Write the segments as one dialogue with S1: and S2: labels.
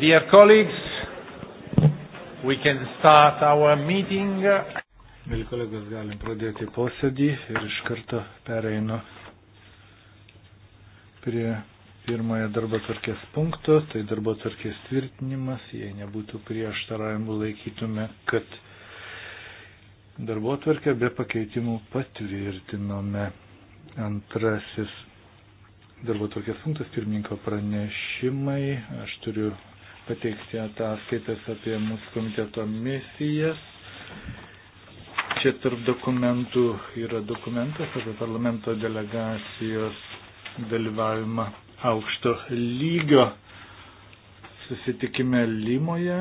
S1: Dear colleagues, we can start our meeting. Mėly kolegos, galim pradėti posėdį ir iš karto pereinu prie pirmojo darbo tvarkės punkto, tai darbo tvarkės tvirtinimas, jei nebūtų prieštaravimų laikytume, kad darbo tvarkę be pakeitimų patvirtinome. Antrasis darbo tvarkės punktas pirmininko pranešimai. Aš turiu pateikti ataskaitas apie mūsų komiteto misijas. Čia tarp dokumentų yra dokumentas apie parlamento delegacijos dalyvavimą aukšto lygio susitikime Limoje,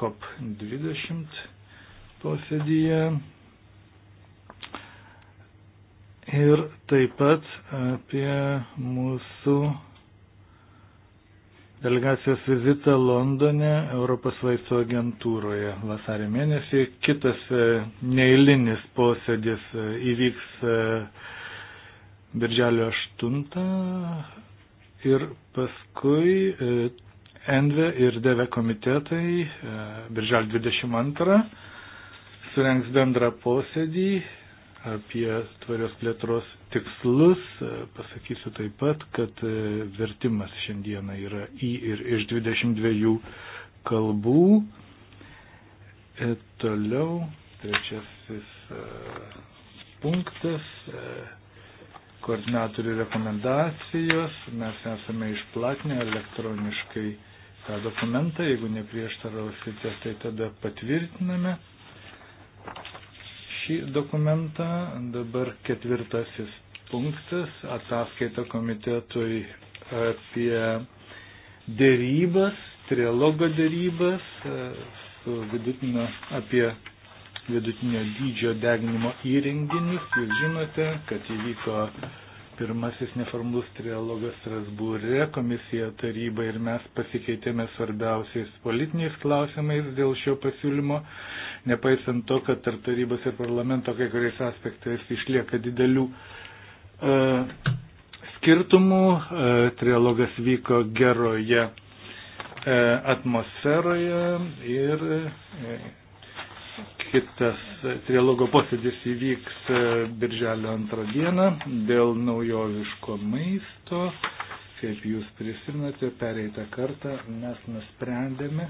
S1: COP20 posėdyje. Ir taip pat apie mūsų delegacijos vizitą Londone Europos vaistų agentūroje vasarį mėnesį. Kitas e, neįlinis posėdis e, įvyks e, birželio 8 ir paskui Enve ir Deve komitetai birželio 22 surengs bendrą posėdį apie tvarios plėtros tikslus. Pasakysiu taip pat, kad e, vertimas šiandieną yra į ir iš 22 kalbų. Ir e, toliau trečiasis e, punktas koordinatorių rekomendacijos. Mes esame išplatinę elektroniškai tą dokumentą. Jeigu neprieštarausite, tai tada patvirtiname šį dokumentą. Dabar ketvirtasis punktas - ataskaita komitetui apie dėrybas, trilogo dėrybas e, su vidutinio, apie vidutinio dydžio deginimo įrenginius. Jūs žinote, kad įvyko pirmasis neformlus trialogas Strasbūre, komisija, taryba ir mes pasikeitėme svarbiausiais politiniais klausimais dėl šio pasiūlymo nepaisant to, kad tarp tarybos ir parlamento kai kuriais aspektais išlieka didelių e, skirtumų. E, trialogas vyko geroje e, atmosferoje ir e, kitas trialogo posėdis įvyks e, birželio antrą dieną dėl naujoviško maisto. Kaip jūs prisiminate, pereitą kartą mes nusprendėme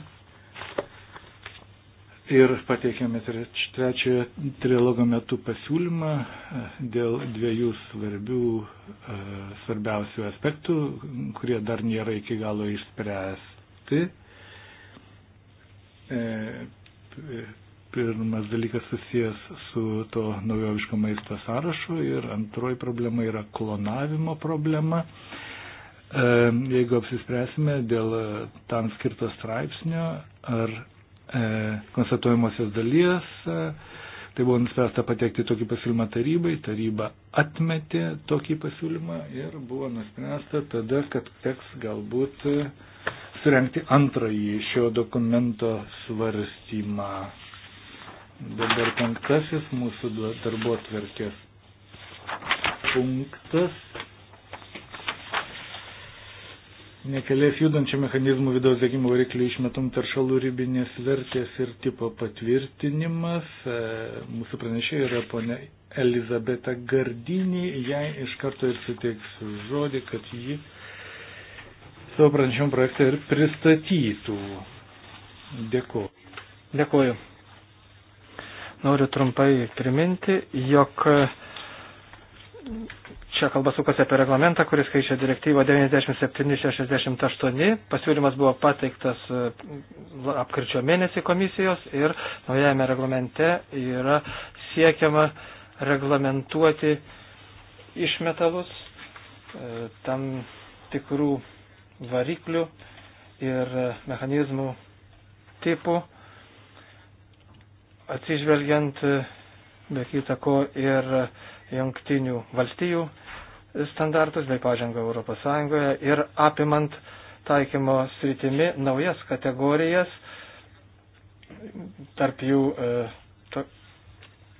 S1: ir pateikėme trečiojo trilogo metu pasiūlymą e, dėl dviejų svarbių, e, svarbiausių aspektų, kurie dar nėra iki galo išspręsti. E, pirmas dalykas susijęs su to naujoviško maisto sąrašu ir antroji problema yra klonavimo problema. Jeigu apsispręsime dėl tam skirto straipsnio, ar E, konstatuojamosios dalies. E, tai buvo nuspręsta patekti tokį pasiūlymą tarybai, taryba atmetė tokį pasiūlymą ir buvo nuspręsta tada, kad teks galbūt e, surenkti antrąjį šio dokumento svarstymą. Dabar penktasis mūsų darbo tvarkės punktas nekelės judančių mechanizmų vidaus degimo variklių išmetam taršalų ribinės vertės ir tipo patvirtinimas. E, mūsų pranešėja yra ponia Elizabeta Gardinį. Jai iš karto ir suteiksiu žodį, kad ji savo pranešimų projektą ir
S2: pristatytų. Dėkuoju. Dėkuoju. Noriu trumpai priminti, jog Čia kalba sukasi apie reglamentą, kuris keičia direktyvą 9768. Pasiūlymas buvo pateiktas e, apkričio mėnesį komisijos ir naujajame reglamente yra siekiama reglamentuoti išmetalus e, tam tikrų variklių ir e, mechanizmų tipų, atsižvelgiant be kita ko ir jungtinių valstijų standartus bei pažangą ES ir apimant taikymo sritimi naujas kategorijas, tarp jų e, to,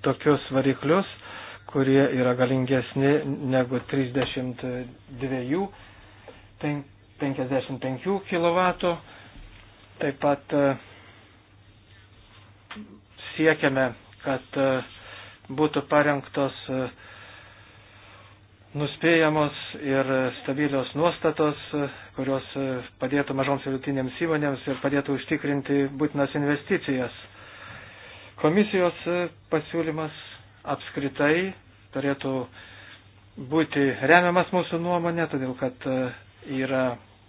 S2: tokius variklius, kurie yra galingesni negu 32, 55 kW. Taip pat e, siekiame, kad e, būtų parengtos uh, nuspėjamos ir stabilios nuostatos, kurios padėtų mažoms ir vidutinėms įmonėms ir padėtų užtikrinti būtinas investicijas. Komisijos pasiūlymas apskritai turėtų būti remiamas mūsų nuomonė, todėl kad yra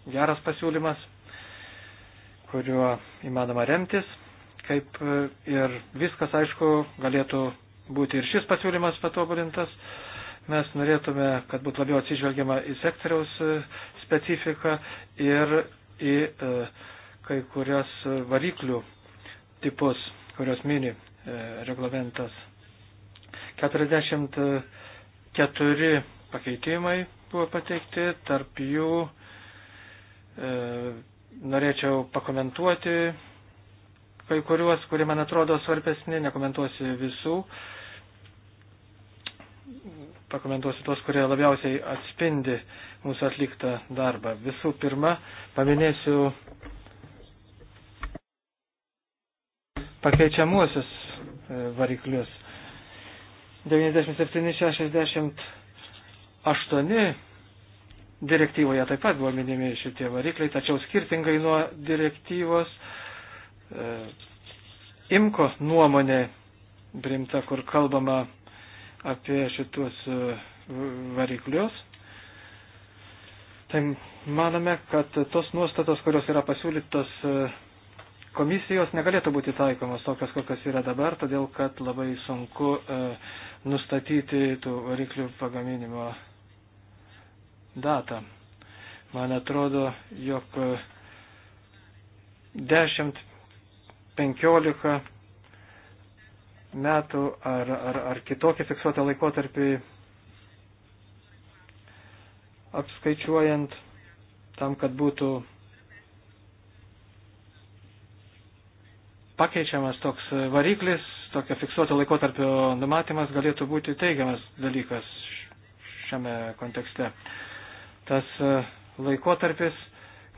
S2: geras pasiūlymas, kuriuo įmanoma remtis, kaip ir viskas, aišku, galėtų būti ir šis pasiūlymas patobulintas. Mes norėtume, kad būtų labiau atsižvelgiama į sektoriaus e, specifiką ir į e, kai kurias variklių tipus, kurios mini e, reglamentas. 44 pakeitimai buvo pateikti, tarp jų e, norėčiau pakomentuoti kai kuriuos, kurie man atrodo svarbesni, nekomentuosiu visų pakomentuosiu tos, kurie labiausiai atspindi mūsų atliktą darbą. Visų pirma, paminėsiu pakeičiamuosius e, variklius. 97-68 direktyvoje taip pat buvo minimi šitie varikliai, tačiau skirtingai nuo direktyvos e, imko nuomonė primta, kur kalbama apie šitus e, variklius. Tai manome, kad tos nuostatos, kurios yra pasiūlytos e, komisijos, negalėtų būti taikomos tokios, kokios yra dabar, todėl kad labai sunku e, nustatyti tų variklių pagaminimo datą. Man atrodo, jog 10, 15 metų ar, ar, ar kitokį fiksuotą laikotarpį apskaičiuojant tam, kad būtų pakeičiamas toks variklis, tokio fiksuoto laikotarpio numatymas galėtų būti teigiamas dalykas šiame kontekste. Tas e, laikotarpis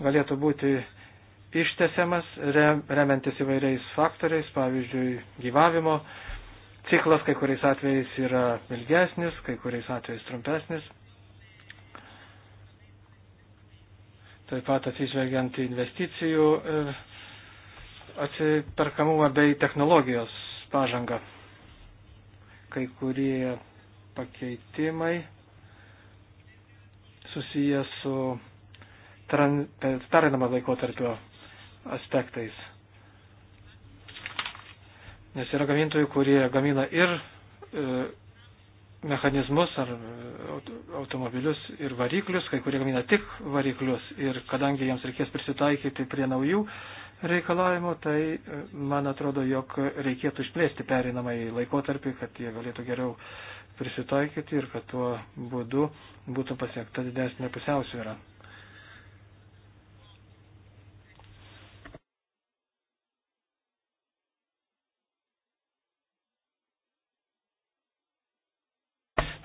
S2: galėtų būti ištesiamas, remiantis įvairiais faktoriais, pavyzdžiui, gyvavimo ciklas kai kuriais atvejais yra ilgesnis, kai kuriais atvejais trumpesnis. Taip pat atsižvelgiant į investicijų e, atsiperkamumą bei technologijos pažangą. Kai kurie pakeitimai susiję su tran, e, perinamą laikotarpio aspektais. Nes yra gamintojų, kurie gamina ir e, mechanizmus ar e, automobilius ir variklius, kai kurie gamina tik variklius ir kadangi jiems reikės prisitaikyti prie naujų reikalavimų, tai e, man atrodo, jog reikėtų išplėsti perinamąjį laikotarpį, kad jie galėtų geriau prisitaikyti ir kad tuo būdu būtų pasiekta didesnė pusiausvėra.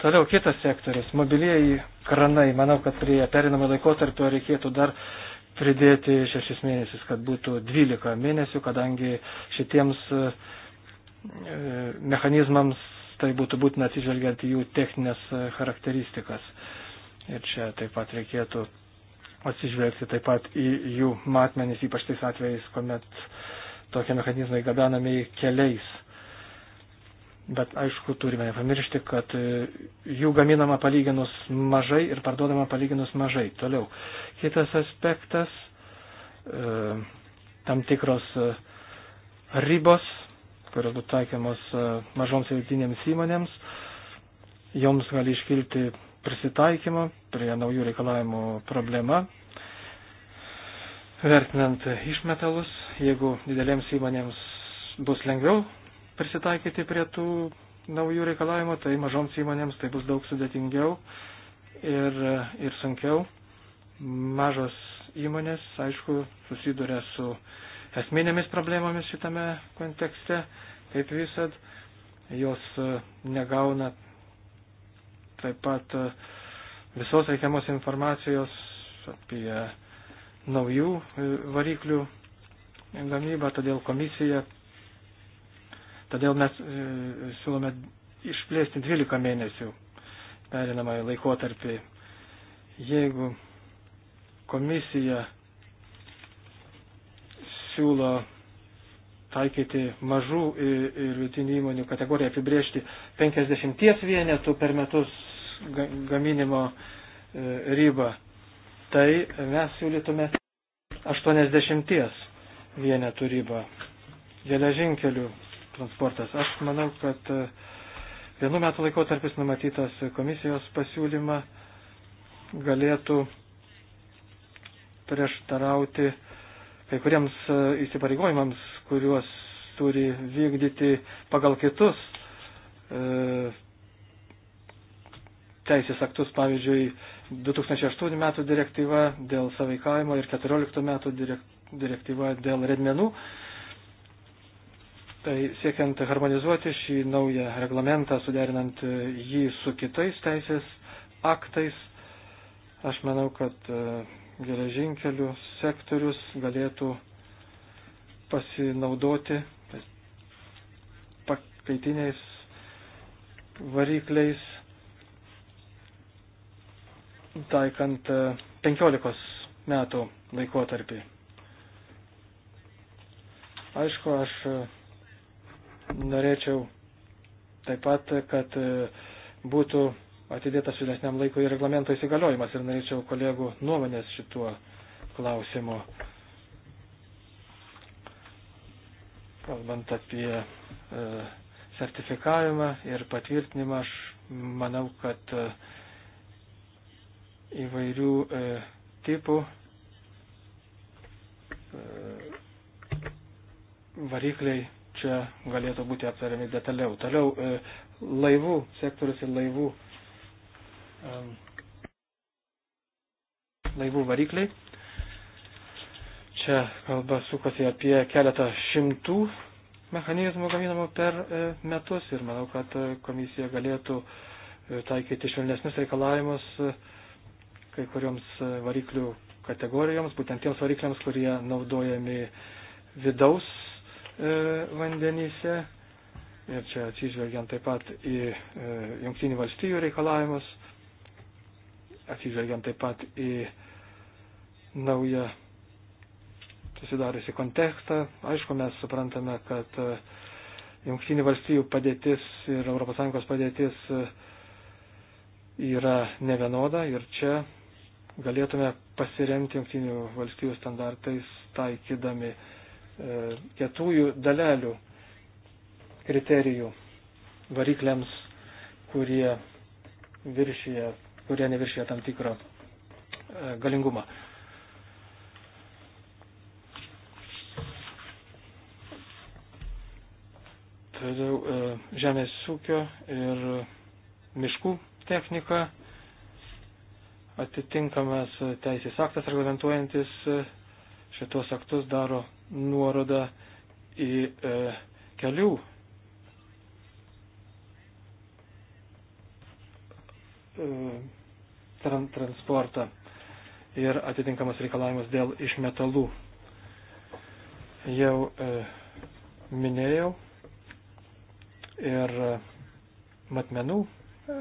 S2: Toliau kitas sektorius - mobilieji kranai. Manau, kad prie perinamo laikotarpio reikėtų dar pridėti šešis mėnesius, kad būtų dvylika mėnesių, kadangi šitiems e, mechanizmams tai būtų būtina atsižvelgiant į jų techninės e, charakteristikas. Ir čia taip pat reikėtų atsižvelgti taip pat į jų matmenis, ypač tais atvejais, kuomet tokie mechanizmai gabenami keliais. Bet aišku, turime nepamiršti, kad e, jų gaminama palyginus mažai ir parduodama palyginus mažai. Toliau. Kitas aspektas e, - tam tikros e, ribos, kurios būtų taikiamos mažoms ir vidutinėms įmonėms. Joms gali iškilti prisitaikymo prie naujų reikalavimų problema. Vertinant išmetalus, jeigu didelėms įmonėms bus lengviau prisitaikyti prie tų naujų reikalavimų, tai mažoms įmonėms tai bus daug sudėtingiau ir, ir sunkiau. Mažos įmonės, aišku, susiduria su esminėmis problemomis šitame kontekste, kaip visad, jos e, negauna taip pat e, visos reikiamos informacijos apie naujų e, variklių gamybą, todėl komisija Todėl mes e, siūlome išplėsti 12 mėnesių perinamąjį laikotarpį. Jeigu komisija siūlo taikyti mažų ir vidutinių įmonių kategoriją apibriežti 50 vienetų per metus gaminimo e, ribą, tai mes siūlytume 80 vienetų ribą geležinkelių transportas. Aš manau, kad e, vienu metu laikotarpis numatytas komisijos pasiūlymą galėtų prieštarauti kai kuriems e, įsipareigojimams, kuriuos turi vykdyti pagal kitus e, teisės aktus, pavyzdžiui, 2008 metų direktyva dėl savaikavimo ir 14 metų direktyva dėl redmenų. E, Tai siekiant harmonizuoti šį naują reglamentą, suderinant jį su kitais teisės aktais, aš manau, kad e, geležinkelių sektorius galėtų pasinaudoti pakaitiniais varikliais, taikant 15 e, metų laikotarpį. Aišku, aš e, Norėčiau taip pat, kad e, būtų atidėtas vėlesniam laikui reglamento įsigaliojimas ir norėčiau kolegų nuomonės šituo klausimu. Kalbant apie e, sertifikavimą ir patvirtinimą, aš manau, kad e, įvairių e, tipų e, varikliai čia galėtų būti aptariami detaliau. Toliau e, laivų sektorius ir laivų, e, laivų varikliai. Čia kalba sukasi apie keletą šimtų mechanizmų gaminamų per e, metus ir manau, kad komisija galėtų taikyti švelnesnius reikalavimus kai kurioms variklių kategorijoms, būtent tiems varikliams, kurie naudojami vidaus E, vandenyse. Ir čia atsižvelgiant taip pat į e, jungtinių valstybių reikalavimus, atsižvelgiant taip pat į naują susidariusi kontekstą. Aišku, mes suprantame, kad e, jungtinių valstybių padėtis ir ES padėtis yra nevienoda ir čia galėtume pasiremti jungtinių valstybių standartais taikydami E, kietųjų dalelių kriterijų varikliams, kurie, viršyje, kurie neviršyje tam tikrą e, galingumą. Toliau e, žemės ūkio ir miškų technika, atitinkamas teisės aktas reglamentuojantis šitos aktus daro nuoroda į e, kelių e, tran, transportą ir atitinkamas reikalavimas dėl išmetalų. Jau e, minėjau ir e, matmenų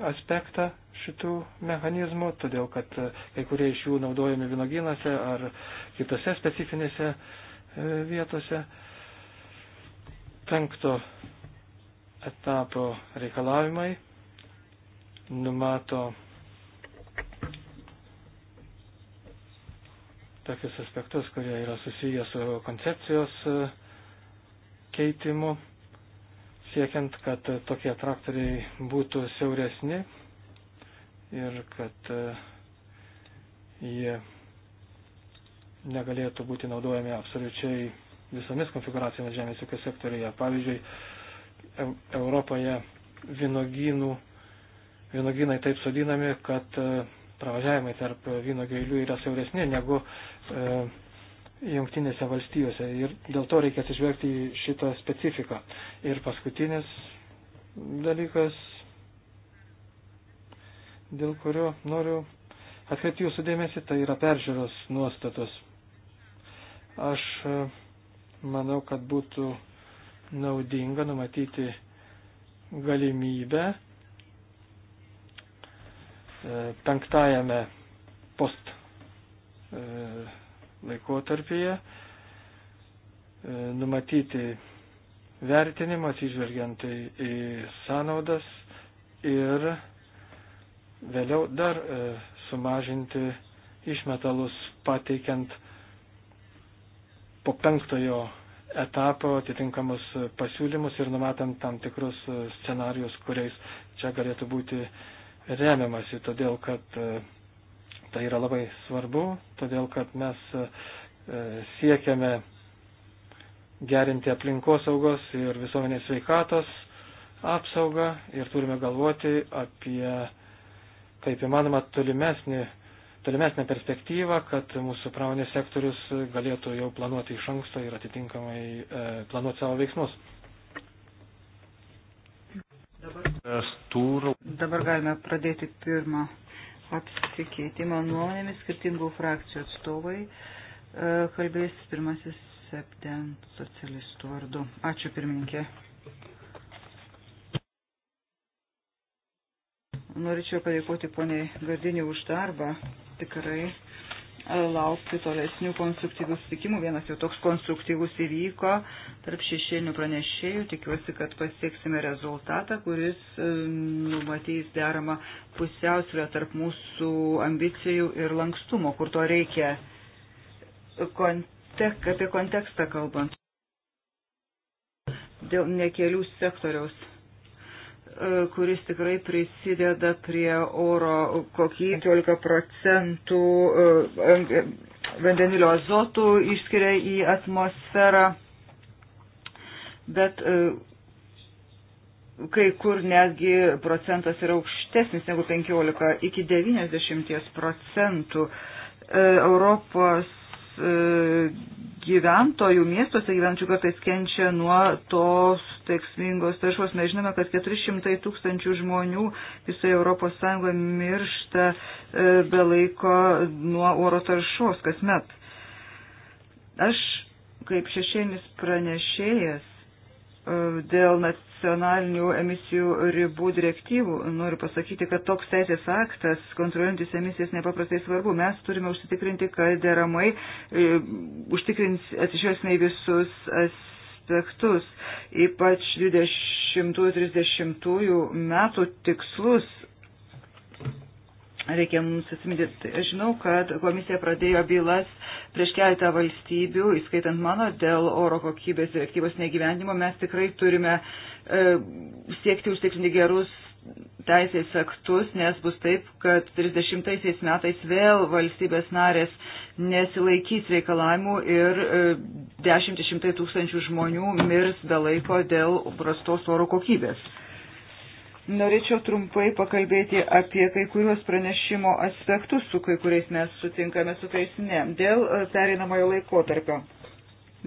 S2: aspektą šitų mechanizmų, todėl kad e, kai kurie iš jų naudojami vynoginose ar kitose specifinėse e, E, vietose. Penkto etapo reikalavimai numato tokius aspektus, kurie yra susiję su koncepcijos e, keitimu, siekiant, kad tokie traktoriai būtų siauresni ir kad e, jie negalėtų būti naudojami absoliučiai visomis konfiguracijomis žemės ūkio sektoriuje. Pavyzdžiui, Europoje vynogynų, vynogynai taip sodinami, kad e, pravažiavimai tarp vynogių eilių yra siauresni negu e, jungtinėse valstijose ir dėl to reikia atsižvelgti į šitą specifiką. Ir paskutinis dalykas, dėl kurio noriu atkreipti jūsų dėmesį, tai yra peržiūros nuostatos. Aš e, manau, kad būtų naudinga numatyti galimybę e, penktajame post e, laikotarpyje numatyti vertinimą atsižvelgiant į sąnaudas ir vėliau dar sumažinti išmetalus pateikiant po penktojo etapo atitinkamus pasiūlymus ir numatant tam tikrus scenarius, kuriais čia galėtų būti remiamasi, todėl kad e, tai yra labai svarbu, todėl kad mes e, siekiame gerinti aplinkosaugos ir visuomenės sveikatos apsaugą ir turime galvoti apie kaip įmanoma tolimesnį tolimesnę perspektyvą, kad mūsų pramonės sektorius galėtų jau planuoti iš anksto ir atitinkamai e, planuoti savo veiksmus.
S1: Dabar,
S3: Dabar galime pradėti pirmą apsikeitimą nuomonėmis skirtingų frakcijų atstovai. E, kalbės pirmasis septent socialistų vardu. Ačiū pirmininkė. Norėčiau padėkoti poniai Gardinį už darbą tikrai e, laukti tolesnių konstruktyvių sutikimų. Vienas jau toks konstruktyvus įvyko tarp šešėlinių pranešėjų. Tikiuosi, kad pasieksime rezultatą, kuris e, numatys deramą pusiausvę tarp mūsų ambicijų ir lankstumo, kur to reikia. Kontek, apie kontekstą kalbant. Dėl nekelių sektoriaus E, kuris tikrai prisideda prie oro kokį 15 procentų e, e, vandenilio azotų išskiria į atmosferą, bet kai kur netgi procentas yra aukštesnis negu 15 iki 90 procentų. Europos E, gyventojų miestuose gyvenčių kartais kenčia nuo tos teiksmingos taršos. Mes žinome, kad 400 tūkstančių žmonių visoje Europos Sąjungoje miršta e, be laiko nuo oro taršos kasmet. Aš kaip šešėlis pranešėjas dėl nacionalinių emisijų ribų direktyvų noriu pasakyti, kad toks teisės aktas kontroliuojantis emisijas nepaprastai svarbu. Mes turime užsitikrinti, kad deramai e, atsižiūrėsime į visus aspektus, ypač 20-30 metų tikslus Reikia mums atsiminti, tai aš žinau, kad komisija pradėjo bylas prieš keletą valstybių, įskaitant mano, dėl oro kokybės direktyvos negyvendimo. Mes tikrai turime e, siekti užtikrinti gerus teisės aktus, nes bus taip, kad 30 metais vėl valstybės narės nesilaikys reikalavimų ir e, dešimtis šimtai tūkstančių žmonių mirs be laiko dėl prastos oro kokybės. Norėčiau trumpai pakalbėti apie kai kuriuos pranešimo aspektus, su kai kuriais mes sutinkame, su kai ne, dėl e, pereinamojo laikotarpio.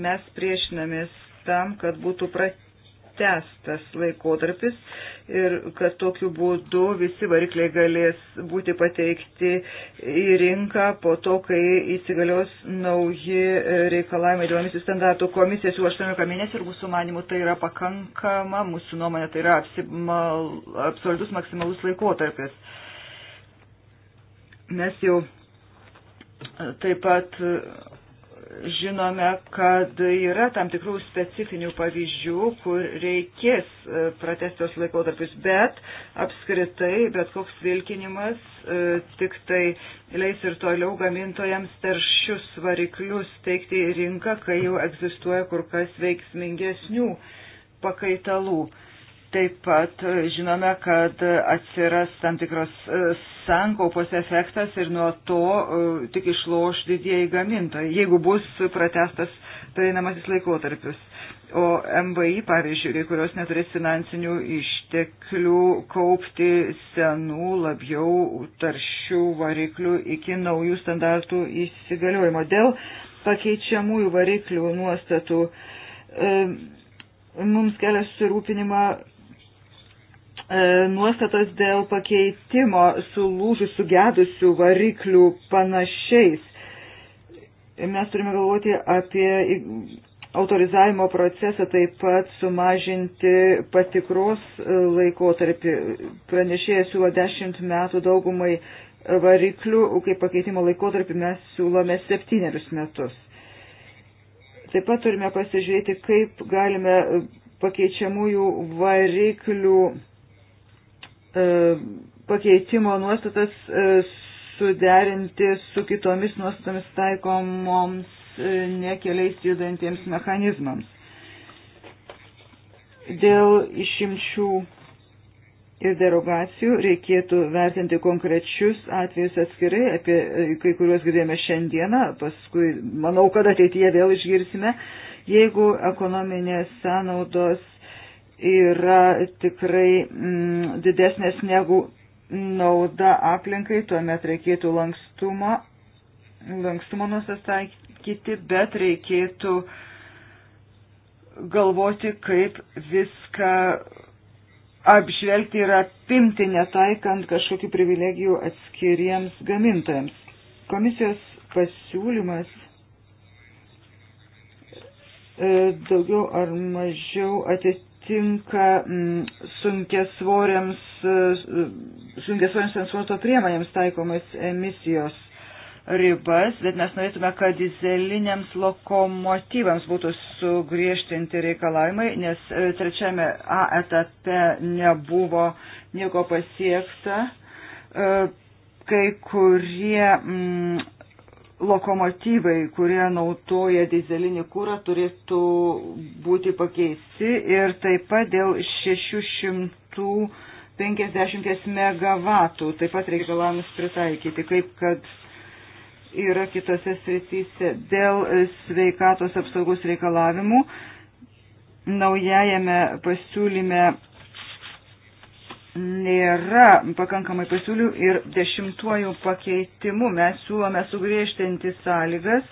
S3: Mes priešinamės tam, kad būtų pratę pratestas laikotarpis ir kad tokiu būdu visi varikliai galės būti pateikti į rinką po to, kai įsigalios nauji reikalavimai dėl emisijų standartų. Komisija siūlo 18 mėnesių ir mūsų manimų tai yra pakankama, mūsų nuomonė tai yra apsimal, absoliutus maksimalus laikotarpis. Mes jau taip pat žinome, kad yra tam tikrų specifinių pavyzdžių, kur reikės e, pratestos laikotarpius, bet apskritai bet koks vilkinimas e, tik tai leis ir toliau gamintojams taršius variklius teikti į rinką, kai jau egzistuoja kur kas veiksmingesnių pakaitalų. Taip pat e, žinome, kad atsiras tam tikros sankaupos efektas ir nuo to e, tik išloš didieji gamintojai, jeigu bus pratestas pereinamasis laikotarpis. O MVI, pavyzdžiui, kai kurios neturės finansinių išteklių kaupti senų, labiau taršių variklių iki naujų standartų įsigaliojimo. Dėl pakeičiamųjų variklių nuostatų e, mums kelia susirūpinimą E, nuostatos dėl pakeitimo sulūžių sugedusių variklių panašiais. Mes turime galvoti apie autorizavimo procesą, taip pat sumažinti patikros e, laikotarpį. Pranešėjas siūlo 10 metų daugumai variklių, kaip pakeitimo laikotarpį mes siūlome 7 metus. Taip pat turime pasižiūrėti, kaip galime pakeičiamųjų variklių E, pakeitimo nuostatas e, suderinti su kitomis nuostatomis taikomoms e, nekeliais judantiems mechanizmams. Dėl išimčių ir derogacijų reikėtų vertinti konkrečius atvejus atskirai, apie kai kuriuos girdėjome šiandieną, paskui manau, kad ateityje vėl išgirsime, jeigu ekonominės sąnaudos yra tikrai mm, didesnės negu nauda aplinkai, tuomet reikėtų lankstumo, lankstumo nusistaikyti, bet reikėtų galvoti, kaip viską apžvelgti ir apimti, netaikant kažkokių privilegijų atskiriems gamintojams. Komisijos pasiūlymas e, daugiau ar mažiau atitinka tinka mm, sunkesvoriams, e, sunkesvoriams transporto priemonėms taikomas emisijos ribas, bet mes norėtume, kad dizeliniams lokomotyvams būtų sugriežtinti reikalavimai, nes e, trečiame A etape nebuvo nieko pasiekta. E, kai kurie mm, lokomotyvai, kurie naudoja dizelinį kūrą, turėtų būti pakeisti ir taip pat dėl 650 megavatų taip pat reikalavimus pritaikyti, kaip kad yra kitose srityse. Dėl sveikatos apsaugos reikalavimų naujajame pasiūlyme nėra pakankamai pasiūlių ir dešimtuoju pakeitimu mes siūlome sugriežtinti sąlygas,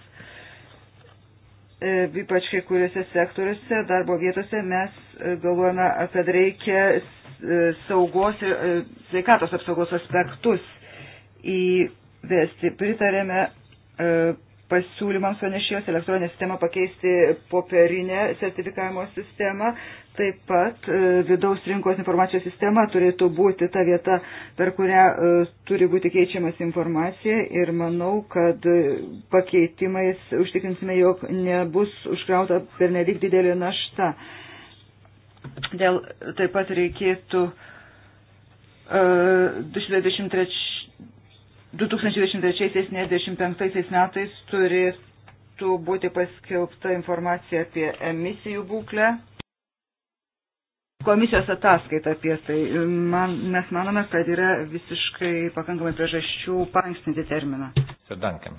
S3: e, ypač kai kuriuose sektoriuose, darbo vietose mes e, galvojame, kad reikia e, saugos ir sveikatos apsaugos aspektus įvesti. Pritarėme pasiūlymams pranešėjos elektroninę sistemą pakeisti popierinę sertifikavimo sistemą. Taip pat e, vidaus rinkos informacijos sistema turėtų būti ta vieta, per kurią e, turi būti keičiamas informacija ir manau, kad e, pakeitimais užtikrinsime, jog nebus užkrauta per nedik didelį naštą. Dėl taip pat reikėtų uh, 23 2023-2025 metais turėtų būti paskelbta informacija apie emisijų būklę. Komisijos ataskaita apie tai. Man, mes manome, kad yra visiškai pakankamai priežasčių paankstinti terminą.
S1: Sir Duncan.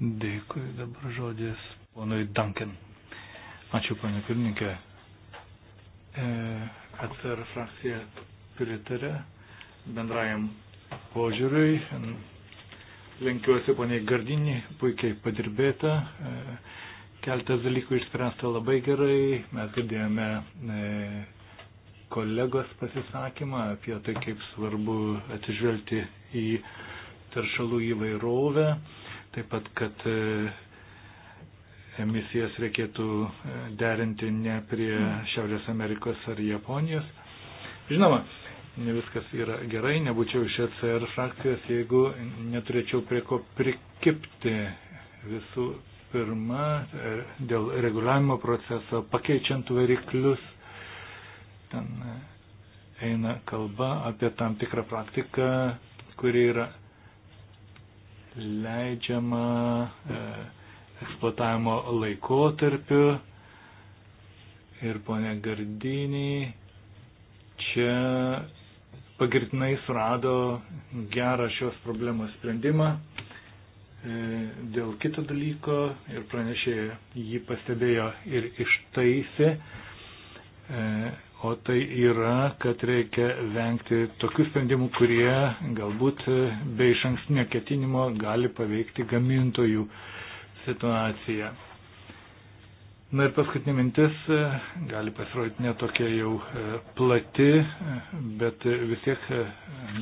S1: Dėkui, dabar žodis ponui Duncan. Ačiū, ponė pirmininkė,
S3: e, kad ir
S1: frakcija pritarė bendrajam požiūriui Lenkiuosi poniai Gardinį, puikiai padirbėta. E, keltas dalykų išspręsta labai gerai. Mes girdėjome e, kolegos pasisakymą apie tai, kaip svarbu atsižvelgti į taršalų įvairovę. Taip pat, kad e, emisijas reikėtų derinti ne prie Šiaurės Amerikos ar Japonijos. Žinoma, ne viskas yra gerai, nebūčiau iš ECR frakcijos, jeigu neturėčiau prie ko prikipti visų pirma e, dėl reguliavimo proceso, pakeičiant variklius. Ten e, eina kalba apie tam tikrą praktiką, kuri yra leidžiama e, eksploatavimo laikotarpiu. Ir ponia Gardinį čia pagirtinai surado gerą šios problemos sprendimą. E, dėl kito dalyko ir pranešė jį pastebėjo ir ištaisė, e, o tai yra, kad reikia vengti tokių sprendimų, kurie galbūt e, be iš ankstinio ketinimo gali paveikti gamintojų situaciją. Na ir paskutinė mintis e, gali pasirodyti netokia jau e, plati, e, bet vis tiek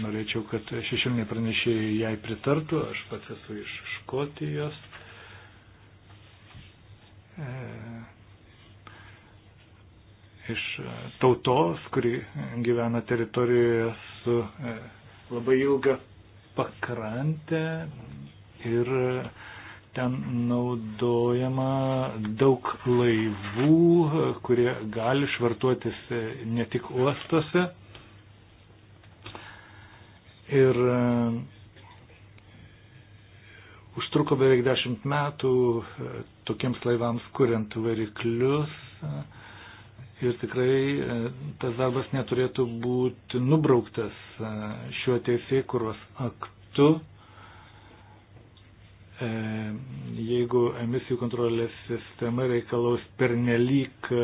S1: norėčiau, kad šešiliniai pranešėjai jai pritartų. Aš pats esu iš Škotijos. Iš tautos, kuri gyvena teritorijoje su labai ilga pakrantė ir e, Ten naudojama daug laivų, kurie gali švartuotis e, ne tik uostose. Ir e, užtruko beveik dešimt metų e, tokiems laivams kuriant variklius ir tikrai tas darbas neturėtų būti nubrauktas šiuo teisėkuros aktu. E, jeigu emisijų kontrolės sistema reikalaus pernelyg e,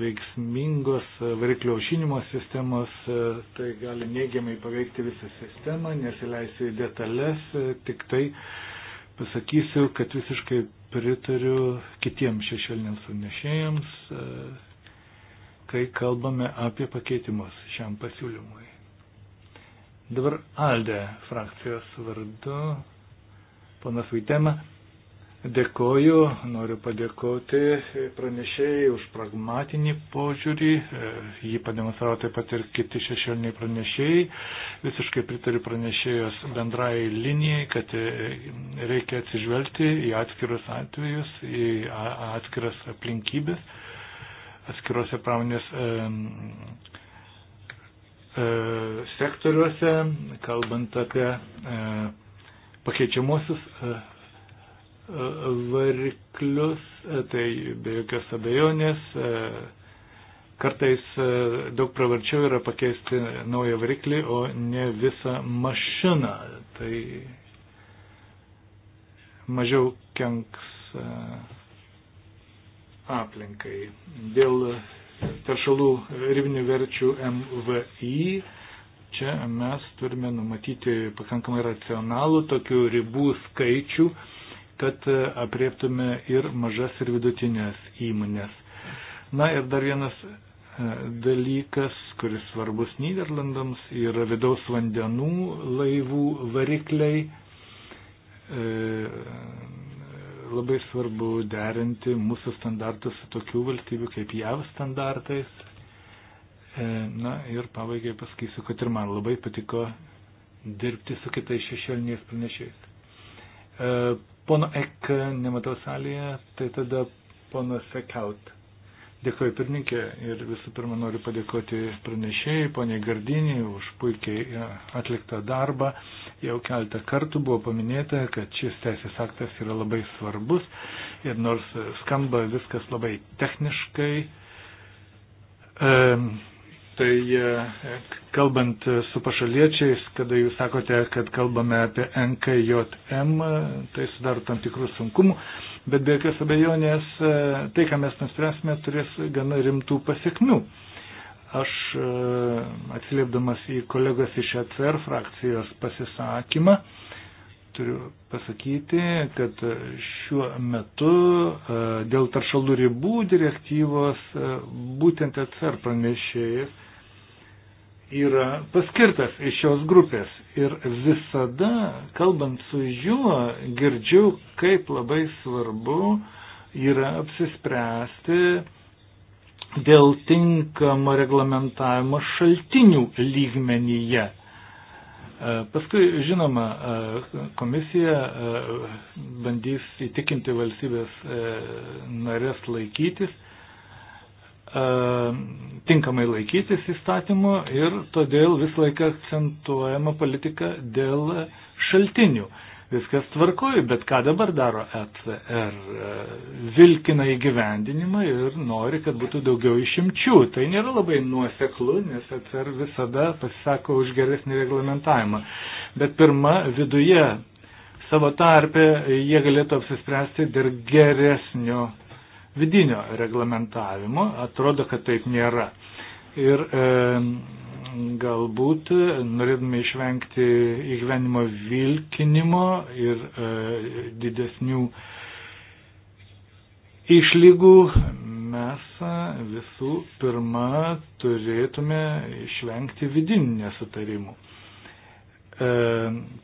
S1: veiksmingos variklio aušinimo sistemos, e, tai gali neigiamai paveikti visą sistemą, nesileisiu į detalės, tik tai pasakysiu, kad visiškai pritariu kitiems šešėliniams sunešėjams, kai kalbame apie pakeitimus šiam pasiūlymui. Dabar Alde frakcijos vardu, panas Vitema. Dėkoju, noriu padėkoti pranešėjai už pragmatinį požiūrį, e, jį pademonstravo taip pat ir kiti šešėliniai pranešėjai. Visiškai pritariu pranešėjos bendrai linijai, kad e, reikia atsižvelgti į atskirus atvejus, į atskiras aplinkybės, atskirose pramonės E, sektoriuose, kalbant apie e, pakeičiamuosius e, variklius, tai be jokios abejonės kartais daug pravarčiau yra pakeisti naują variklį, o ne visą mašiną. Tai mažiau kenks aplinkai. Dėl taršalų ribinių verčių MVI. Čia mes turime numatyti pakankamai racionalų tokių ribų skaičių, kad e, apriektume ir mažas ir vidutinės įmonės. Na ir dar vienas e, dalykas, kuris svarbus Niderlandams, yra vidaus vandenų laivų varikliai. E, labai svarbu derinti mūsų standartus su tokių valstybių kaip JAV standartais. E, na ir pabaigai pasakysiu, kad ir man labai patiko dirbti su kitais šešėliniais pranešiais. E, pono Ek nematau salėje, tai tada pono Sekaut. Dėkoju pirmininkė ir visų pirma noriu padėkoti pranešėjai, poniai Gardinį, už puikiai atliktą darbą. Jau keltą kartų buvo paminėta, kad šis teisės aktas yra labai svarbus ir nors skamba viskas labai techniškai, Tai e, kalbant su pašaliečiais, kada jūs sakote, kad kalbame apie NKJM, tai sudaro tam tikrų sunkumų bet be jokios abejonės e, tai, ką mes nuspręsime, turės gana rimtų pasiekmių. Aš e, atsiliepdamas į kolegas iš ECR frakcijos pasisakymą, turiu pasakyti, kad šiuo metu e, dėl taršalų ribų direktyvos būtent ECR pranešėjas yra paskirtas iš šios grupės. Ir visada, kalbant su juo, girdžiu, kaip labai svarbu yra apsispręsti dėl tinkamo reglamentavimo šaltinių lygmenyje. E, paskui, žinoma, e, komisija e, bandys įtikinti valstybės narės laikytis E, tinkamai laikytis įstatymų ir todėl visą laiką akcentuojama politika dėl šaltinių. Viskas tvarkoju, bet ką dabar daro ECR? Vilkina įgyvendinimą ir nori, kad būtų daugiau išimčių. Tai nėra labai nuoseklu, nes ECR visada pasisako už geresnį reglamentavimą. Bet pirma, viduje savo tarpę jie galėtų apsispręsti dėl geresnio vidinio reglamentavimo. Atrodo, kad taip nėra. Ir e, galbūt norėdami išvengti įgyvenimo vilkinimo ir e, didesnių išlygų, mes e, visų pirma turėtume išvengti vidinių nesutarimų. E,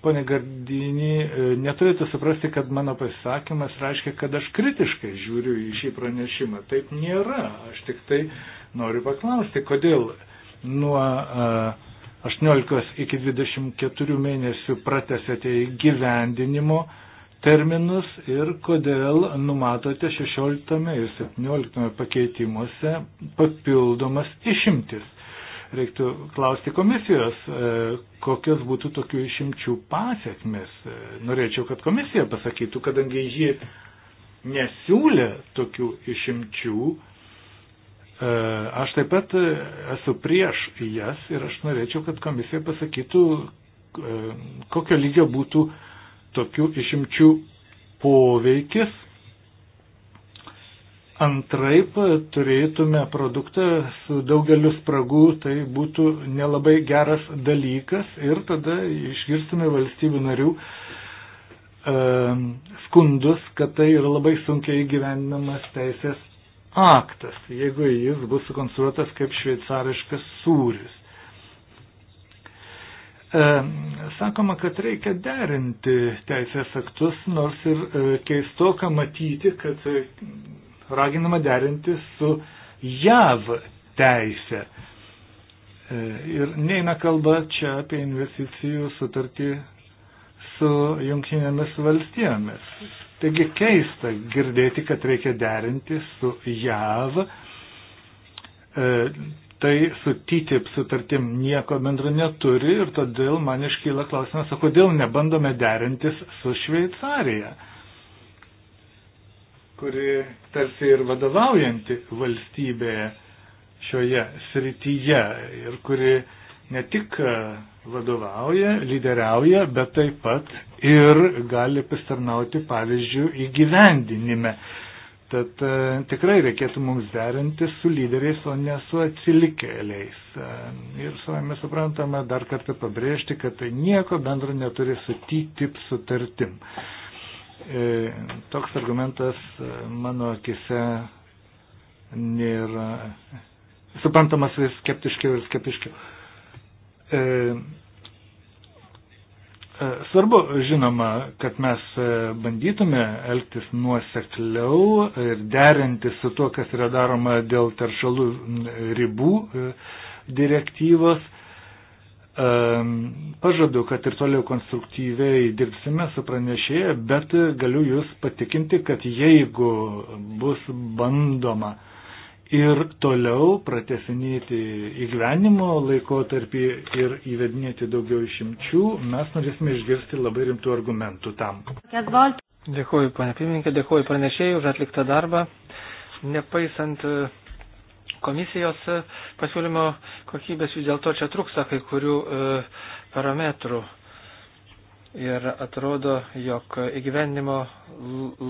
S1: pone Gardinį, e, neturėtų suprasti, kad mano pasisakymas reiškia, kad aš kritiškai žiūriu į šį pranešimą. Taip nėra. Aš tik tai noriu paklausti, kodėl nuo 18 e, iki 24 mėnesių pratesėte įgyvendinimo terminus ir kodėl numatote 16 ir 17 pakeitimuose papildomas išimtis. Reiktų klausti komisijos, e, kokios būtų tokių išimčių pasiekmes. E, norėčiau, kad komisija pasakytų, kadangi ji nesiūlė tokių išimčių, e, aš taip pat esu prieš jas ir aš norėčiau, kad komisija pasakytų, kokio lygio būtų tokių išimčių poveikis Antraip turėtume produktą su daugeliu spragų, tai būtų nelabai geras dalykas ir tada išgirstume valstybių narių e, skundus, kad tai yra labai sunkiai įgyvendinamas teisės aktas, jeigu jis bus sukonstruotas kaip šveicariškas sūris. E, sakoma, kad reikia derinti teisės aktus, nors ir e, keistoka matyti, kad raginama derinti su JAV teisė. E, ir neina kalba čia apie investicijų sutartį su jungtinėmis valstijomis. Taigi keista girdėti, kad reikia derinti su JAV. E, tai su TTIP sutartim nieko bendro neturi ir todėl man iškyla klausimas, o kodėl nebandome derintis su Šveicarija? E, kuri tarsi ir vadovaujanti valstybėje šioje srityje ir kuri ne tik vadovauja, lyderiauja, bet taip pat ir gali pasitarnauti pavyzdžių įgyvendinime. Tad e, tikrai reikėtų mums derinti su lyderiais, o ne su atsilikėliais. E, ir savame suprantame dar kartą pabrėžti, kad tai nieko bendro neturi su TTIP sutartim. E, E, toks argumentas e, mano akise nėra suprantamas vis skeptiškiau ir skeptiškiau. E, svarbu, žinoma, kad mes bandytume elgtis nuosekliau ir derinti su tuo, kas yra daroma dėl teršalų ribų direktyvos. Ehm, pažadu, kad ir toliau konstruktyviai dirbsime su pranešėja, bet galiu Jūs patikinti, kad jeigu bus bandoma ir toliau pratesinėti įgyvenimo laikotarpį ir įvedinėti daugiau išimčių, mes norėsime
S2: išgirsti labai rimtų argumentų tam.
S3: Dėkuoju,
S2: panė pirmininkė, dėkuoju pranešėjai už atliktą darbą. Nepaisant komisijos e, pasiūlymo kokybės vis dėlto čia trūksta kai kurių e, parametrų. Ir atrodo, jog įgyvendinimo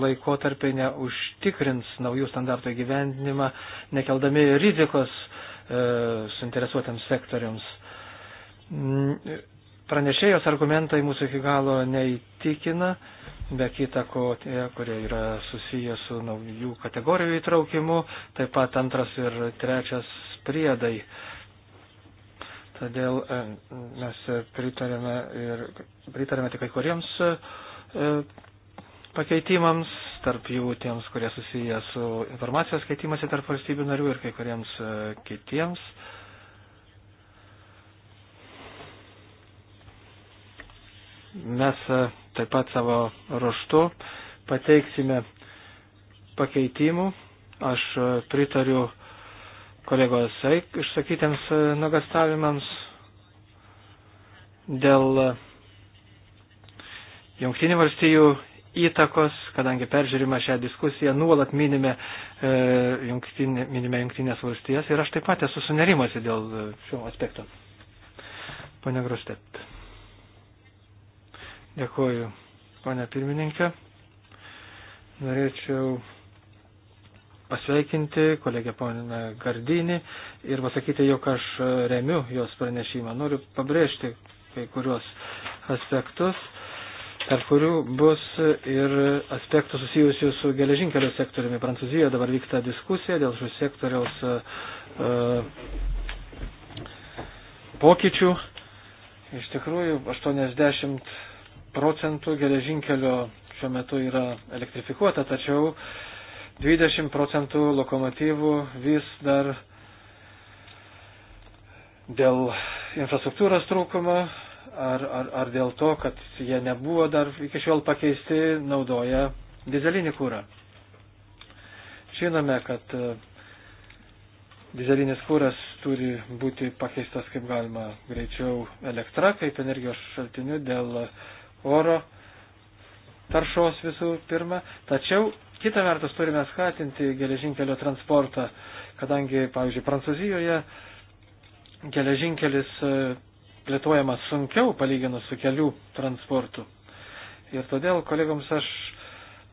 S2: laikotarpiai neužtikrins naujų standartų įgyvendinimą, nekeldami rizikos e, suinteresuotams sektoriams. Mm, pranešėjos argumentai mūsų iki galo neįtikina. E, be kita ko tie, kurie yra susiję su naujų kategorijų įtraukimu, taip pat antras ir trečias priedai. Todėl e, mes pritarėme, ir, pritarėme tik kai kuriems e, pakeitimams, tarp jų tiems, kurie susiję su informacijos keitimasi tarp valstybių narių ir kai kuriems e, kitiems. Uh, Mes e, taip pat savo raštu pateiksime pakeitimų. Aš e, pritariu kolegos išsakytiems e, nagastavimams dėl jungtinių valstijų įtakos, kadangi peržiūrimą šią diskusiją nuolat minime, e, jungtinė, minime jungtinės valstijas ir aš taip pat esu sunerimasi dėl šio aspekto. Pane Grostep. Dėkuoju, ponė pirmininkė. Norėčiau pasveikinti kolegę ponę Gardinį ir pasakyti, jog aš remiu jos pranešimą. Noriu pabrėžti kai kuriuos aspektus, tarp kurių bus ir aspektų susijusių su geležinkelio sektoriumi. Prancūzijoje dabar vyksta diskusija dėl šios sektoriaus uh, pokyčių. Iš tikrųjų, 80 procentų geležinkelio šiuo metu yra elektrifikuota, tačiau 20 procentų lokomotyvų vis dar dėl infrastruktūros trūkumo ar, ar, ar dėl to, kad jie nebuvo dar iki šiol pakeisti, naudoja dizelinį kūrą. Žinome, kad e, dizelinis kūras turi būti pakeistas kaip galima greičiau elektra, kaip energijos šaltiniu dėl uh, oro taršos visų pirma. Tačiau kita vertus turime skatinti geležinkelio transportą, kadangi, pavyzdžiui, Prancūzijoje geležinkelis e, plėtojamas sunkiau palyginus su kelių transportu. Ir todėl kolegoms aš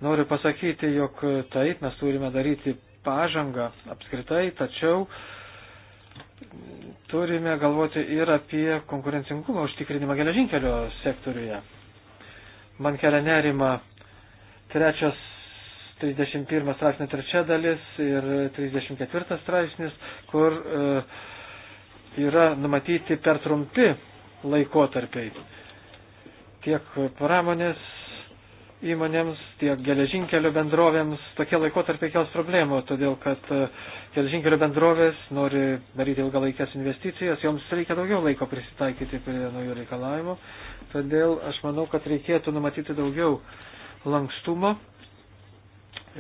S2: noriu pasakyti, jog taip mes turime daryti pažangą apskritai, tačiau turime galvoti ir apie konkurencingumą užtikrinimą geležinkelio sektoriuje man kelia nerima trečias 31 straipsnio trečia dalis ir 34 straipsnis, kur e, yra numatyti per trumpi laikotarpiai tiek pramonės įmonėms, tiek geležinkelio bendrovėms tokie laikotarpiai kels problemų, todėl kad e, geležinkelio bendrovės nori daryti ilgalaikės investicijas, joms reikia daugiau laiko prisitaikyti prie naujų reikalavimų, todėl aš manau, kad reikėtų numatyti daugiau lankstumo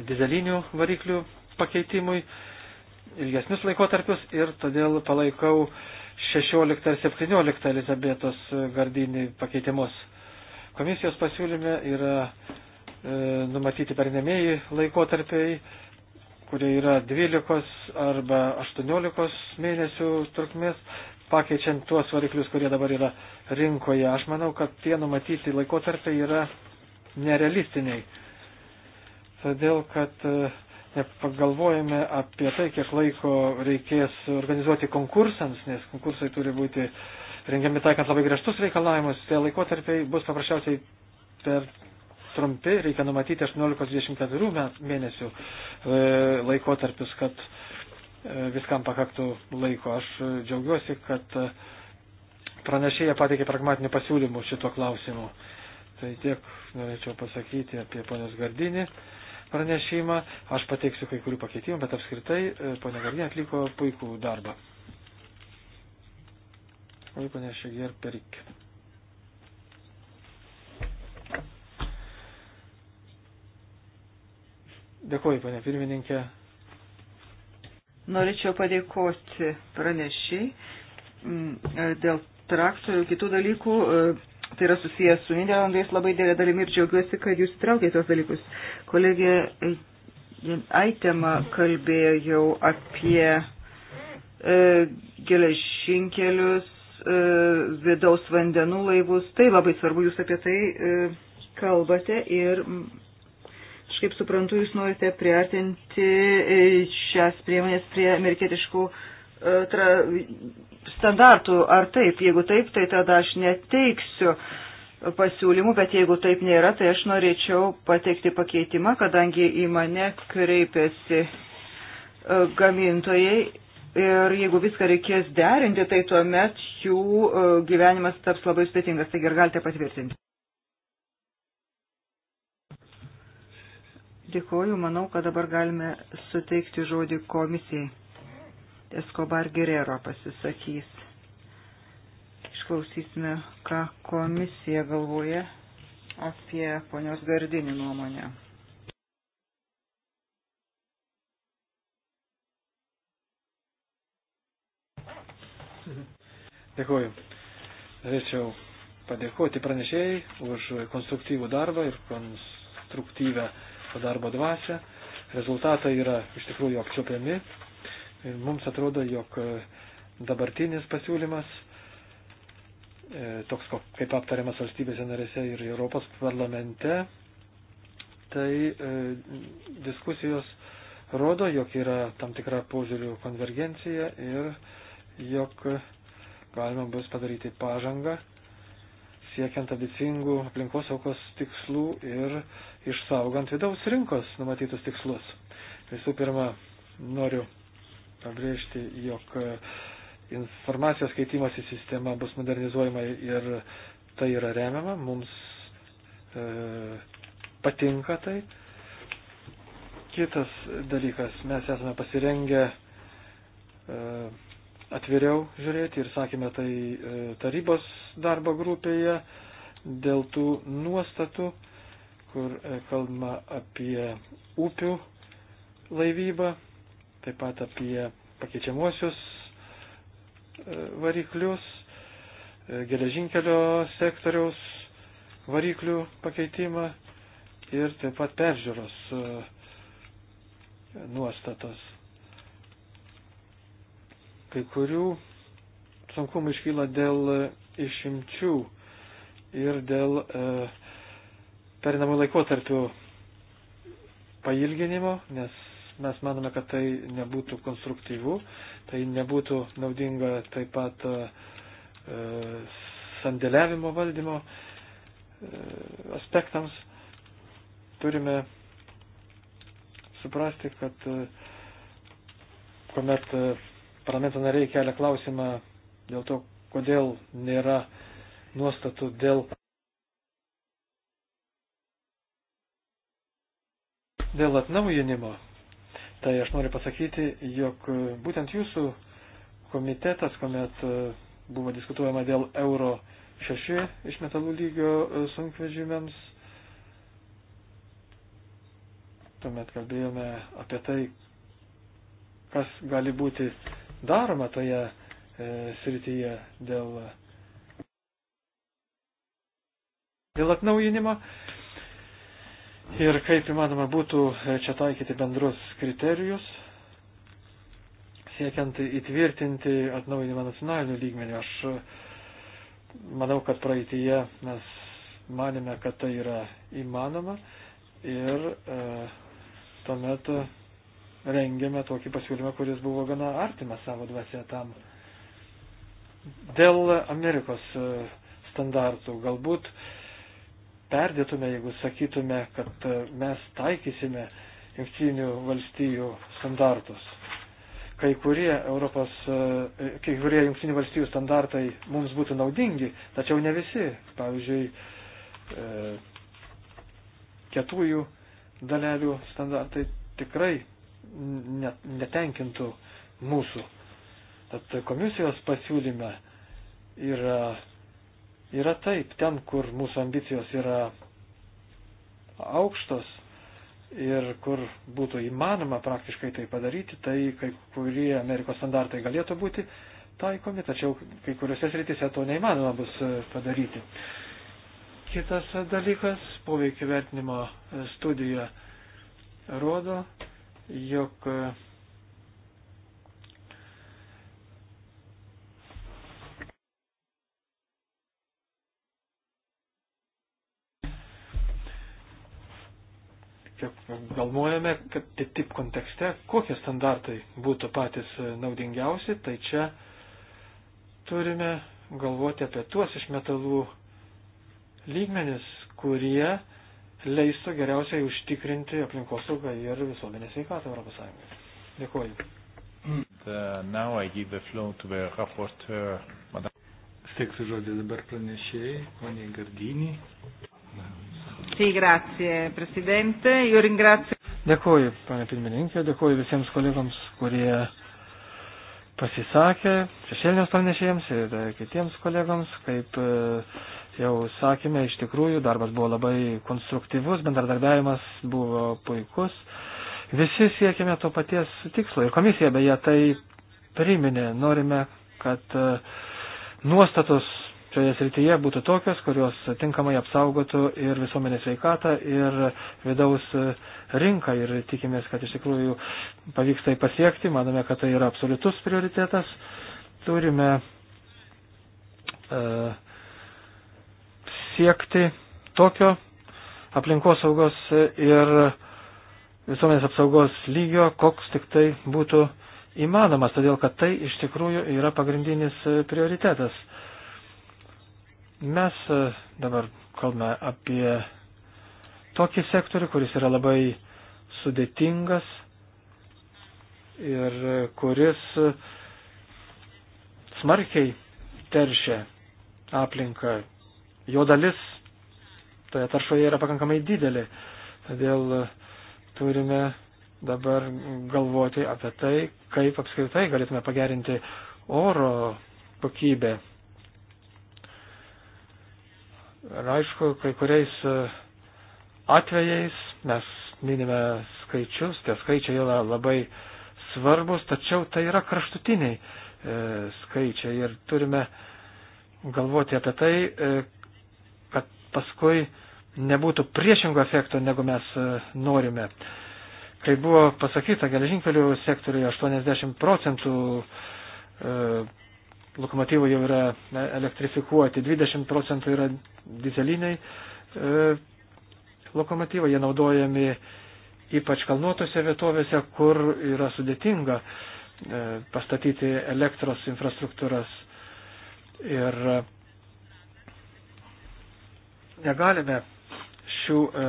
S2: dizelinių variklių pakeitimui, ilgesnius laikotarpius ir todėl palaikau 16 ir 17 Elizabetos gardinį pakeitimus. Komisijos pasiūlyme yra e, numatyti pernėmėjai laikotarpiai, kurie yra 12 arba 18 mėnesių trukmės, pakeičiant tuos variklius, kurie dabar yra rinkoje. Aš manau, kad tie numatyti laikotarpiai yra nerealistiniai. Todėl, kad e, nepagalvojame apie tai, kiek laiko reikės organizuoti konkursams, nes konkursai turi būti uh, rengiami taikant labai griežtus reikalavimus, tie laikotarpiai bus paprasčiausiai per trumpi, reikia numatyti 18-24 mėnesių e, laikotarpius, kad e, viskam pakaktų laiko. Aš e, džiaugiuosi, kad pranešėja pateikė pragmatinių pasiūlymų šito klausimu. Tai tiek norėčiau pasakyti apie ponios Gardinį pranešimą. Aš pateiksiu kai kurių pakeitimų, bet apskritai ponia Gardinė atliko puikų darbą. Dėkuoju, ponė Šegier Perik.
S3: Dėkuoju, ponė pirmininkė. Norėčiau padėkoti pranešiai mm, dėl traktorių ir kitų dalykų. E, tai yra susijęs su Niderlandais labai dėlė dalimi ir džiaugiuosi, kad jūs traukėte tos dalykus. Kolegė Aitema kalbėjo jau apie e, geležinkelius, E, vidaus vandenų laivus. Tai labai svarbu, jūs apie tai e, kalbate ir, aš kaip suprantu, jūs norite priartinti e, šias priemonės prie amerikietiškų tra, standartų. Ar taip? Jeigu taip, tai tada aš neteiksiu pasiūlymų, bet jeigu taip nėra, tai aš norėčiau pateikti pakeitimą, kadangi į mane kreipėsi gamintojai Ir jeigu viską reikės derinti, tai tuomet jų e, gyvenimas taps labai sudėtingas. Taigi ir galite patvirtinti. Dėkuoju, manau, kad dabar galime suteikti žodį komisijai. Eskobar Gerero pasisakys. Išklausysime, ką komisija galvoja apie ponios Gardinį nuomonę.
S2: Dėkuoju. Norėčiau padėkoti pranešėjai už konstruktyvų darbą ir konstruktyvę darbo dvasę. Rezultatai yra iš tikrųjų apčiopiami. Mums atrodo, jog dabartinis pasiūlymas, e, toks kaip aptariamas valstybėse narėse ir Europos parlamente, tai e, diskusijos rodo, jog yra tam tikra požiūrių konvergencija ir jog galima bus padaryti pažangą, siekiant ambicingų aplinkos aukos tikslų ir išsaugant vidaus rinkos numatytus tikslus. Visų pirma, noriu pabrėžti, jog informacijos keitimosi sistema bus modernizuojama ir tai yra remiama, mums e, patinka tai. Kitas dalykas, mes esame pasirengę e, atviriau žiūrėti ir sakėme tai e, tarybos darbo grupėje dėl tų nuostatų, kur e, kalbama apie upių laivybą, taip pat apie pakeičiamuosius e, variklius, geležinkelio sektoriaus variklių pakeitimą ir taip pat peržiūros nuostatos. Kai kurių sunkumų iškyla dėl e, išimčių ir dėl e, perinamų laikotarpių pailginimo, nes mes manome, kad tai nebūtų konstruktyvu, tai nebūtų naudinga taip pat e, e sandėliavimo valdymo e, aspektams. Turime suprasti, kad e, kuomet e, parlamento nariai kelia klausimą dėl to, kodėl nėra nuostatų dėl, dėl atnaujinimo. Tai aš noriu pasakyti, jog būtent jūsų komitetas, kuomet e, buvo diskutuojama dėl euro 6 iš metalų lygio e, sunkvežimėms, tuomet kalbėjome apie tai, kas gali būti daroma toje e, srityje dėl, dėl atnaujinimo ir kaip įmanoma būtų e, čia taikyti bendrus kriterijus, siekiant įtvirtinti atnaujinimą nacionalinių lygmenių. Aš e, manau, kad praeitįje mes manėme, kad tai yra įmanoma ir e, tuomet rengėme tokį pasiūlymą, kuris buvo gana artimas savo dvasia tam. Dėl Amerikos e, standartų galbūt perdėtume, jeigu sakytume, kad e, mes taikysime jungtinių valstijų standartus. Kai kurie, Europos, e, kai kurie jungtinių valstijų standartai mums būtų naudingi, tačiau ne visi. Pavyzdžiui, kietųjų dalelių standartai tikrai netenkintų mūsų. Tad komisijos pasiūlyme yra, yra taip, ten, kur mūsų ambicijos yra aukštos ir kur būtų įmanoma praktiškai tai padaryti, tai kai kurie Amerikos standartai galėtų būti taikomi, tačiau kai kuriuose srityse to neįmanoma bus e, padaryti. Kitas dalykas, poveikio vertinimo studija rodo, E, jog galvojame, kad tai taip kontekste, kokie standartai būtų patys e, naudingiausi, tai čia turime galvoti apie tuos iš metalų lygmenis, kurie leistų geriausiai užtikrinti aplinkosaugą ir visuomenės sveikatą Europos Sąjungoje. Dėkuoju.
S1: Steiksiu žodį dabar pranešėjai, poniai Gardinį.
S3: Sì, grazie Presidente. Io ringrazio.
S2: Dėkuoju, pane pirmininkė, dėkuoju visiems kolegams, kurie pasisakė, šešėliniams pranešėjams ir kitiems kolegams, kaip jau sakėme, iš tikrųjų darbas buvo labai konstruktyvus, bendradarbiavimas buvo puikus. Visi siekėme to paties tikslo ir komisija beje tai priminė. Norime, kad e, nuostatos šioje srityje būtų tokios, kurios tinkamai apsaugotų ir visuomenės veikatą, ir vidaus e, rinką. Ir tikimės, kad iš tikrųjų pavyks tai pasiekti. Manome, kad tai yra absoliutus prioritetas. Turime uh, siekti tokio aplinkos saugos ir visuomenės apsaugos lygio, koks tik tai būtų įmanomas, todėl kad tai iš tikrųjų yra pagrindinis prioritetas. Mes dabar kalbame apie tokį sektorių, kuris yra labai sudėtingas ir kuris smarkiai teršia aplinką jo dalis toje taršoje yra pakankamai didelė. Todėl turime dabar galvoti apie tai, kaip apskritai galėtume pagerinti oro kokybę. Ir aišku, kai kuriais atvejais mes minime skaičius, tie skaičiai yra labai svarbus, tačiau tai yra kraštutiniai e, skaičiai ir turime galvoti apie tai, e, paskui nebūtų priešingo efekto, negu mes e, norime. Kai buvo pasakyta, geležinkelių sektoriuje 80 procentų e, lokomotyvų jau yra e, elektrifikuoti, 20 procentų yra dizeliniai lokomotyvai, jie naudojami ypač kalnuotose vietovėse, kur yra sudėtinga pastatyti elektros infrastruktūras. Ir negalime šių e,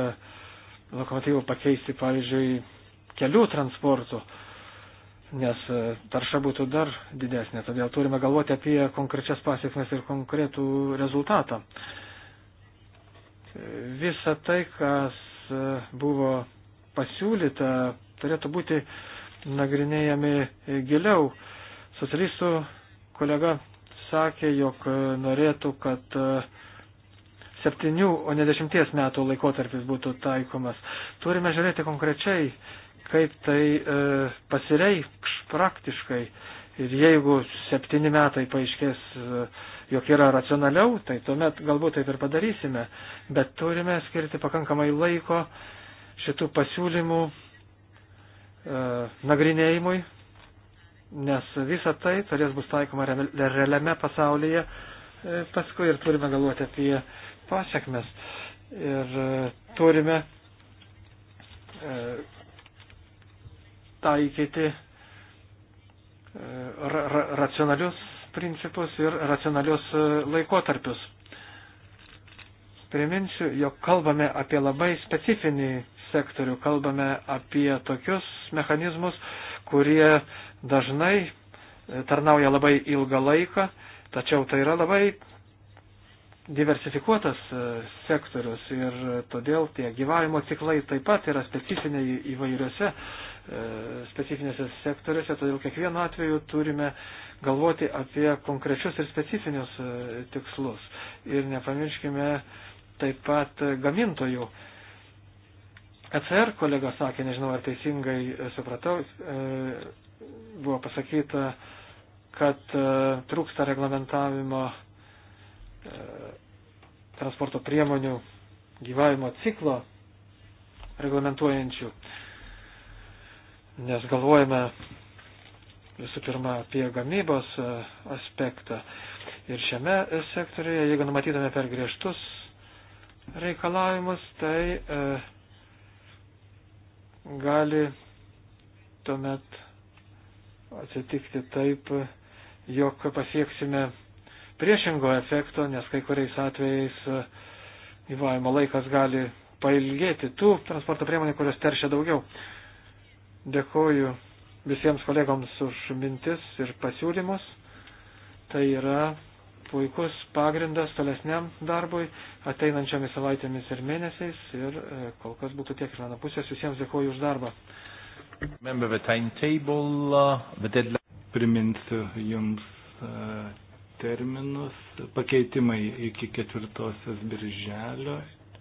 S2: lokomotyvų pakeisti, pavyzdžiui, kelių transportų, nes e, tarša būtų dar didesnė. Todėl turime galvoti apie konkrečias pasiekmes ir konkretų rezultatą. Visa tai, kas e, buvo pasiūlyta, turėtų būti nagrinėjami giliau. Socialistų kolega sakė, jog norėtų, kad e, septynių, o ne dešimties metų laikotarpis būtų taikomas. Turime žiūrėti konkrečiai, kaip tai e, pasireikš praktiškai. Ir jeigu septyni metai paaiškės, e, jog yra racionaliau, tai tuomet galbūt taip ir padarysime. Bet turime skirti pakankamai laiko šitų pasiūlymų e, nagrinėjimui, nes visa tai turės bus taikoma realiame pasaulyje e, paskui ir turime galvoti apie pasiekmes. Ir e, turime e, taikyti e, ra, ra, racionalius principus ir racionalius e, laikotarpius. Priminsiu, jog kalbame apie labai specifinį sektorių, kalbame apie tokius mechanizmus, kurie dažnai e, tarnauja labai ilgą laiką, tačiau tai yra labai diversifikuotas e, sektorius ir todėl tie gyvavimo ciklai taip pat yra specifiniai įvairiose specifinėse sektoriuose, todėl kiekvienu atveju turime galvoti apie konkrečius ir specifinius e, tikslus. Ir nepamirškime taip pat gamintojų. ECR kolega sakė, nežinau ar teisingai supratau, e, buvo pasakyta, kad trūksta reglamentavimo E, transporto priemonių gyvavimo ciklo reglamentuojančių, nes galvojame visų pirma apie gamybos e, aspektą. Ir šiame sektoriuje, jeigu numatytume per griežtus reikalavimus, tai e, gali tuomet atsitikti taip, jog pasieksime priešingo efekto, nes kai kuriais atvejais e, gyvavimo laikas gali pailgėti tų transporto priemonių, kurios teršia daugiau. Dėkuoju visiems kolegoms už mintis ir pasiūlymus. Tai yra puikus pagrindas tolesniam darbui ateinančiomis savaitėmis ir mėnesiais. Ir e, kol kas būtų tiek iš mano pusės. Visiems dėkuoju už darbą.
S1: Uh, Priminsiu jums e, terminus. Pakeitimai iki 4 birželio.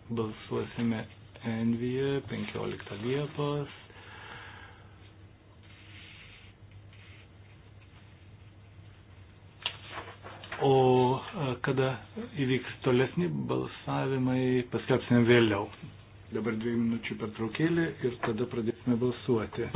S1: Balsuosime Envyje 15 Liepos. O kada įvyks tolesni balsavimai, paskelbsime vėliau. Dabar dviejų minučių pertraukėlė ir tada pradėsime balsuoti.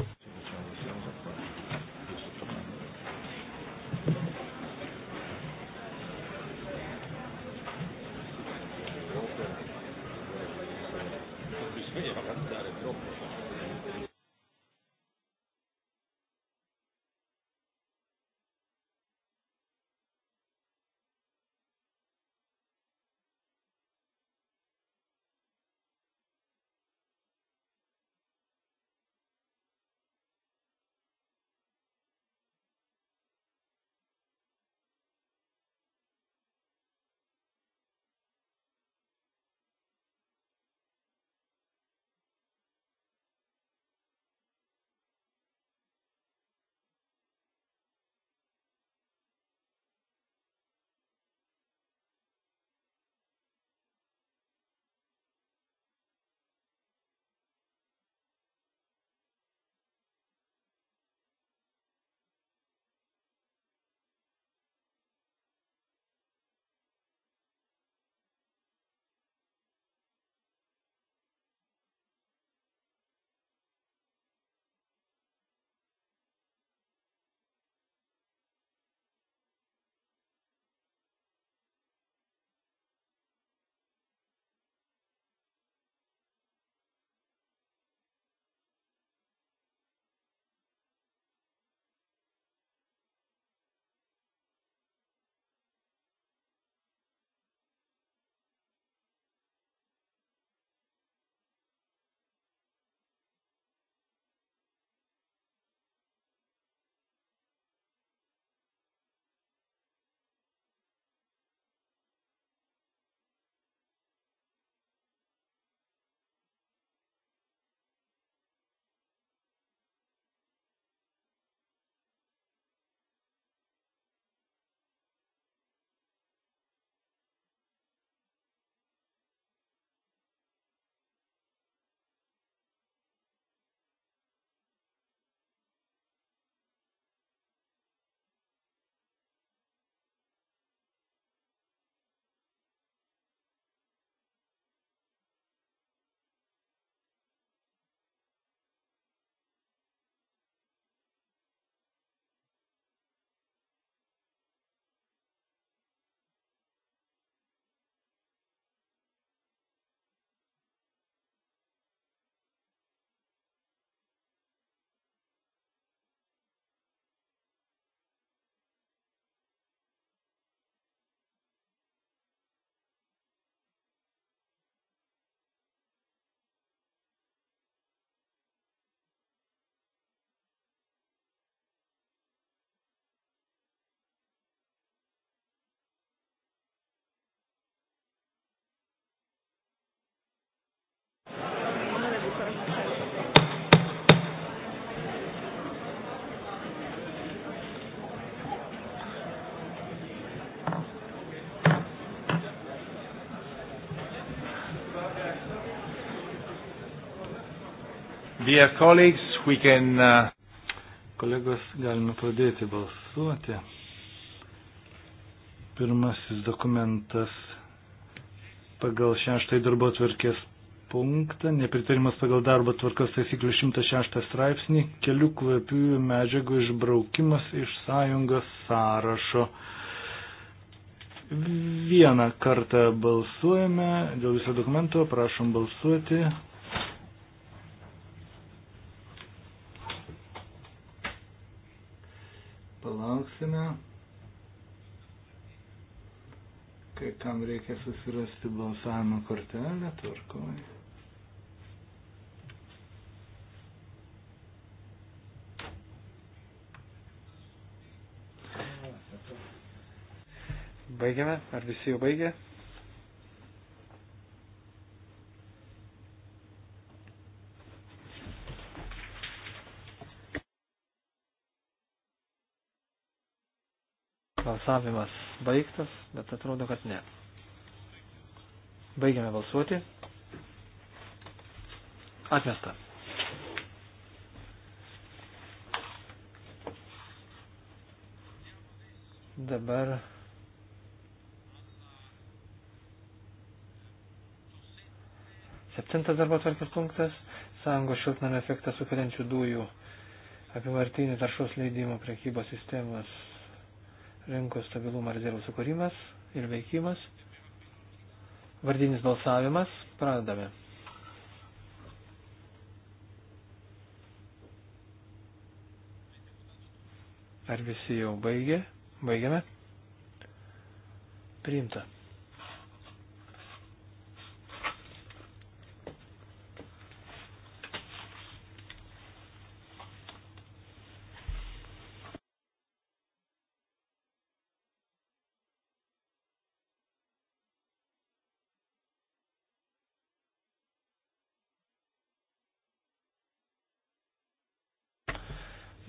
S1: Dear colleagues, we can. Uh, Kolegos, galime pradėti balsuoti. Pirmasis dokumentas pagal šeštąjį darbo tvarkės punktą, nepritarimas pagal darbo tvarkos taisyklių 106 straipsnį, kelių kvapiųjų medžiagų išbraukimas iš sąjungos sąrašo vieną kartą balsuojame dėl viso dokumento, prašom balsuoti. Palauksime. Kai kam reikia susirasti balsavimo kortelę, tvarkoji.
S2: Baigiame, ar visi jau baigė? Balsavimas baigtas, bet atrodo, kad ne. Baigiame balsuoti. Atmesta. Dabar septintas darbo tvarkės punktas - sąjungos šiltnamio efektą sukeliančių dujų apivartinių taršos leidimo prekybos sistemos rinkos stabilumo rezervų sukūrimas ir veikimas. Vardinis balsavimas. Pradedame. Ar visi jau baigė? Baigiame. Priimta.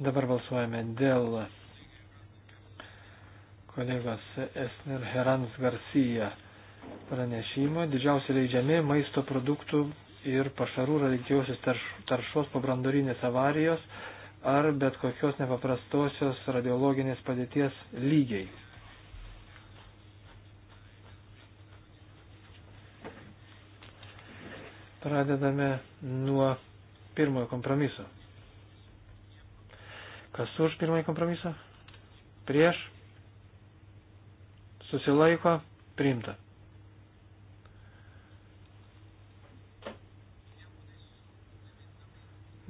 S2: Dabar balsuojame dėl kolegos Esner Herans Garcia pranešimo. Didžiausi leidžiami maisto produktų ir pašarų radioaktyviosios taršos po brandorinės avarijos ar bet kokios nepaprastosios radiologinės padėties lygiai. Pradedame nuo pirmojo kompromiso. Kas už pirmąjį kompromisą? Prieš. Susilaiko. Priimta.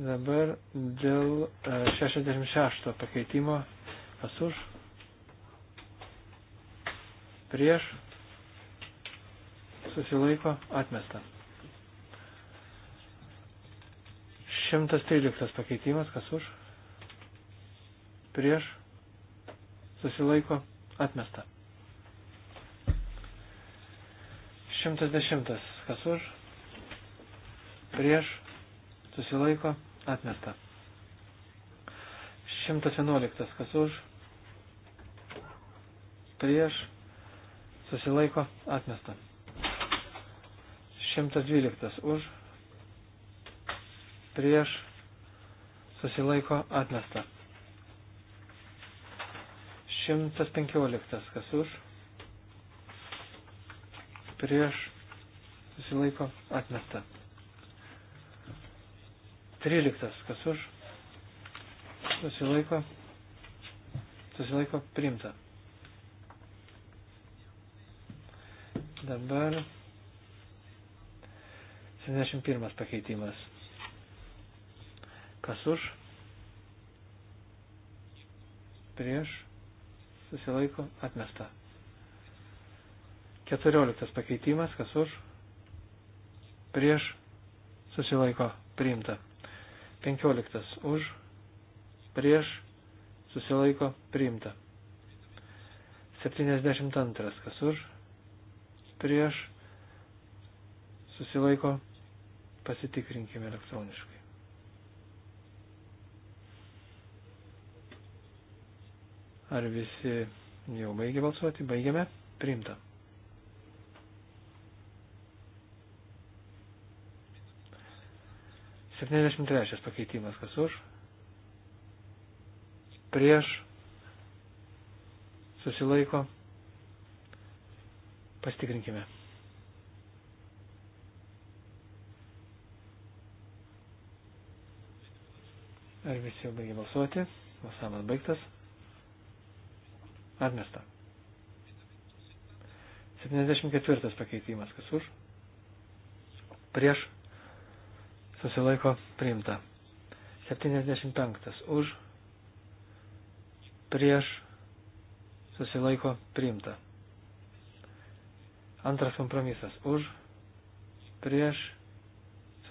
S2: Dabar dėl 66 e, pakeitimo. Kas už? Prieš. Susilaiko. Atmesta. 113 pakeitimas. Kas už? prieš, susilaiko, atmesta. 110. Kas už, prieš, susilaiko, atmesta. 111. Kas už, prieš, susilaiko, atmesta. 112. Už, prieš, susilaiko, atmesta. 115. Kas už? Prieš susilaiko atmesta. 13. Kas už? Susilaiko. Susilaiko priimta. Dabar 71 pakeitimas. Kas už? Prieš susilaiko atmesta. 14 pakeitimas, kas už, prieš, susilaiko priimta. 15 už, prieš, susilaiko priimta. 72 kas už, prieš, susilaiko pasitikrinkime elektroniškai. Ar visi jau baigė balsuoti? Baigėme. Priimta. Septyniasdešimt trečias pakeitimas. Kas už? Prieš. Susilaiko. Pastikrinkime. Ar visi jau baigė balsuoti? Balsavimas baigtas. Atmesta. 74 pakeitimas. Kas už? Prieš. Susilaiko priimta. 75. Už. Prieš. Susilaiko priimta. Antras kompromisas. Už. Prieš.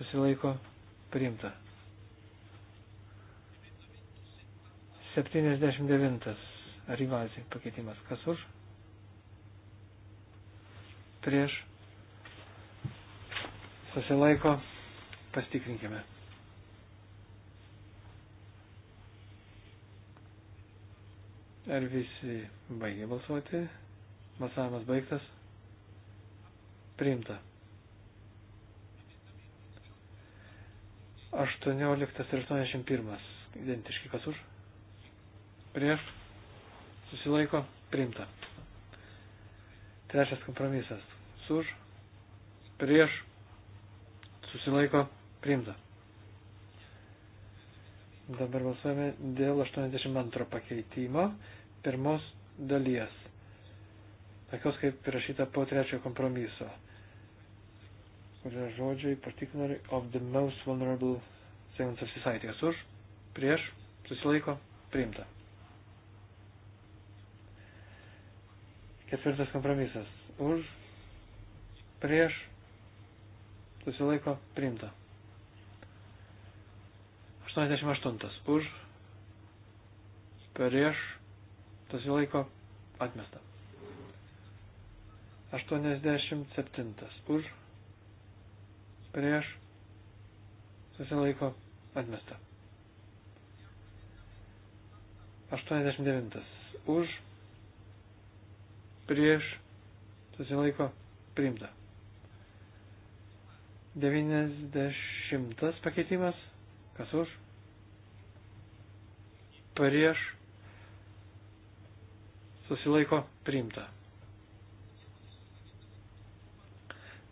S2: Susilaiko priimta. 79 Rivazė pakeitimas. Kas už? Prieš. Susilaiko. Pastikrinkime. Ar visi baigė balsuoti? Balsavimas baigtas. Priimta. 18 ir 81. Identiški kas už? Prieš susilaiko priimta. Trečias kompromisas. Suž, prieš, susilaiko priimta. Dabar balsuojame dėl 82 pakeitimo pirmos dalies. Tokios kaip rašyta po trečiojo kompromiso. Kurie žodžiai particularly of the most vulnerable segments of society. Kas už, prieš, susilaiko, priimta. Ketvirtas kompromisas. Už, prieš, susilaiko, priimta. 88. Už, prieš, susilaiko, atmesta. 87. Už, prieš, susilaiko, atmesta. 89. Už, prieš susilaiko priimta. 90 pakeitimas, kas už, prieš susilaiko priimta.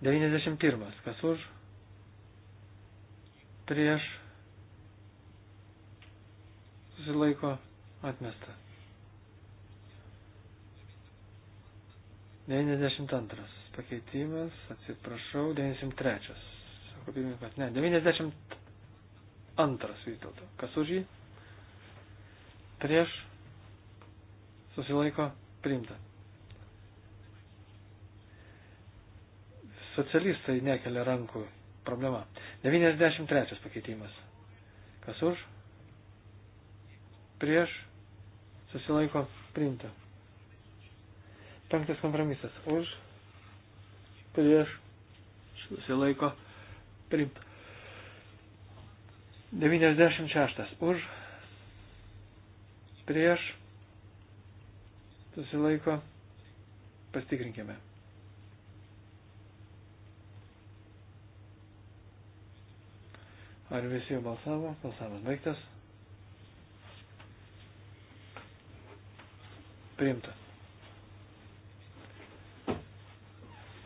S2: 91, kas už, prieš susilaiko atmesta. 92 pakeitimas, atsiprašau, 93. Sako pirmininkas, ne, 92 vis dėlto. Kas už jį? Prieš susilaiko priimta. Socialistai nekelia rankų. Problema. 93 pakeitimas. Kas už? Prieš susilaiko priimta. Penktas kompromisas. Už, prieš, susilaiko, priimta. 96. Už, prieš, susilaiko, pastikrinkime. Ar visi jau balsavo? Balsavimas baigtas. Priimta.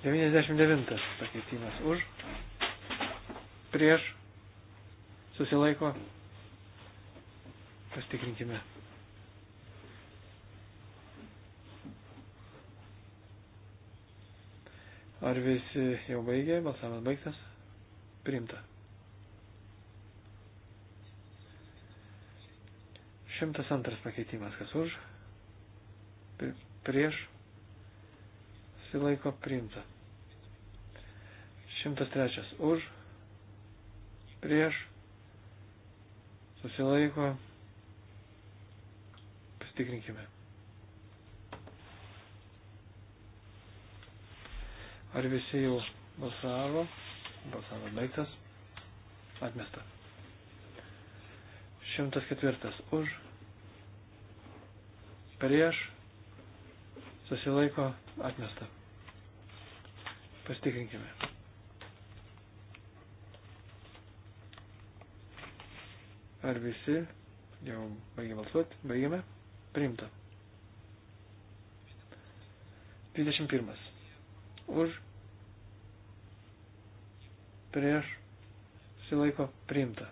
S2: 99 pakeitimas už, prieš, susilaiko, pastikrinkime. Ar visi jau baigė, balsavimas baigtas, priimta. 102 pakeitimas, kas už, prieš, susilaiko, priimta. 103 už, prieš, susilaiko, pasitikrinkime. Ar visi jau balsavo? Balsavo baigtas, atmesta. 104 už, prieš, susilaiko, atmesta. Pasitikrinkime. Ar visi jau baigė balsuoti? Baigėme? Priimta. 21. Už. Prieš. Silaiko. Priimta.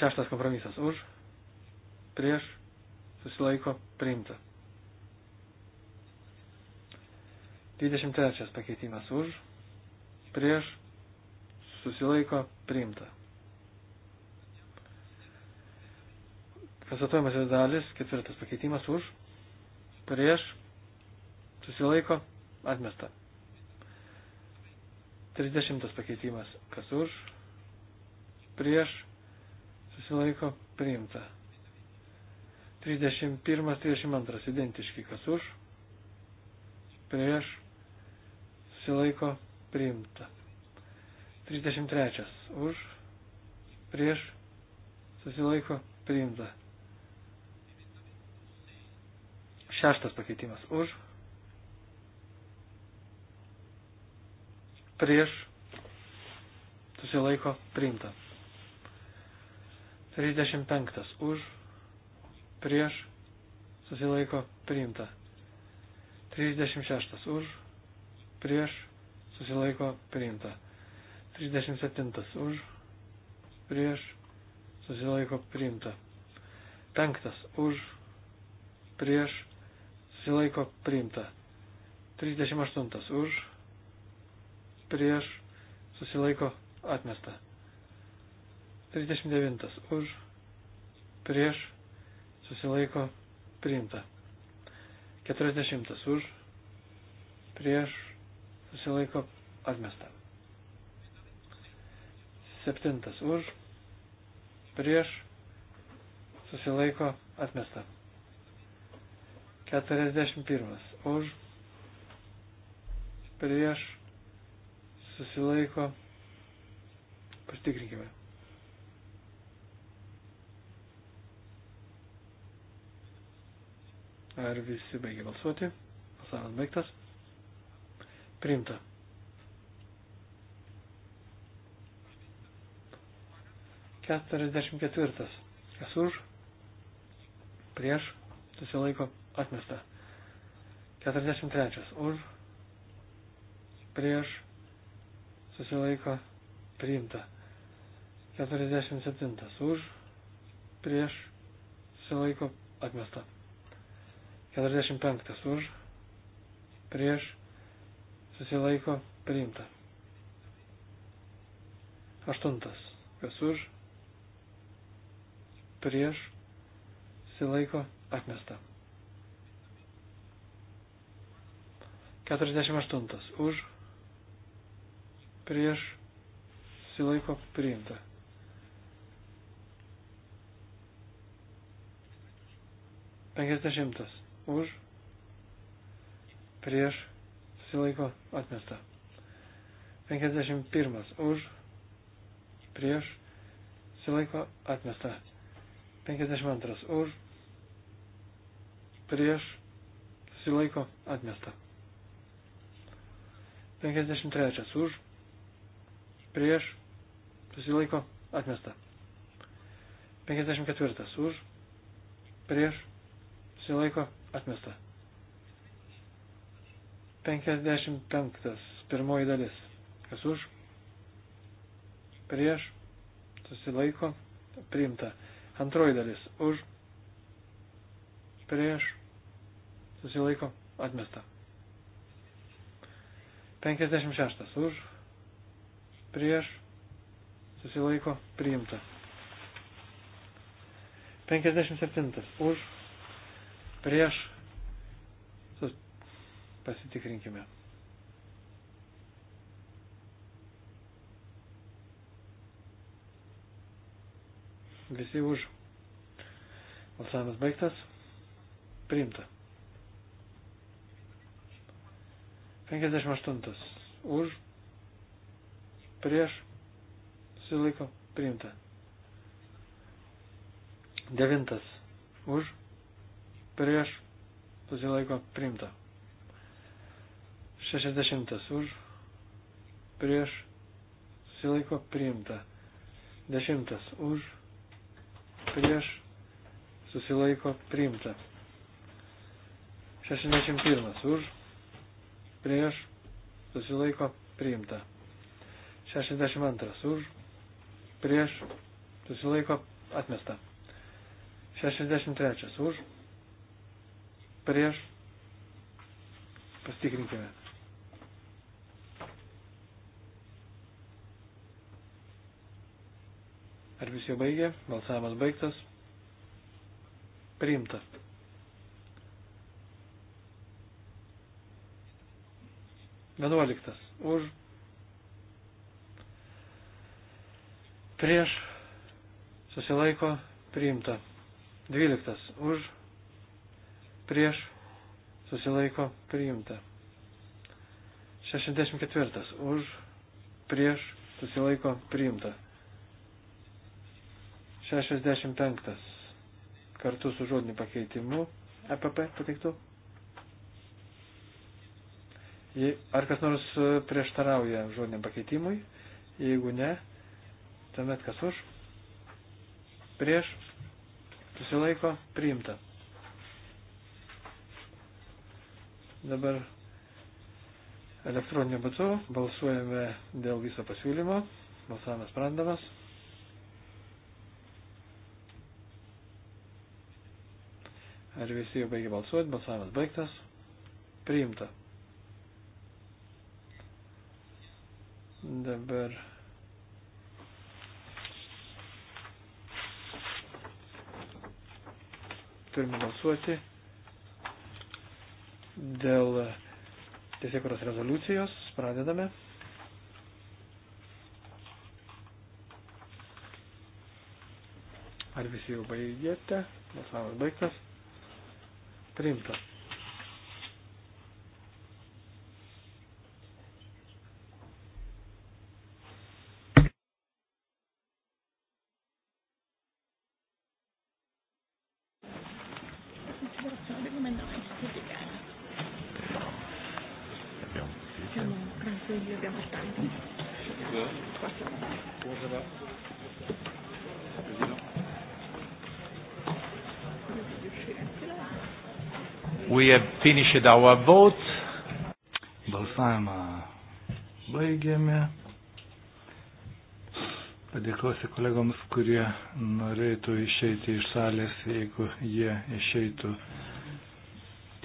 S2: Šeštas kompromisas. Už. Prieš. Susilaiko. Priimta. 23 pakeitimas už, prieš, susilaiko, priimta. Konstatuojamasis dalis, ketvirtas pakeitimas už, prieš, susilaiko, atmesta. Trisdešimtas pakeitimas, kas už, prieš, susilaiko, priimta. 31, 32 identiški, kas už, prieš, susilaiko, priimta. 33 už, prieš, susilaiko, priimta. Šeštas pakeitimas už. Prieš. Susilaiko priimta. 35 už. Prieš. Susilaiko priimta. 36 už. Prieš. Susilaiko priimta. 37 už. Prieš. Susilaiko priimta. 5 už. Prieš susilaiko priimta. 38 už, prieš, susilaiko atmesta. 39 už, prieš, susilaiko priimta. 40 už, prieš, susilaiko atmesta. 7 už, prieš, susilaiko atmesta. 41. Už, prieš, susilaiko, pastikrinkime. Ar visi baigė balsuoti? Balsavimas baigtas. Priimta. Keturiasdešimt ketvirtas. Kas už? Prieš? Susilaiko atmesta. 43. Už, prieš, susilaiko, priimta. 47. Už, prieš, susilaiko, atmesta. 45. Už, prieš, susilaiko, priimta. 8. Kas už, prieš, susilaiko, atmesta. 48. Už, prieš, silaiko priimta. Penkiasdešimtas. Už, prieš, silaiko atmesta. Penkiasdešimt pirmas. Už, prieš, silaiko atmesta. Penkiasdešimt antras. Už, prieš, silaiko atmesta. 53 už, prieš, susilaiko, atmesta. 54 už, prieš, susilaiko, atmesta. 55 pirmoji dalis, kas už, prieš, susilaiko, priimta. Antroji dalis, už, prieš, susilaiko, atmesta. 56 už, prieš, susilaiko, priimta. 57 už, prieš, sus... pasitikrinkime. Visi už. Balsavimas baigtas. Priimta. 58. Už, prieš, susilaiko, priimta. 9. Už, prieš, susilaiko, priimta. 60. Už, prieš, susilaiko, priimta. 10. Už, prieš, susilaiko, priimta. 61. Už, prieš, susilaiko, priimta. 62 už, prieš, susilaiko, atmesta. 63 už, prieš, pastikrinkime. Ar visi jau baigė? Balsavimas baigtas. Priimta. 11. Už prieš susilaiko priimta. 12. Už prieš susilaiko priimta. 64. Už prieš susilaiko priimta. 65. Kartu su žodiniu pakeitimu EPP pateiktų. Ar kas nors e, prieštarauja žodiniam pakeitimui? Jeigu ne, tuomet kas už? Prieš? Susilaiko? Priimta. Dabar elektroniniu būdu balsuojame dėl viso pasiūlymo. Balsavimas sprendamas. Ar visi jau baigė balsuoti? Balsavimas baigtas. Priimta. Dabar turime balsuoti dėl tiesiekuros rezoliucijos. Pradedame. Ar visi jau baigėte? Balsavimas baigtas. Priimtas.
S1: finished our vote. Balsavimą baigėme. Padėkosiu kolegoms, kurie norėtų išeiti iš salės, jeigu jie išeitų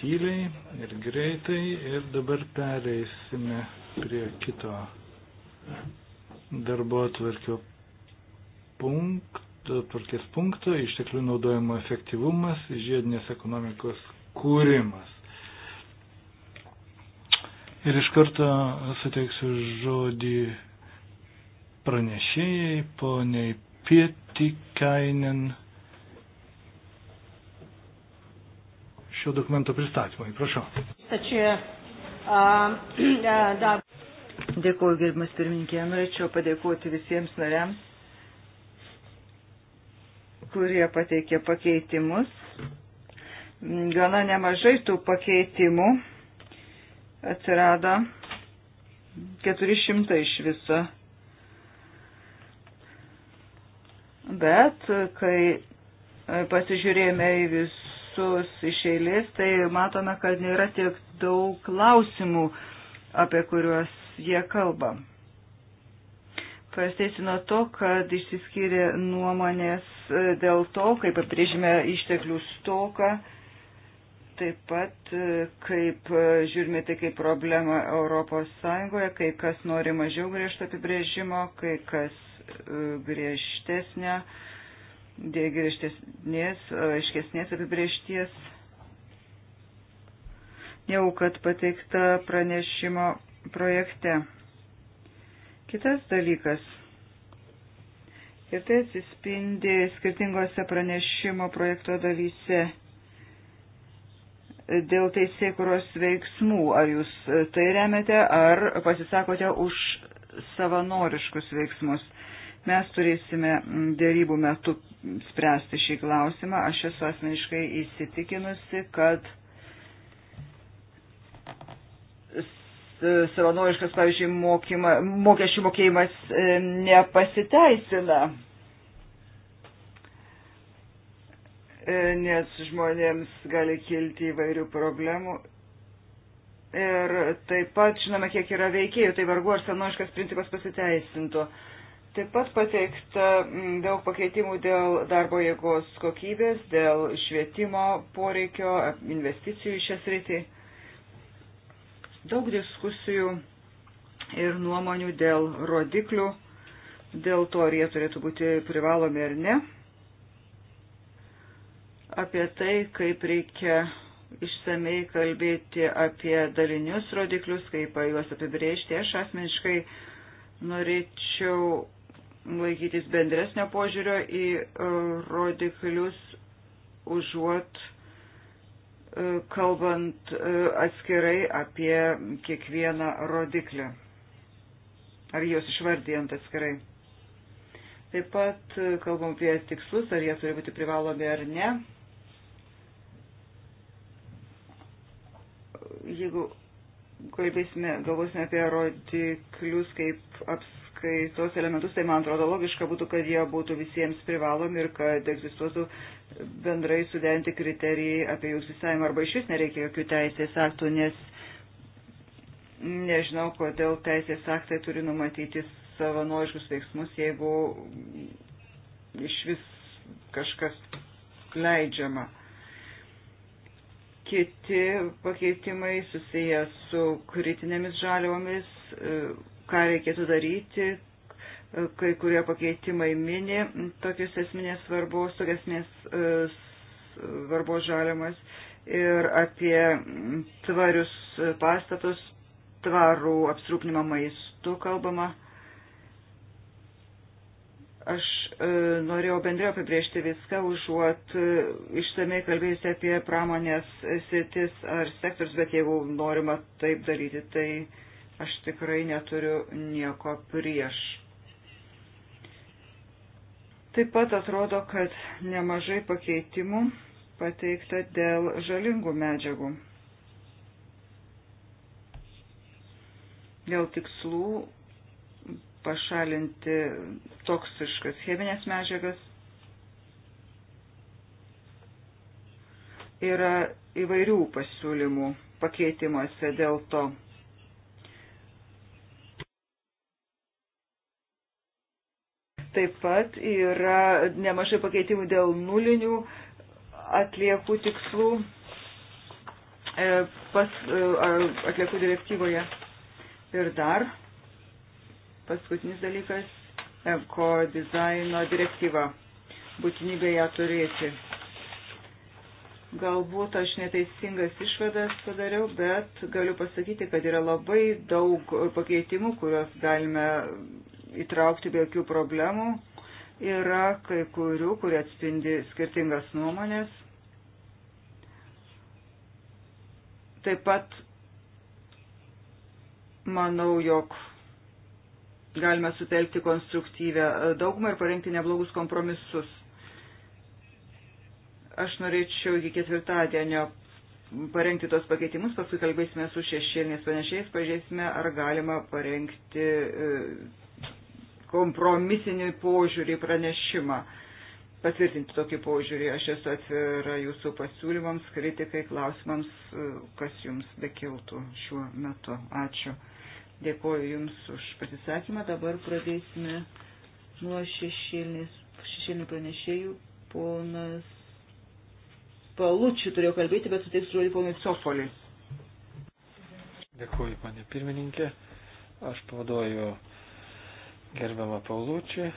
S1: tyliai ir greitai. Ir dabar pereisime prie kito darbo atvarkio punkto, tvarkės punkto, išteklių naudojimo efektyvumas, žiedinės ekonomikos kūrimas. Ir iš karto suteiksiu žodį pranešėjai, poniai Pietikainen šio dokumento pristatymui. Prašau.
S3: Dėkuoju, gerbimas pirmininkė. Norėčiau padėkoti visiems nariams, kurie pateikė pakeitimus. Gana nemažai tų pakeitimų atsirado 400 iš viso. Bet kai pasižiūrėjome į visus iš eilės, tai matome, kad nėra tiek daug klausimų, apie kuriuos jie kalba. Prasteisi nuo to, kad išsiskyrė nuomonės e, dėl to, kaip aprižime išteklių stoką taip pat, e, kaip e, žiūrime tai kaip problemą Europos Sąjungoje, kai kas nori mažiau griežto apibrėžimo, kai kas e, griežtesnė, dėl griežtesnės, aiškesnės apibrėžties, negu kad pateikta pranešimo projekte. Kitas dalykas. Ir tai atsispindi skirtingose pranešimo projekto dalyse dėl teisėkuros veiksmų. Ar jūs e, tai remiate, ar pasisakote už savanoriškus veiksmus? Mes turėsime dėrybų metu spręsti šį klausimą. Aš esu asmeniškai įsitikinusi, kad e, savanoriškas, pavyzdžiui, mokyma, mokesčių mokėjimas e, nepasiteisina. E, nes žmonėms gali kilti įvairių problemų. Ir taip pat žinome, kiek yra veikėjų, tai vargu ar senoviškas principas pasiteisintų. Taip pat pateikta daug pakeitimų dėl darbo jėgos kokybės, dėl švietimo poreikio, investicijų į šią sritį. Daug diskusijų ir nuomonių dėl rodiklių, dėl to, ar jie turėtų būti privalomi ar ne apie tai, kaip reikia išsamei kalbėti apie dalinius rodiklius, kaip juos apibrėžti. Aš asmeniškai norėčiau laikytis bendresnio požiūrio į e, rodiklius užuot e, kalbant e, atskirai apie kiekvieną rodiklį ar juos išvardijant atskirai. Taip pat kalbam apie tikslus, ar jie turi būti privalomi ar ne. jeigu kalbėsime, galvosime apie rodiklius kaip apskaitos elementus, tai man atrodo logiška būtų, kad jie būtų visiems privalomi ir kad egzistuotų bendrai suderinti kriterijai apie jų sistemą arba iš vis nereikia jokių teisės aktų, nes nežinau, kodėl teisės aktai turi numatyti savanoriškus veiksmus, jeigu iš vis kažkas leidžiama. Kiti pakeitimai susiję su kritinėmis žaliomis, e, ką reikėtų daryti, e, kai kurie pakeitimai mini tokius esminės svarbos, tokias esminės e, svarbos žaliamas ir apie tvarius pastatus, tvarų apsrūpnimą maistu kalbama. Aš e, norėjau bendriau apibriežti viską, užuot e, išsamei kalbėjusi apie pramonės sėtis ar sektorius, bet jeigu norima taip daryti, tai aš tikrai neturiu nieko prieš. Taip pat atrodo, kad nemažai pakeitimų pateikta dėl žalingų medžiagų. Dėl tikslų pašalinti toksiškas cheminės medžiagas. Yra įvairių pasiūlymų pakeitimuose dėl to. Taip pat yra nemažai pakeitimų dėl nulinių atliekų tikslų e, pas e, atliekų direktyvoje. Ir dar Paskutinis dalykas - eko dizaino direktyva. Būtinybė ją turėti. Galbūt aš neteisingas išvadas padariau, bet galiu pasakyti, kad yra labai daug pakeitimų, kuriuos galime įtraukti be jokių problemų. Yra kai kurių, kurie atspindi skirtingas nuomonės. Taip pat manau, jog galime sutelkti konstruktyvę daugumą ir parengti neblogus kompromisus. Aš norėčiau iki ketvirtadienio parengti tos pakeitimus, paskui kalbėsime su šešėlinės panašiais, pažiūrėsime, ar galima parengti e, kompromisinį požiūrį pranešimą. Patvirtinti tokį požiūrį, aš esu atvira jūsų pasiūlymams, kritikai, klausimams, e, kas jums bekiltų šiuo metu. Ačiū. Dėkoju Jums už pasisakymą. Dabar pradėsime nuo šešėlinių pranešėjų. Ponas Palučių turėjo kalbėti, bet suteiksiu žodį ponui Sopoliui. Dėkuoju, panė pirmininkė. Aš pavaduoju
S2: gerbiamą Paulučį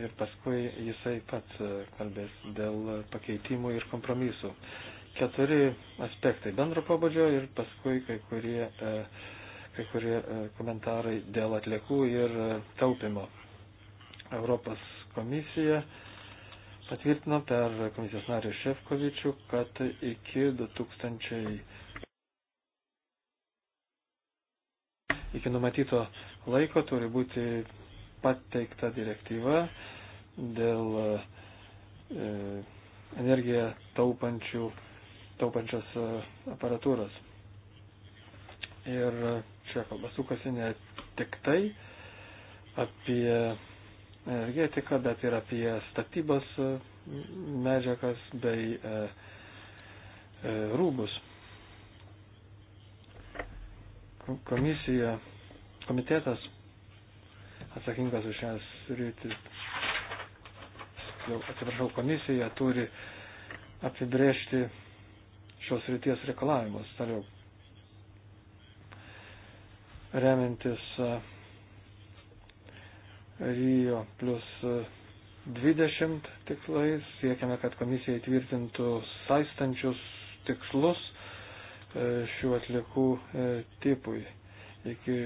S2: ir paskui jisai pats kalbės dėl pakeitimų ir kompromisų keturi aspektai bendro pabudžio ir paskui kai kurie, e, kai kurie e, komentarai dėl atliekų ir e, taupimo. Europos komisija patvirtino per komisijos narį Šefkovičių, kad iki 2000 iki numatyto laiko turi būti pateikta direktyva dėl e, energiją taupančių taupančios e, aparatūros. Ir čia kalba sukasi ne tik tai apie energetiką, bet ir apie statybos e, medžiagas bei e, rūbus. Komisija, komitetas atsakingas už šią sritį, atsiprašau, komisija turi apibrėžti šios ryties reikalavimus. Toliau, remintis e, Rio plus 20 e, tikslais, siekiame, kad komisija įtvirtintų saistančius tikslus e, šių atlikų tipui iki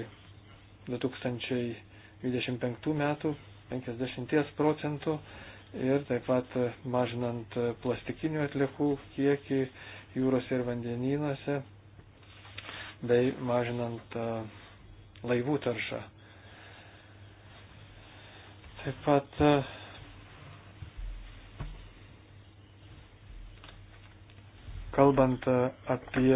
S2: 2025 metų 50 procentų ir taip pat mažinant plastikinių atliekų kiekį jūrose ir vandenynuose, bei mažinant e, laivų taršą. Taip pat e, kalbant e, apie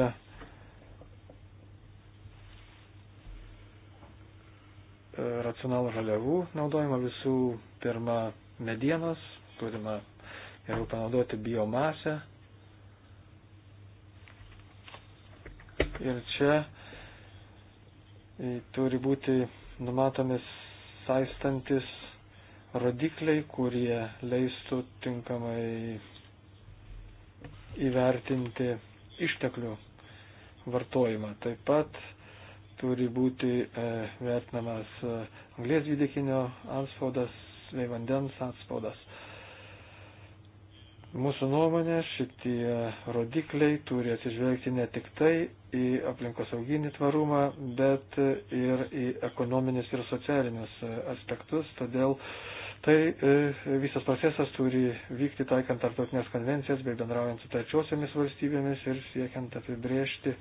S2: racionalų žaliavų naudojimą visų pirma medienos, turime geriau panaudoti biomasę, ir čia e, turi būti numatomis saistantis rodikliai, kurie leistų tinkamai įvertinti išteklių vartojimą. Taip pat turi būti e, vertinamas e, anglės dvideginio atspaudas bei vandens atspaudas. Mūsų nuomonė šitie rodikliai turi atsižvelgti ne tik tai į aplinkosauginį tvarumą, bet ir į ekonominis ir socialinius aspektus. Todėl tai e, visas procesas turi vykti taikant tarptautinės konvencijas bei bendraujant su trečiosiamis valstybėmis ir siekiant apibriežti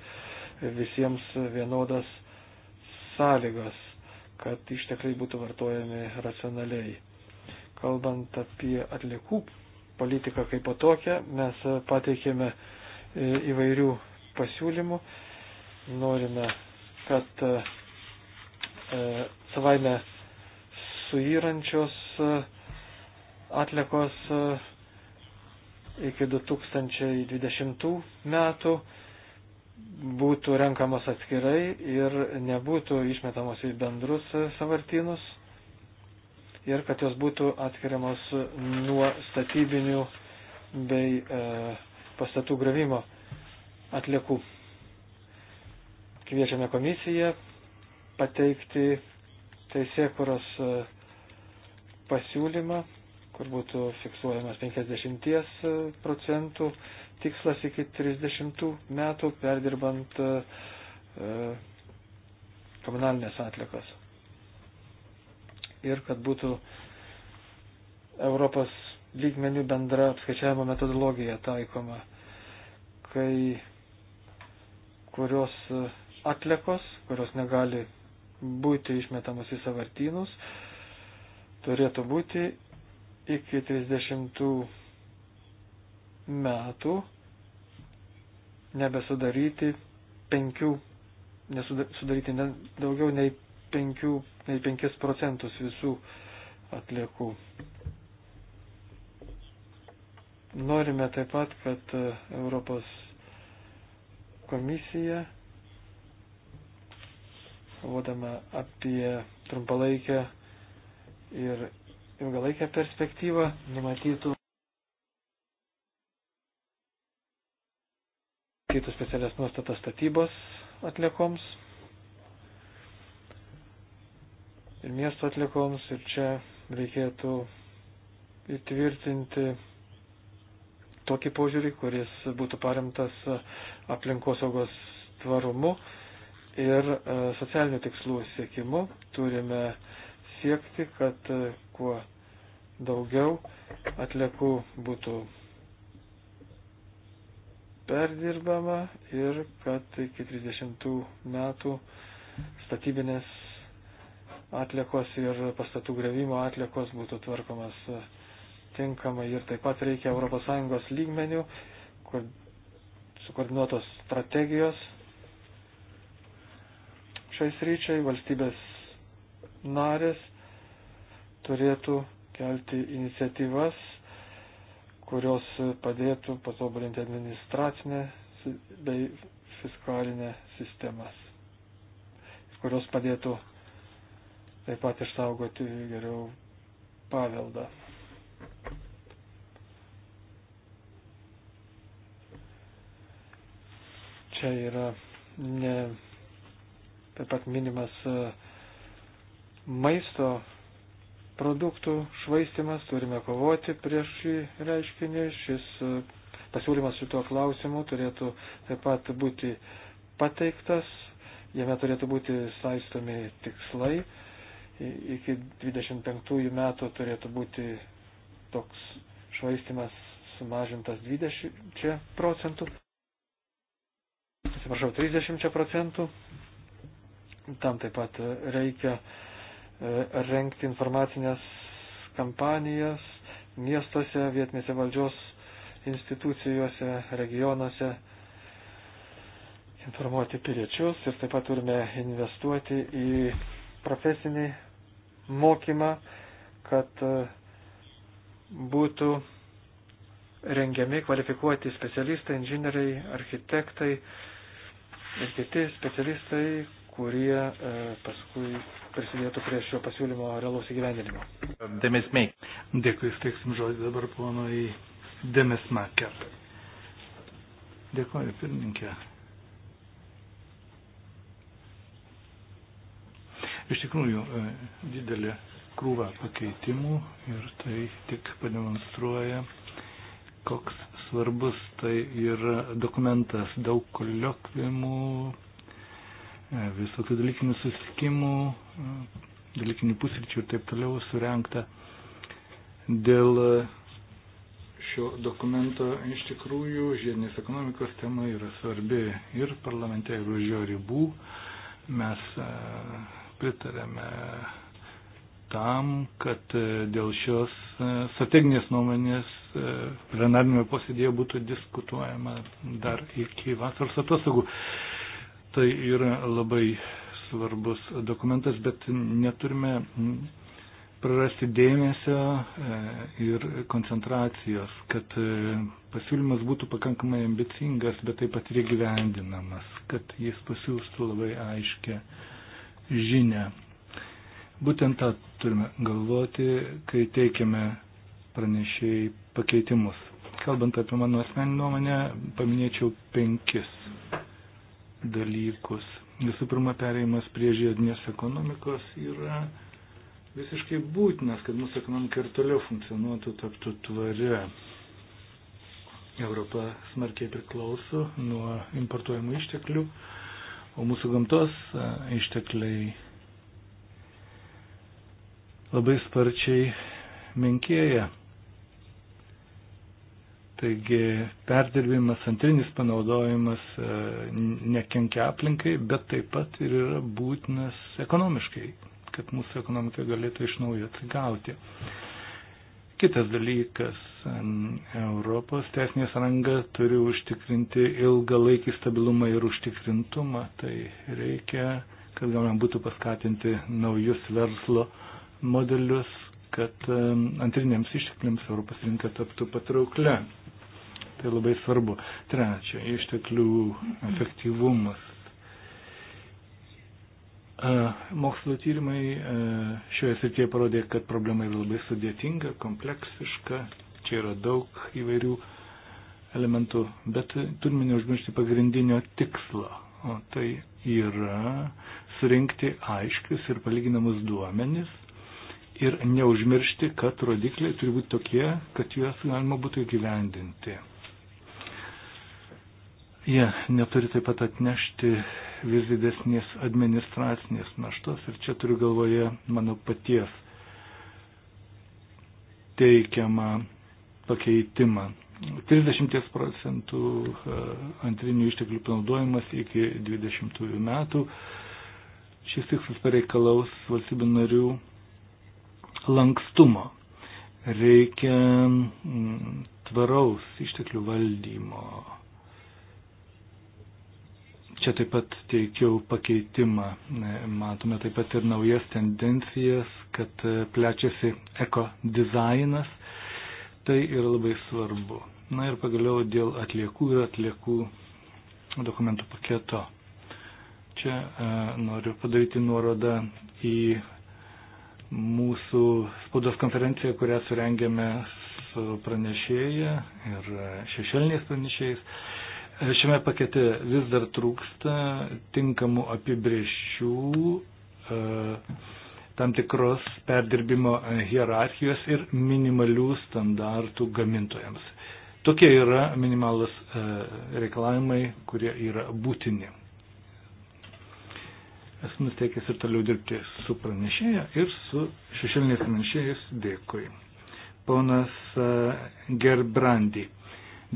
S2: visiems vienodas sąlygas, kad ištekliai būtų vartojami racionaliai. Kalbant apie atliekų politiką kaip po tokią. Mes pateikėme e, įvairių pasiūlymų. Norime, kad e, e, savaime suyrančios atlikos iki 2020 metų būtų renkamos atskirai ir nebūtų išmetamos į bendrus savartynus ir kad jos būtų atskiriamos nuo statybinių bei e, pastatų gravimo atliekų. Kviečiame komisiją pateikti teisėkuros e, pasiūlymą, kur būtų fiksuojamas 50 e, procentų tikslas iki 30 metų perdirbant e, e komunalinės atlikas ir kad būtų Europos lygmenių bendra apskaičiavimo metodologija taikoma, kai kurios atlikos, kurios negali būti išmetamos į savartynus, turėtų būti iki 30 metų nebesudaryti penkių, nesudaryti ne, daugiau nei penkių nei 5 procentus visų atliekų. Norime taip pat, kad e, Europos komisija, vodama apie trumpalaikę ir ilgalaikę perspektyvą, numatytų kitus specialias nuostatas statybos atliekoms. ir miesto atlikoms. Ir čia reikėtų įtvirtinti tokį požiūrį, kuris būtų paremtas aplinkosaugos tvarumu ir e, socialinių tikslų siekimu. Turime siekti, kad e, kuo daugiau atliekų būtų perdirbama ir kad iki 30 metų statybinės atlikos ir pastatų grevimo atlikos būtų tvarkomas e, tinkamai ir taip pat reikia ES lygmenių, kur sukoordinuotos strategijos šiais ryčiai valstybės narės turėtų kelti iniciatyvas, kurios padėtų patobulinti administracinę bei fiskalinę sistemas, kurios padėtų taip pat išsaugoti geriau paveldą. Čia yra ne, taip pat minimas e, maisto produktų švaistimas, turime kovoti prieš šį reiškinį. Šis e, pasiūlymas šituo klausimu turėtų taip pat būti pateiktas, jame turėtų būti saistomi tikslai iki 25 metų turėtų būti toks švaistimas sumažintas 20 procentų, atsiprašau, 30 procentų. Tam taip pat reikia e, renkti informacinės kampanijas miestuose, vietinėse valdžios institucijose, regionuose, informuoti piliečius ir taip pat turime investuoti į profesinį mokymą, kad e, būtų rengiami kvalifikuoti specialistai, inžinieriai, architektai ir kiti specialistai, kurie e, paskui prisidėtų prie šio pasiūlymo realaus įgyvendinimo. Demesmei.
S1: Dėkui, steiksim žodį dabar ponui Demesmaker. Dėkuoju, pirmininkė. iš tikrųjų e, didelė krūva pakeitimų ir tai tik pademonstruoja, koks svarbus tai yra dokumentas. Daug koliokvimų, e, visokių dalykinių susitikimų, e, dalykinių pusryčių ir taip toliau surenkta dėl šio dokumento iš tikrųjų žiedinės ekonomikos tema yra svarbi ir parlamente, ir už jo ribų. Mes pritarėme tam, kad e, dėl šios e, strateginės nuomonės e, plenarnėme posėdėje būtų diskutuojama dar iki vasaros atostogų. Tai yra labai svarbus dokumentas, bet neturime prarasti dėmesio ir koncentracijos, kad pasiūlymas būtų pakankamai ambicingas, bet taip pat ir gyvendinamas, kad jis pasiūstų labai aiškę žinę. Būtent tą turime galvoti, kai teikiame pranešėjai pakeitimus. Kalbant apie mano asmeninį nuomonę, paminėčiau penkis dalykus. Visų pirma, pereimas prie žiedinės ekonomikos yra visiškai būtinas, kad mūsų ekonomika ir toliau funkcionuotų, taptų tvari. Europa smarkiai priklauso nuo importuojamų išteklių O mūsų gamtos e, ištekliai labai sparčiai menkėja. Taigi perdirbimas, antrinis panaudojimas e, nekenkia aplinkai, bet taip pat ir yra būtinas ekonomiškai, kad mūsų ekonomika galėtų iš naujo atsigauti. Kitas dalykas, Europos teisinė sąranga turi užtikrinti ilgalaikį stabilumą ir užtikrintumą, tai reikia, kad galima būtų paskatinti naujus verslo modelius, kad antriniams ištekliams Europos rinka taptų patrauklę. Tai labai svarbu. Trečia, išteklių efektyvumas Mokslo tyrimai e, šioje srityje parodė, kad problema yra labai sudėtinga, kompleksiška, čia yra daug įvairių elementų, bet turime neužmiršti pagrindinio tikslo, o tai yra surinkti aiškius ir palyginamus duomenis ir neužmiršti, kad rodikliai turi būti tokie, kad juos galima būtų įgyvendinti. Jie neturi taip pat atnešti vis didesnės administracinės naštos ir čia turiu galvoje mano paties teikiamą pakeitimą. 30 procentų e, antrinių išteklių panaudojimas iki 20 metų. Šis tikslas pareikalaus valstybių narių lankstumo. Reikia tvaraus išteklių valdymo Čia taip pat teikiau pakeitimą. Matome taip pat ir naujas tendencijas, kad plečiasi eko dizainas. Tai yra labai svarbu. Na ir pagaliau dėl atliekų ir atliekų dokumentų paketo. Čia e, noriu padaryti nuorodą į mūsų spaudos konferenciją, kurią surengėme su pranešėja ir e, šešėliniais pranešėjais. Šiame pakete vis dar trūksta tinkamų apibrėžčių, e, tam tikros perdirbimo hierarchijos ir minimalių standartų gamintojams. Tokie yra minimalus e, reikalavimai, kurie yra būtini. Esu nusteikęs ir toliau dirbti su pranešėja ir su šešėlinės pranešėjais. Dėkui. Ponas e, Gerbrandy.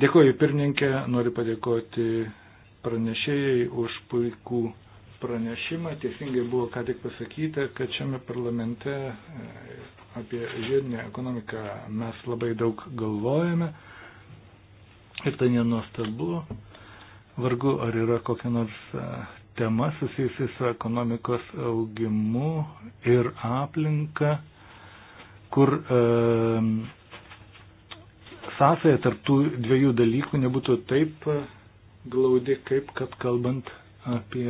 S1: Dėkuoju pirmininkė, noriu padėkoti pranešėjai už puikų pranešimą. Teisingai buvo ką tik pasakyta, kad šiame parlamente e, apie žiedinę ekonomiką mes labai daug galvojame. Ir tai nenuostabu. Vargu, ar yra kokia nors e, tema susijusi su ekonomikos augimu ir aplinka, kur e, sąsaja tarptų dviejų dalykų nebūtų taip e, glaudi, kaip kad kalbant apie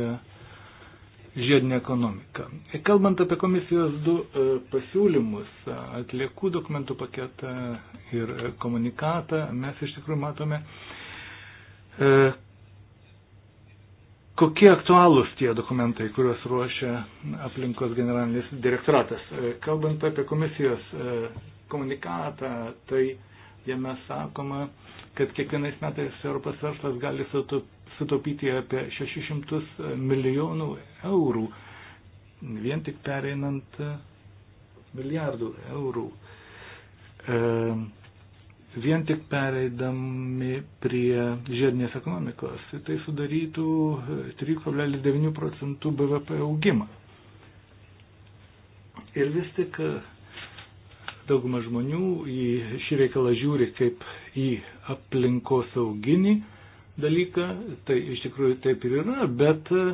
S1: žiedinę ekonomiką. Kalbant apie komisijos du e, pasiūlymus, e, atliekų dokumentų paketą ir komunikatą, mes iš tikrųjų matome, kokie aktualūs tie dokumentai, kuriuos ruošia aplinkos generalinis direktoratas. Kalbant apie komisijos komunikatą, tai Jame sakoma, kad kiekvienais metais Europos verslas gali sutaupyti apie 600 milijonų eurų, vien tik pereinant e, milijardų eurų. E, vien tik pereidami prie žiedinės ekonomikos, tai sudarytų 3,9 procentų BVP augimą. Ir vis tik e, Dauguma žmonių į šį reikalą žiūri kaip į aplinkosauginį dalyką, tai iš tikrųjų taip ir yra, bet e,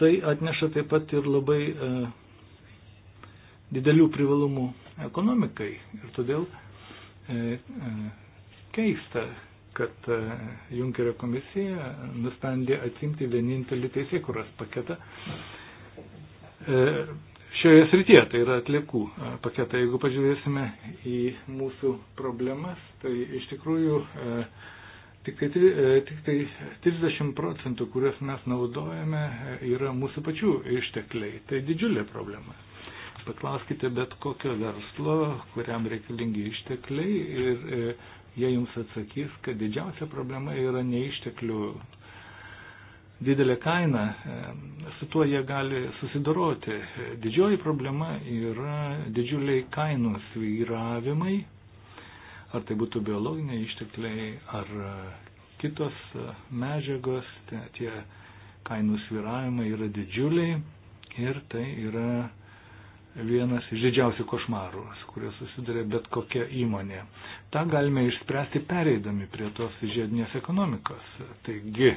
S1: tai atneša taip pat ir labai e, didelių privalumų ekonomikai. Ir todėl e, keista, kad Junkerio komisija nusprendė atsimti vienintelį teisėkuros paketą šioje srityje, tai yra atliekų e, paketą. Jeigu pažiūrėsime į mūsų problemas, tai iš tikrųjų e, tik tai, e, tik tai 30 procentų, kuriuos mes naudojame, yra mūsų pačių ištekliai. Tai didžiulė problema. Paklauskite bet kokio verslo, kuriam reikalingi ištekliai ir jie jums atsakys, kad didžiausia problema yra ne išteklių didelė kaina, e, su tuo jie gali susidoroti. E, didžioji problema yra didžiuliai kainų svyravimai, ar tai būtų biologiniai ištekliai, ar e, kitos medžiagos, tie kainų sviravimai yra didžiuliai ir tai yra vienas iš didžiausių košmarų, su kuriuo susiduria bet kokia įmonė. Ta galime išspręsti pereidami prie tos žiedinės ekonomikos. Taigi,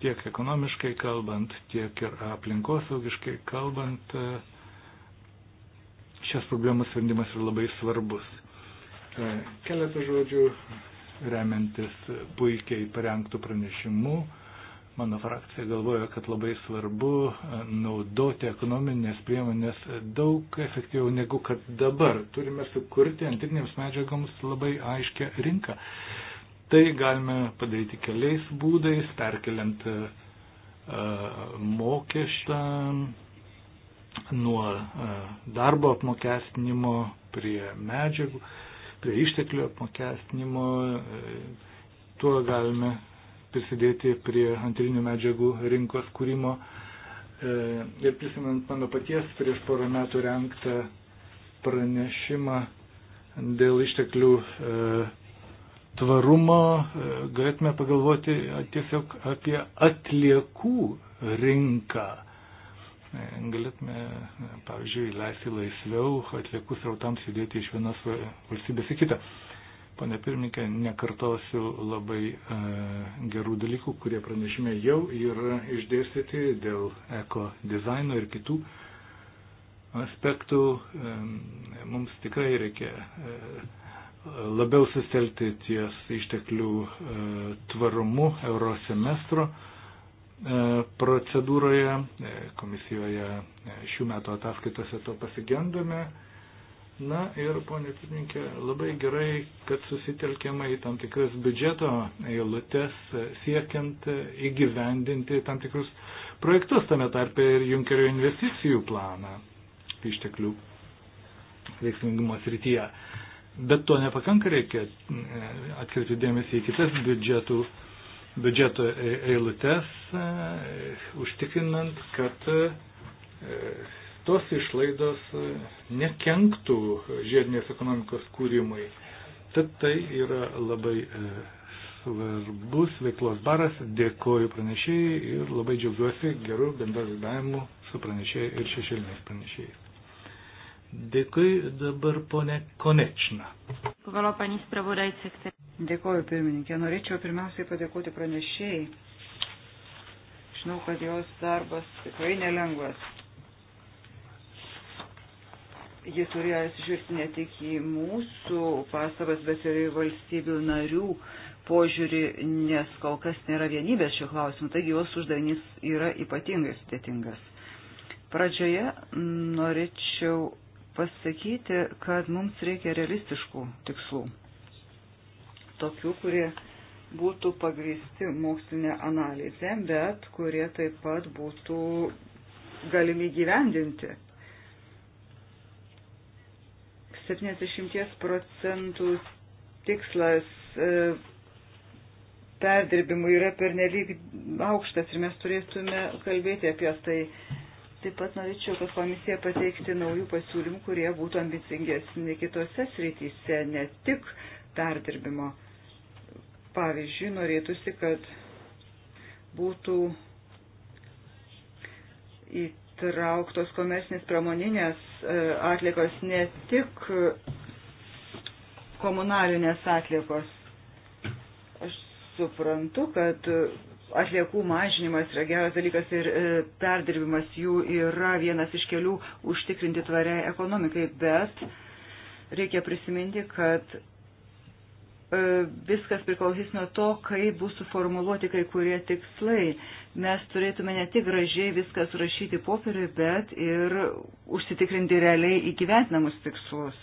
S1: tiek ekonomiškai kalbant, tiek ir aplinkosaugiškai kalbant, e, šios problemos sprendimas yra labai svarbus. E, keletą žodžių remiantis puikiai parengtų pranešimų. Mano frakcija galvoja, kad labai svarbu e, naudoti ekonominės priemonės daug efektyviau negu kad dabar. Turime sukurti antiknėms medžiagoms labai aiškę rinką. Tai galime padaryti keliais būdais, perkeliant e, mokesčią nuo e, darbo apmokestinimo prie medžiagų, prie išteklių apmokestinimo. E, tuo galime prisidėti prie antrinių medžiagų rinkos kūrimo. Ir prisimint mano paties prieš porą metų renktą pranešimą dėl išteklių tvarumo e, galėtume pagalvoti tiesiog apie atliekų rinką. E, galėtume, e, pavyzdžiui, leisti laisviau atliekų srautams judėti iš vienos valstybės į kitą. Pane pirmininkė, nekartosiu labai e, gerų dalykų, kurie pranešime jau yra išdėstyti dėl eko dizaino ir kitų aspektų. E, mums tikrai reikia e, labiau susitelti ties išteklių e, tvarumu eurosemestro e, procedūroje. E, komisijoje šių metų ataskaitose to pasigendame. Na ir, ponė pirmininkė, labai gerai, kad susitelkiama į tam tikras biudžeto eilutes, siekiant įgyvendinti tam tikrus projektus, tame tarpe ir Junkerio investicijų planą išteklių veiksmingumo srityje. Bet to nepakanka reikia e, atkreipti dėmesį į kitas biudžetų, biudžeto e, eilutes, e, užtikrinant, kad tos išlaidos nekenktų žiedinės ekonomikos kūrimui. Tad tai yra labai svarbus veiklos baras. Dėkoju pranešėjai ir labai džiaugiuosi gerų bendradarbiavimų su pranešėjai ir šešėliniais pranešėjais. Dėkui dabar ponė Konečna.
S3: Dėkuoju pirmininkė. Norėčiau pirmiausiai padėkoti pranešėjai. Žinau, kad jos darbas tikrai nelengvas. Ji turėjo atsižiūrėti ne tik į mūsų pastabas, bet ir į valstybių narių požiūrį, nes kol kas nėra vienybės šio klausimu, taigi jos uždavinys yra ypatingai sudėtingas. Pradžioje norėčiau pasakyti, kad mums reikia realistiškų tikslų. Tokių, kurie būtų pagrįsti mokslinė analizė, bet kurie taip pat būtų galimi gyvendinti. 70 procentų tikslas e, perdirbimui yra pernelyg aukštas ir mes turėtume kalbėti apie tai Taip pat norėčiau, kad komisija pateikti naujų pasiūlymų, kurie būtų ambicingesni kitose srityse, ne tik perdirbimo. Pavyzdžiui, norėtųsi, kad būtų įtrauktos komersinės pramoninės e, atlikos, ne tik komunalinės atlikos. Aš suprantu, kad atliekų mažinimas yra geras dalykas ir e, perdirbimas jų yra vienas iš kelių užtikrinti tvariai ekonomikai, bet reikia prisiminti, kad e, viskas priklausys nuo to, kaip bus suformuluoti kai kurie tikslai. Mes turėtume ne tik gražiai viskas rašyti popieriui, bet ir užsitikrinti realiai įgyventinamus tikslus.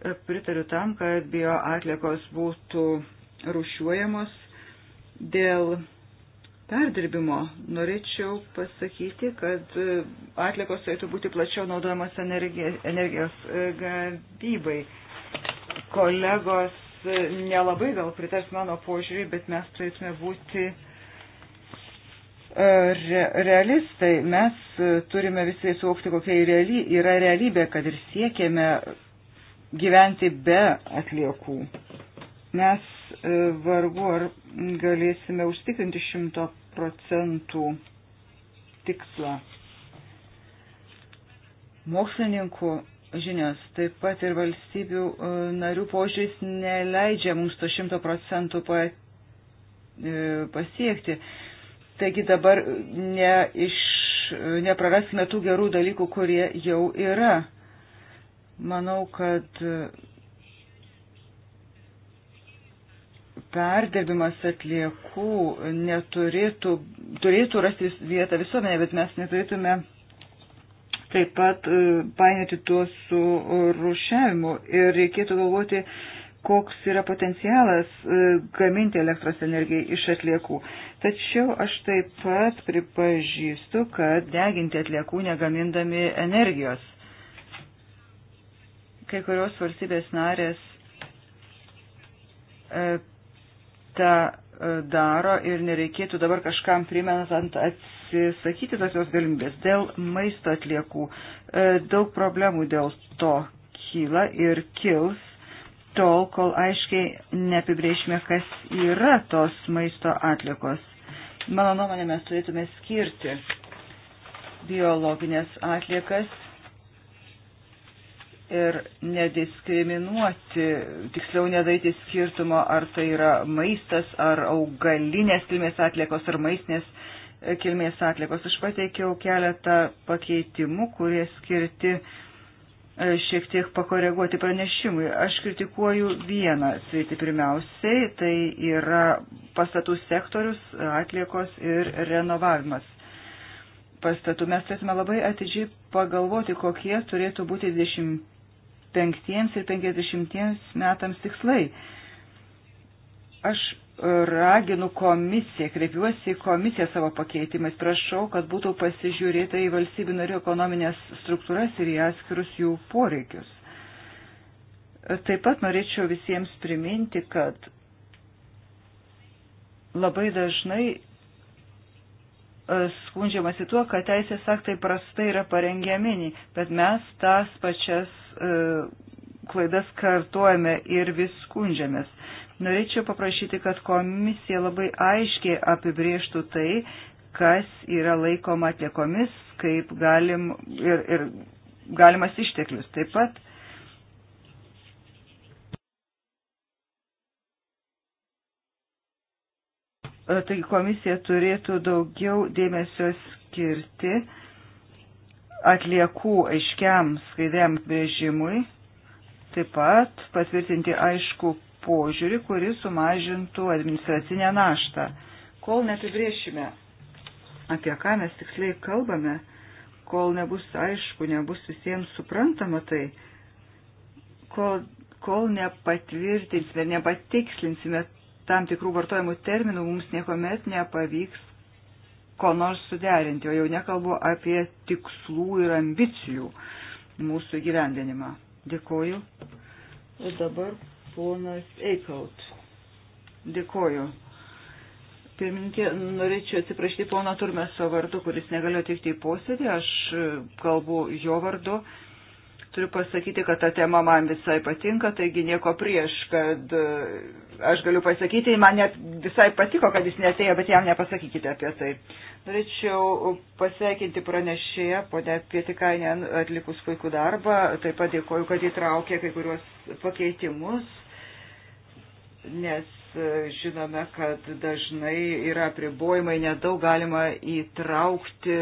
S3: E, pritariu tam, kad bio atliekos būtų rušiuojamos dėl perdirbimo. Norėčiau pasakyti, kad e, atlikos turėtų būti plačiau naudojamas energijos e, gavybai. Kolegos e, nelabai gal pritars mano požiūrį, bet mes turėtume būti re, realistai. Mes turime visai suvokti, kokia reali, yra realybė, kad ir siekiame gyventi be atliekų. Mes E, vargu ar galėsime užtikrinti šimto procentų tikslą. Mokslininkų žinios, taip pat ir valstybių e, narių požiūris neleidžia mums to šimto procentų e, pasiekti. Taigi dabar neiš, nepraraskime tų gerų dalykų, kurie jau yra. Manau, kad perdirbimas atliekų neturėtų, turėtų rasti vietą visuomenėje, bet mes neturėtume taip pat e, painioti tuo su rušiavimu ir reikėtų galvoti, koks yra potencialas e, gaminti elektros energiją iš atliekų. Tačiau aš taip pat pripažįstu, kad deginti atliekų negamindami energijos. Kai kurios valstybės narės e, tą e, daro ir nereikėtų dabar kažkam primenant atsisakyti tokios galimybės. Dėl maisto atliekų e, daug problemų dėl to kyla ir kils tol, kol aiškiai neapibrėšime, kas yra tos maisto atliekos. Mano nuomonė, mes turėtume skirti biologinės atliekas ir nediskriminuoti, tiksliau nedaryti skirtumo, ar tai yra maistas, ar augalinės kilmės atliekos, ar maistinės e, kilmės atliekos. Aš pateikiau keletą pakeitimų, kurie skirti e, šiek tiek pakoreguoti pranešimui. Aš kritikuoju vieną sritį pirmiausiai, tai yra pastatų sektorius, atliekos ir renovavimas pastatų. Mes turėtume labai atidžiai pagalvoti, kokie turėtų būti 20 55 ir 50 metams tikslai. Aš raginu komisiją, kreipiuosi į komisiją savo pakeitimais, prašau, kad būtų pasižiūrėta į valstybių narių ekonominės struktūras ir į atskirus jų poreikius. Taip pat norėčiau visiems priminti, kad labai dažnai E, skundžiamasi tuo, kad teisės aktai prastai yra parengiamini, bet mes tas pačias e, klaidas kartuojame ir vis skundžiamės. Norėčiau paprašyti, kad komisija labai aiškiai apibrieštų tai, kas yra laikoma atliekomis, kaip galim ir, ir galimas išteklius. Taip pat E, taigi komisija turėtų daugiau dėmesio skirti atliekų aiškiam skaidriam brėžimui, taip pat patvirtinti aišku požiūrį, kuris sumažintų administracinę naštą. Kol neapibriešime, apie ką mes tiksliai kalbame, kol nebus aišku, nebus visiems suprantama tai, kol, kol nepatvirtinsime, nepatikslinsime tam tikrų vartojimų terminų mums niekuomet nepavyks ko nors suderinti, o jau nekalbu apie tikslų ir ambicijų mūsų gyvendinimą. Dėkoju. Ir dabar ponas Eikaut. Dėkoju. Pirmininkė, norėčiau atsiprašyti pono Turmeso vardu, kuris negalėjo atvykti į posėdį. Aš kalbu jo vardu turiu pasakyti, kad ta tema man visai patinka, taigi nieko prieš, kad e, aš galiu pasakyti, man net visai patiko, kad jis netėjo, bet jam nepasakykite apie tai. Norėčiau pasveikinti pranešėją, ponę Pietikainę, atlikus puikų darbą, taip pat dėkoju, kad įtraukė kai kuriuos pakeitimus, nes žinome, kad dažnai yra pribojimai, nedaug galima įtraukti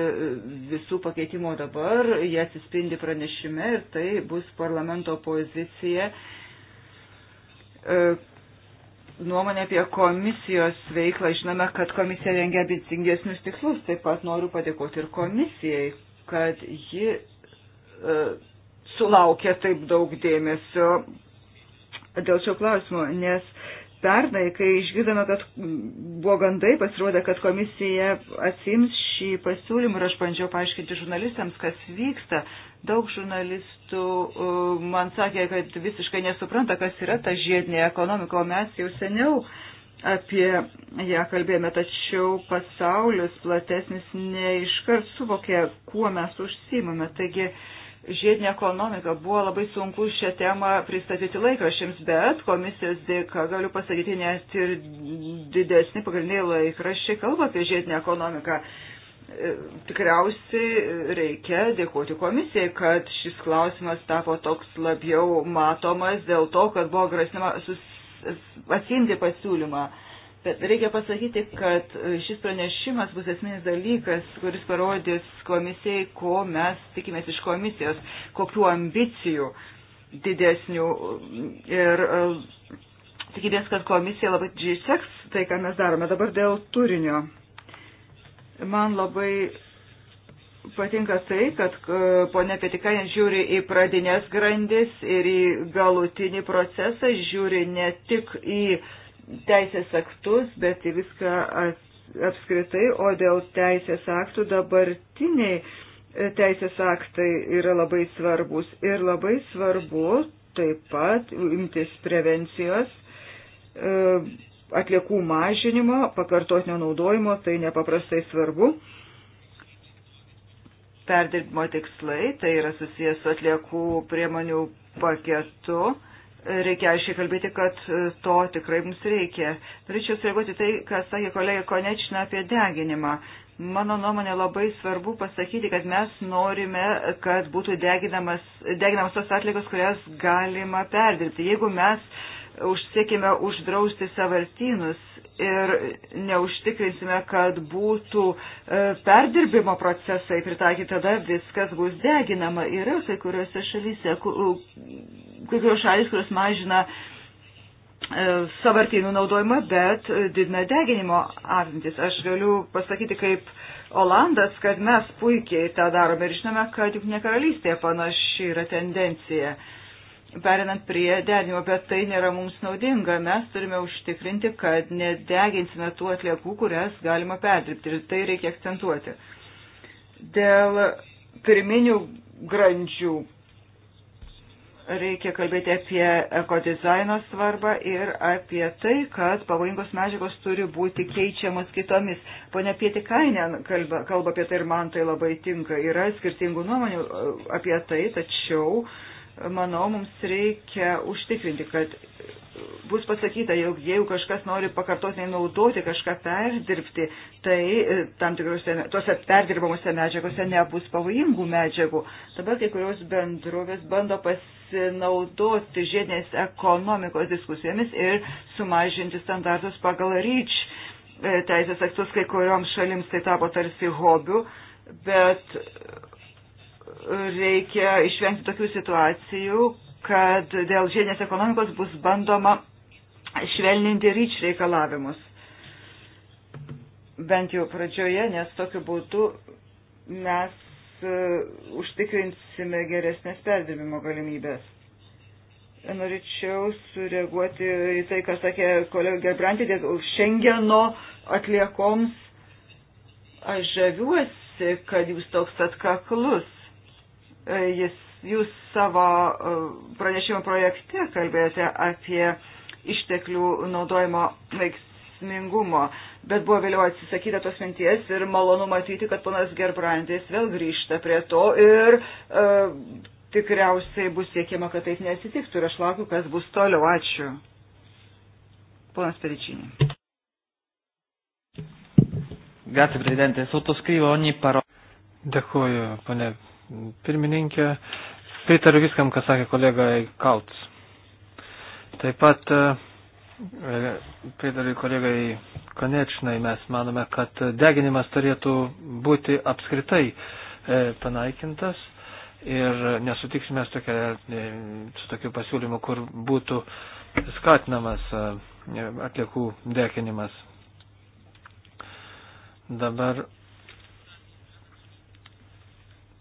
S3: visų pakeitimo dabar, jie atsispindi pranešime ir tai bus parlamento pozicija. E, nuomonė apie komisijos veiklą, žinome, kad komisija rengia ambicingesnius tikslus, taip pat noriu padėkoti ir komisijai, kad ji e, sulaukė taip daug dėmesio dėl šio klausimo, nes pernai, kai išgirdome, kad buvo gandai, pasirodė, kad komisija atsims šį pasiūlymą ir aš bandžiau paaiškinti žurnalistams, kas vyksta. Daug žurnalistų e, man sakė, kad visiškai nesupranta, kas yra ta žiedinė ekonomika, o mes jau seniau apie ją kalbėjome, tačiau pasaulis platesnis neiškart suvokė, kuo mes užsimame. Taigi, uh, žiedinė ekonomika. Buvo labai sunku šią temą pristatyti laikrašiams, bet komisijos dėka, galiu pasakyti, net ir didesni pagrindiniai laikrašiai kalba apie žiedinę ekonomiką. E, tikriausiai reikia dėkoti komisijai, kad šis klausimas tapo toks labiau matomas dėl to, kad buvo grasinama sus... atsimti pasiūlymą. Bet reikia pasakyti, kad šis pranešimas bus esminis dalykas, kuris parodys komisijai, ko mes tikimės iš komisijos, kokių ambicijų didesnių. Ir e, tikimės, kad komisija labai džiai seks tai, ką mes darome dabar dėl turinio. Man labai patinka tai, kad e, ponė Petikajan žiūri į pradinės grandis ir į galutinį procesą, žiūri ne tik į uh, teisės aktus, bet į viską apskritai, o dėl teisės aktų dabartiniai e, teisės aktai yra labai svarbus ir labai svarbu taip pat imtis prevencijos e, atliekų mažinimo, pakartotinio naudojimo, tai nepaprastai svarbu. Perdirbimo tikslai, tai yra susijęs su atliekų priemonių paketu reikia aiškiai kalbėti, kad e, to tikrai mums reikia. Norėčiau sureaguoti tai, ką sakė kolegė Konečina apie deginimą. Mano nuomonė labai svarbu pasakyti, kad mes norime, kad būtų deginamas, deginamas tos atlikos, kurias galima perdirbti. Jeigu mes užsiekime uždrausti savartynus ir neužtikrinsime, kad būtų e, perdirbimo procesai pritaikyti, tada viskas bus deginama. Yra kai kuriuose šalyse, kai kurios šalis, kurios mažina e, savartynų naudojimą, bet didina deginimo apimtis. Aš galiu pasakyti kaip Olandas, kad mes puikiai tą darome ir žinome, kad juk ne karalystėje panaši yra tendencija. Uh, perinant prie derinimo, bet tai nėra mums naudinga. Mes turime užtikrinti, kad nedeginsime tų atliekų, kurias galima perdirbti ir tai reikia akcentuoti. Dėl pirminių grandžių reikia kalbėti apie ekodizaino svarbą ir apie tai, kad pavojingos medžiagos turi būti keičiamas kitomis. Pone Pietikainen kalba, kalba apie tai ir man tai labai tinka. Yra skirtingų nuomonių e, apie tai, tačiau uh, manau, mums reikia užtikrinti, kad bus pasakyta, jog jeigu kažkas nori pakartotinai naudoti, kažką perdirbti, tai e, tam tikrose, tose perdirbamuose medžiagose nebus pavojingų medžiagų. Dabar kai kurios bendrovės bando pasinaudoti žiedinės ekonomikos diskusijomis ir sumažinti standartus pagal ryč e, teisės aktus, kai kurioms šalims tai tapo tarsi hobių, bet reikia išvengti tokių situacijų, kad dėl žiedinės ekonomikos bus bandoma švelninti ryč reikalavimus. Bent jau pradžioje, nes tokiu būdu mes e, užtikrinsime geresnės perdirbimo galimybės. Norėčiau sureaguoti į tai, ką sakė kolegė Brantė, dėl Šengeno atliekoms. Aš žaviuosi, kad jūs toks atkaklus E, jis, jūs savo e, pranešimo projekte kalbėjote apie išteklių naudojimo veiksmingumo, bet buvo vėliau atsisakyta tos minties ir malonu matyti, kad ponas Gerbrandis vėl grįžta prie to ir e, tikriausiai bus siekiama, kad taip nesitiktų ir aš laukiu, kas bus toliau. Ačiū. Ponas Peričinė.
S2: Grazie Presidente, sottoscrivo ogni parola. Dėkuoju, ponė pirmininkė. Pritariu viskam, ką sakė kolega Kauts. Taip pat e, pritariu kolegai Konečnai, mes manome, kad deginimas turėtų būti apskritai e, panaikintas ir nesutiksime su, tokia, e, su tokiu pasiūlymu, kur būtų skatinamas atliekų deginimas. Dabar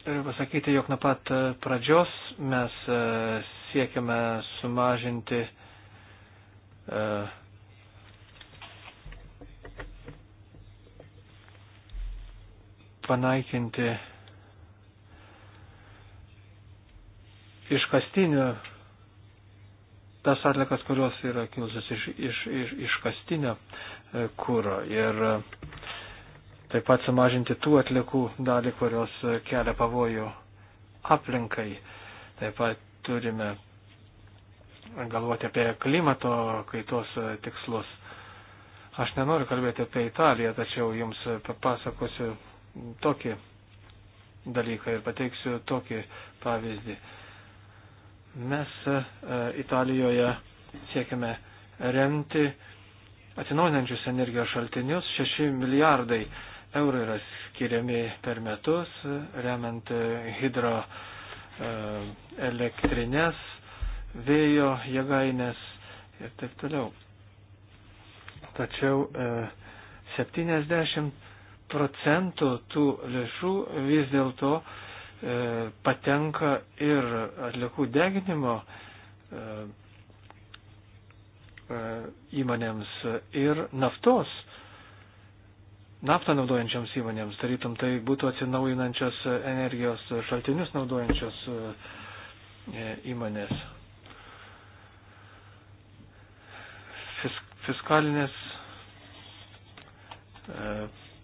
S2: Turiu pasakyti, jog nuo pat e, pradžios mes e, siekiame sumažinti e, panaikinti iškastinių tas atlikas, kurios yra kilusios iš, iš, iš, iš kastinio kūro. Ir taip pat sumažinti tų atlikų dalį, kurios kelia pavojų aplinkai. Taip pat turime galvoti apie klimato kaitos tikslus. Aš nenoriu kalbėti apie Italiją, tačiau jums papasakosiu tokį dalyką ir pateiksiu tokį pavyzdį. Mes e, Italijoje siekiame remti atsinaujinančius energijos šaltinius 6 milijardai eurų yra skiriami per metus, remiant e, hidro e, elektrinės, vėjo jėgainės ir taip toliau. Tačiau 70 e, procentų tų lėšų vis dėlto patenka ir atliekų deginimo įmonėms ir naftos naftą naudojančioms įmonėms, tarytum tai būtų atsinaujinančios energijos šaltinius naudojančios e, įmonės. Fiskalinės e,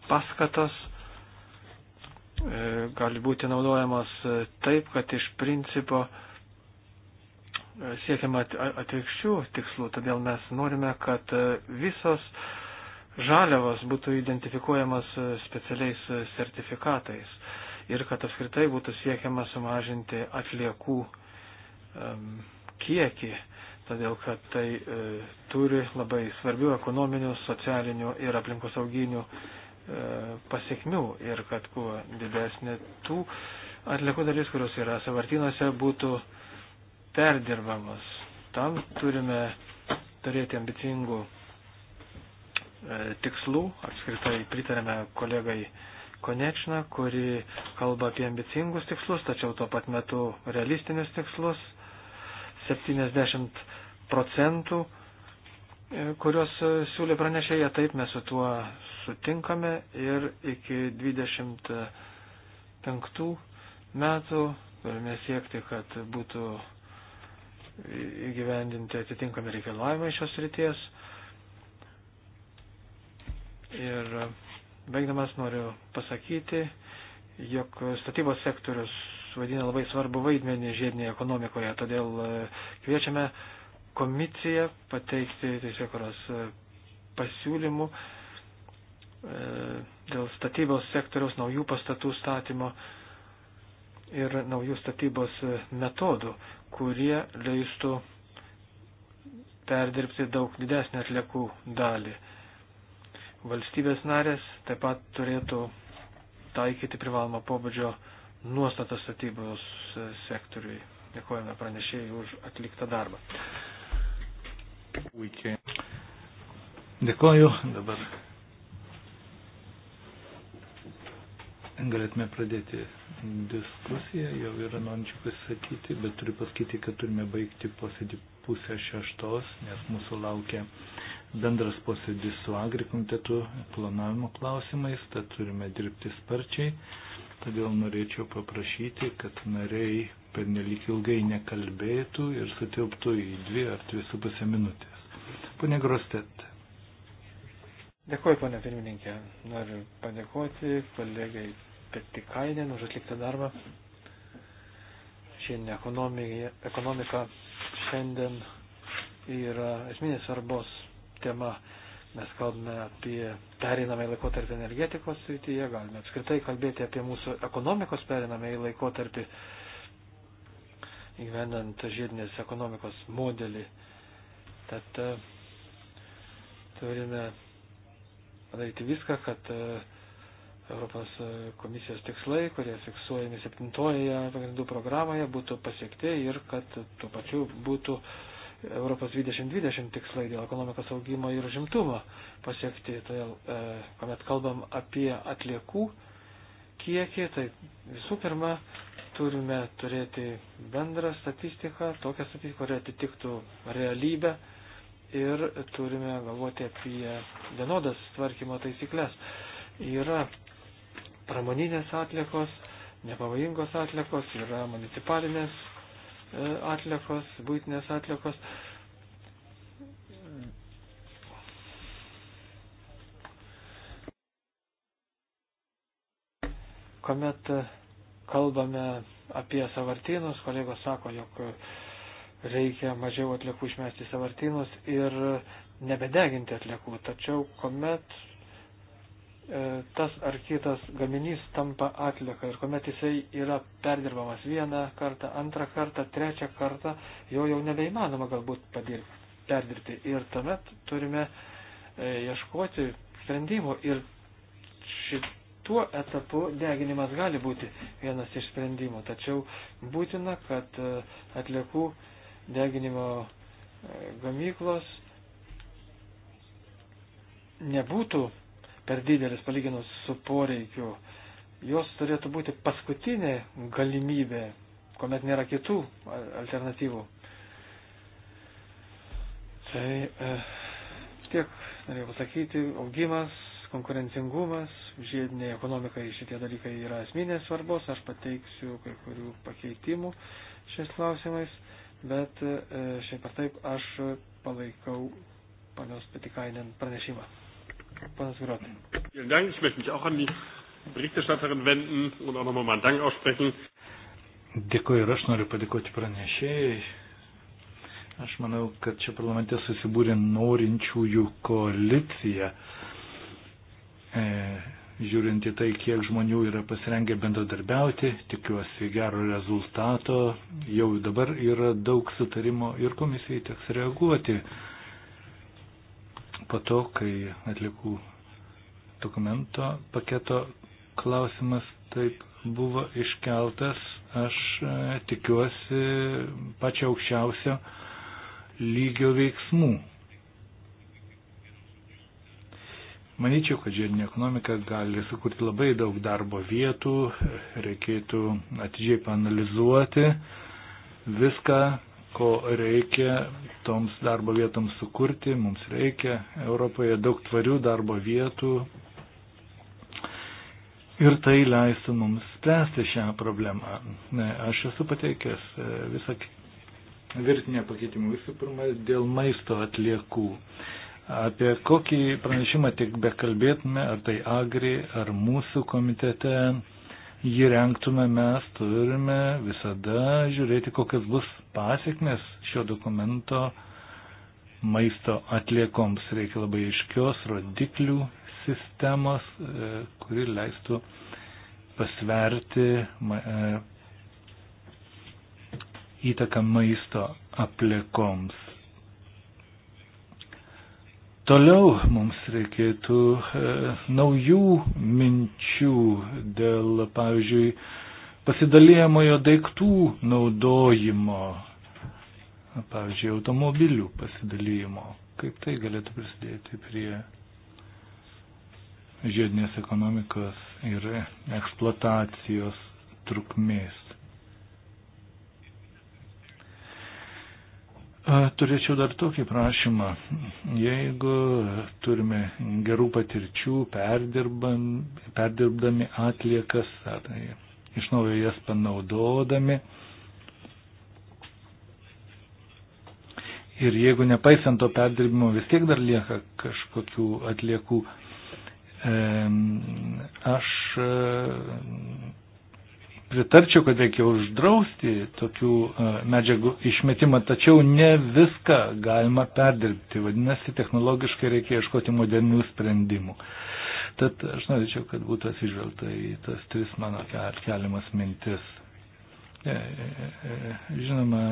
S2: paskatos e, gali būti naudojamos taip, kad iš principo siekiama atvirkščių tikslų, todėl mes norime, kad visos uh, žaliavos būtų identifikuojamas specialiais sertifikatais ir kad apskritai būtų siekiama sumažinti atliekų um, kiekį, todėl kad tai e, turi labai svarbių ekonominių, socialinių ir aplinkosauginių e, pasiekmių ir kad kuo didesnė tų atliekų dalis, kurios yra savartinuose, būtų perdirbamas. Tam turime turėti ambicingų E, tikslų. Apskritai pritarėme kolegai Konečna, kuri kalba apie ambicingus tikslus, tačiau tuo pat metu realistinius tikslus. 70 procentų, e, kuriuos siūlė pranešėja, taip mes su tuo sutinkame ir iki 25 metų turime siekti, kad būtų įgyvendinti atitinkami reikalavimai šios ryties. Ir e, baigdamas noriu pasakyti, jog statybos sektorius vadina labai svarbu vaidmenį žiedinėje ekonomikoje, todėl e, kviečiame komisiją pateikti teisėkuros e, pasiūlymų dėl statybos sektoriaus naujų pastatų statymo ir naujų statybos metodų, kurie leistų perdirbti daug didesnį atliekų dalį valstybės narės taip pat turėtų taikyti privalomą pobūdžio nuostatą statybos sektoriui. Dėkojame pranešėjai už atliktą darbą.
S1: Dėkoju. Dabar galėtume pradėti diskusiją. Jau yra norinčių pasakyti, bet turiu pasakyti, kad turime baigti posėdį pusę šeštos, nes mūsų laukia bendras posėdis su agrikomitetu planavimo klausimais, tad turime dirbti sparčiai. Todėl norėčiau paprašyti, kad nariai per nelik ilgai nekalbėtų ir sutilptų į dvi ar dvi su pusė minutės. Pone Grostet.
S2: Dėkuoju, ponė pirmininkė. Noriu padėkoti kolegai Petikainėn už atliktą darbą. Šiandien ekonomika, ekonomika šiandien yra esminės svarbos tema. Mes kalbame apie perinamąjį laikotarpį energetikos srityje, galime apskritai kalbėti apie mūsų ekonomikos perinamąjį laikotarpį, įgyvenant žiedinės ekonomikos modelį. Tad e, turime daryti viską, kad e, Europos komisijos tikslai, kurie fiksuojami septintoje pagrindų programoje, būtų pasiekti ir kad tuo pačiu būtų uh, Europos 2020 tikslai dėl ekonomikos augimo ir žimtumo pasiekti. Todėl, e, kuomet kalbam apie atliekų kiekį, tai visų pirma turime turėti bendrą statistiką, tokią statistiką, kuri atitiktų realybę ir turime galvoti apie vienodas tvarkymo taisyklės. Yra pramoninės atliekos, nepavojingos atliekos, yra municipalinės atlikos, būtinės atlikos. Komet kalbame apie savartynus, kolegos sako, jog reikia mažiau atliekų išmesti į savartynus ir nebedeginti atliekų. Tačiau, kuomet E, tas ar kitas gaminys tampa atlieka ir kuomet jisai yra perdirbamas vieną kartą, antrą kartą, trečią kartą, jo jau nebeįmanoma galbūt padirbti, perdirbti. Ir tuomet turime e, ieškoti sprendimų ir šituo etapu deginimas gali būti vienas iš sprendimų, tačiau būtina, kad e, atliekų deginimo gamyklos nebūtų per didelis palyginus su poreikiu. Jos turėtų būti paskutinė galimybė, kuomet nėra kitų alternatyvų. Tai e, tiek norėjau pasakyti, augimas, konkurencingumas, žiedinė ekonomika ir šitie dalykai yra esminės svarbos, aš pateiksiu kai kurių pakeitimų šiais klausimais, bet e, šiaip ar taip aš palaikau panios Petikainen pranešimą panas Grotin. Vielen Dank. Ich möchte mich auch an die Berichterstatterin wenden und auch nochmal meinen Dank aussprechen.
S1: Dėkuoju ir aš noriu padėkoti pranešėjai. Aš manau, kad čia parlamente susibūrė norinčiųjų koalicija. E, žiūrint į tai, kiek žmonių yra pasirengę bendradarbiauti, tikiuosi gero rezultato, jau dabar yra daug sutarimo ir komisijai teks reaguoti po to, kai atlikų dokumento paketo klausimas taip buvo iškeltas. Aš e, tikiuosi pačio aukščiausio lygio veiksmų. Manyčiau, kad žiedinė ekonomika gali sukurti labai daug darbo vietų, reikėtų atidžiai panalizuoti viską, ko reikia toms darbo vietoms sukurti. Mums reikia Europoje daug tvarių darbo vietų, ir tai leistų mums spręsti šią problemą. Ne, aš esu pateikęs e, visą virtinę pakeitimų, visų pirma, dėl maisto atliekų. Apie kokį pranešimą tik bekalbėtume, ar tai agri, ar mūsų komitete, jį renktume mes, turime visada žiūrėti, kokias bus pasiekmes šio dokumento maisto atliekoms. Reikia labai aiškios rodiklių sistemos, e, kuri leistų pasverti e, įtaką maisto aplikoms. Toliau mums reikėtų e, naujų minčių dėl, pavyzdžiui, pasidalėjamojo daiktų naudojimo, pavyzdžiui, automobilių pasidalymo. Kaip tai galėtų prisidėti prie žiedinės ekonomikos ir eksploatacijos trukmės. Turėčiau dar tokį prašymą. Jeigu turime gerų patirčių perdirbdami atliekas ar tai iš naujo jas panaudodami, ir jeigu nepaisant to perdirbimo vis tiek dar lieka kažkokių atliekų, Aš e, pritarčiau, kad reikia uždrausti tokių e, medžiagų išmetimą, tačiau ne viską galima perdirbti. Vadinasi, technologiškai reikia ieškoti modernių sprendimų. Tad aš norėčiau, kad būtų atsižvelgta į tas tris mano keliamas mintis. E, žinoma,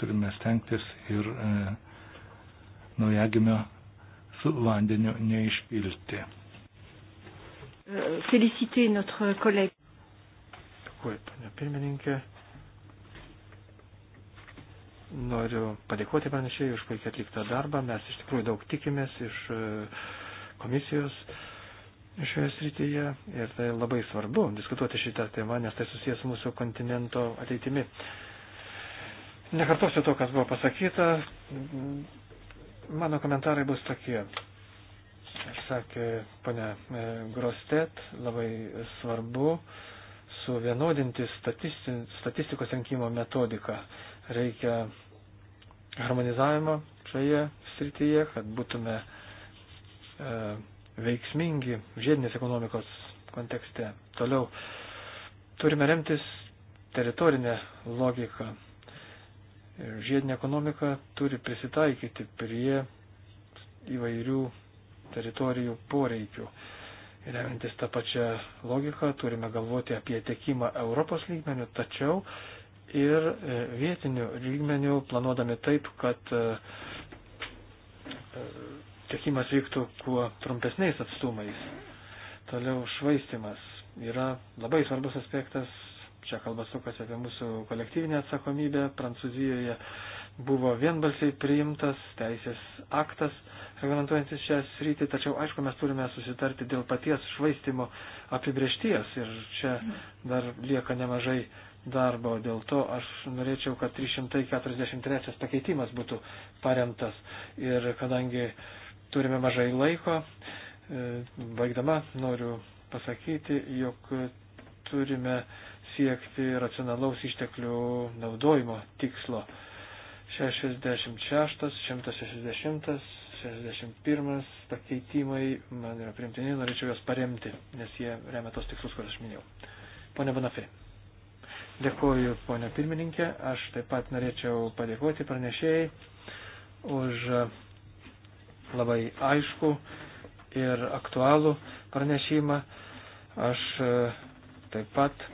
S1: turime stengtis ir naujagimio su vandeniu neišpilti.
S3: Euh, féliciter notre collègue.
S2: Dėkui, panė pirmininkė. Noriu padėkoti pranešėjai už puikiai atliktą darbą. Mes iš tikrųjų daug tikimės iš e, komisijos šioje srityje ir tai labai svarbu diskutuoti šitą temą, nes tai susijęs su mūsų kontinento ateitimi. Nekartosiu to, kas buvo pasakyta. Mano komentarai bus tokie sakė ponia e, Grostet, labai svarbu suvienodinti statistikos rinkimo metodiką. Reikia harmonizavimo šioje srityje, kad būtume e, veiksmingi žiedinės ekonomikos kontekste. Toliau turime remtis teritorinę logiką. Žiedinė ekonomika turi prisitaikyti prie įvairių teritorijų poreikių. Remiantis tą pačią logiką, turime galvoti apie tiekimą Europos lygmenių, tačiau ir e, vietinių lygmenių, planuodami taip, kad e, e, tiekimas vyktų kuo trumpesniais atstumais. Toliau švaistimas yra labai svarbus aspektas, čia kalba sukasi apie mūsų kolektyvinę atsakomybę, Prancūzijoje buvo vienbalsiai priimtas teisės aktas, reglamentuojantis šią sritį, tačiau aišku, mes turime susitarti dėl paties švaistimo apibriešties ir čia dar lieka nemažai darbo. Dėl to aš norėčiau, kad 343 pakeitimas būtų paremtas. Ir kadangi turime mažai laiko, e, baigdama noriu pasakyti, jog turime siekti racionalaus išteklių naudojimo tikslo. 66, 160, 61 pakeitimai man yra primtini, norėčiau juos paremti, nes jie remia tos tikslus, kur aš minėjau. Pone Banafė. Dėkuoju, ponė pirmininkė. Aš taip pat norėčiau padėkoti pranešėjai už labai aišku ir aktualų pranešimą. Aš taip pat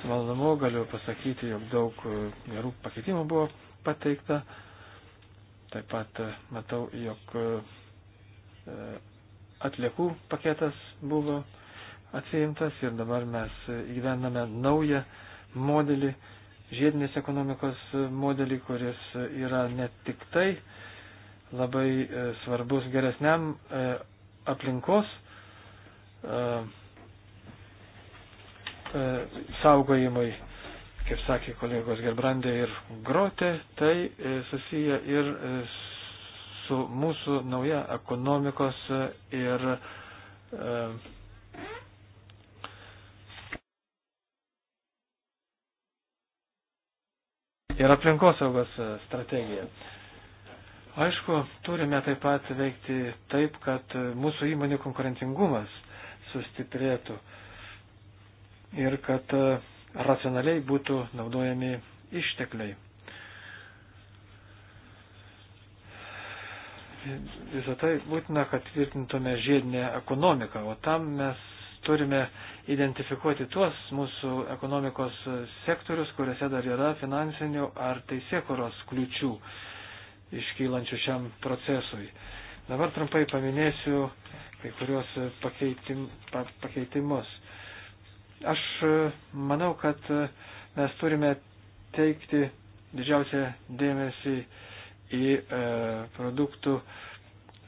S2: su malonumu galiu pasakyti, jog daug gerų pakeitimų buvo pateikta. Taip pat e, matau, jog e, e, atliekų paketas buvo atsiimtas ir dabar mes įgyvename naują modelį, žiedinės ekonomikos modelį, kuris yra ne tik tai labai svarbus geresniam aplinkos saugojimui kaip sakė kolegos Gerbrandė ir Grotė, tai e, susiję ir e, su mūsų nauja ekonomikos e, ir ir aplinkosaugos strategija. Aišku, turime taip pat veikti taip, kad mūsų įmonių konkurencingumas sustiprėtų ir kad uh, racionaliai būtų naudojami ištekliai. Visą tai būtina, kad tvirtintume žiedinę ekonomiką, o tam mes turime identifikuoti tuos mūsų ekonomikos sektorius, kuriuose dar yra finansinių ar teisėkuros kliučių iškylančių šiam procesui. Dabar trumpai paminėsiu kai kurios pakeitim, pa, pakeitimus. Aš e, manau, kad e, mes turime teikti didžiausią dėmesį į e, produktų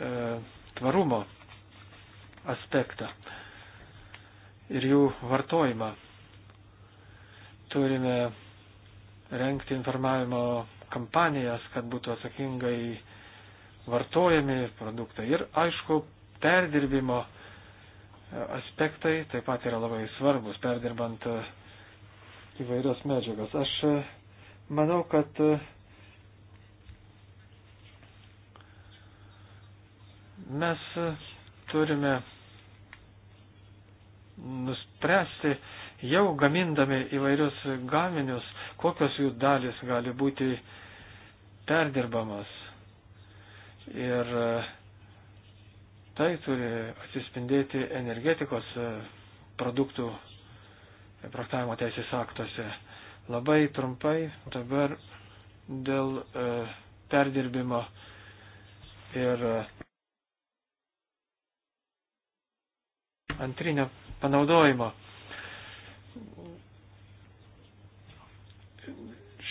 S2: e, tvarumo aspektą ir jų vartojimą. Turime renkti informavimo kampanijas, kad būtų atsakingai vartojami produktai ir, aišku, perdirbimo e, aspektai taip pat yra labai svarbus, perdirbant e, įvairias medžiagas. Aš e, manau, kad e, mes turime nuspręsti, jau gamindami įvairius gaminius, kokios jų dalis gali būti perdirbamas. Ir uh, Tai turi atsispindėti energetikos e, produktų e, projektavimo teisės aktuose. Labai trumpai dabar dėl e, perdirbimo ir e, antrinio panaudojimo.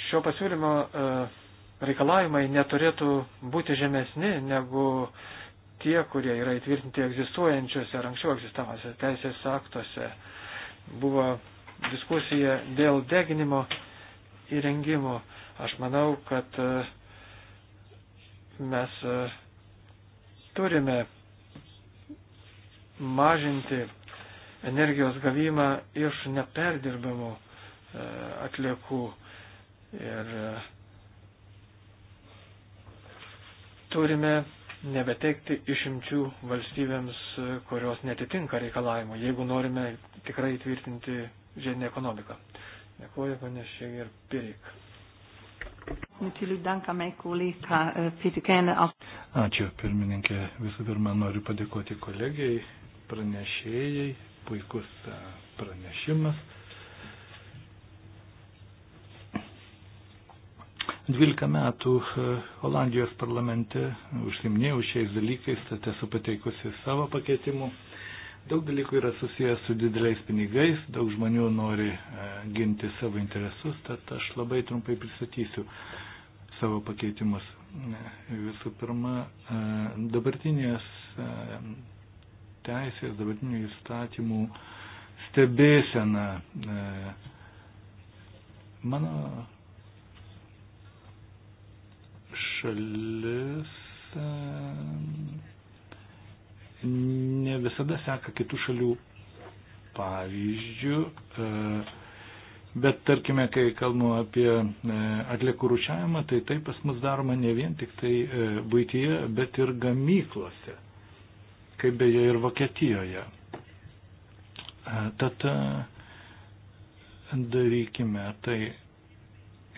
S2: Šio pasiūlymo e, reikalavimai neturėtų būti žemesni negu e, tie, kurie yra įtvirtinti egzistuojančiose ar anksčiau egzistavusiose teisės aktuose. Buvo diskusija dėl deginimo įrengimo. Aš manau, kad e, mes e, turime mažinti energijos gavimą iš neperdirbamų e, atliekų. Ir turime nebeteikti išimčių valstybėms, kurios netitinka reikalavimų, jeigu norime tikrai įtvirtinti žiedinę ekonomiką. Dėkuoju, panešė ir Pirik.
S3: E,
S1: Ačiū, pirmininkė. Visų pirma, noriu padėkoti kolegijai, pranešėjai, puikus e, pranešimas. 12 metų e, Olandijos parlamente užsimnėjau šiais dalykais, tad esu pateikusi savo pakeitimu. Daug dalykų yra susijęs su dideliais pinigais, daug žmonių nori e, ginti savo interesus, tad aš labai trumpai pristatysiu savo pakeitimus. E, visų pirma, dabartinės teisės, dabartinių įstatymų stebėsena. Mano šalis ne visada seka kitų šalių pavyzdžių, e, bet tarkime, kai kalbu apie e, atliekų rušiavimą, tai tai pas mus daroma ne vien tik tai e, būtyje, bet ir gamyklose, kaip beje ir Vokietijoje. Tad darykime tai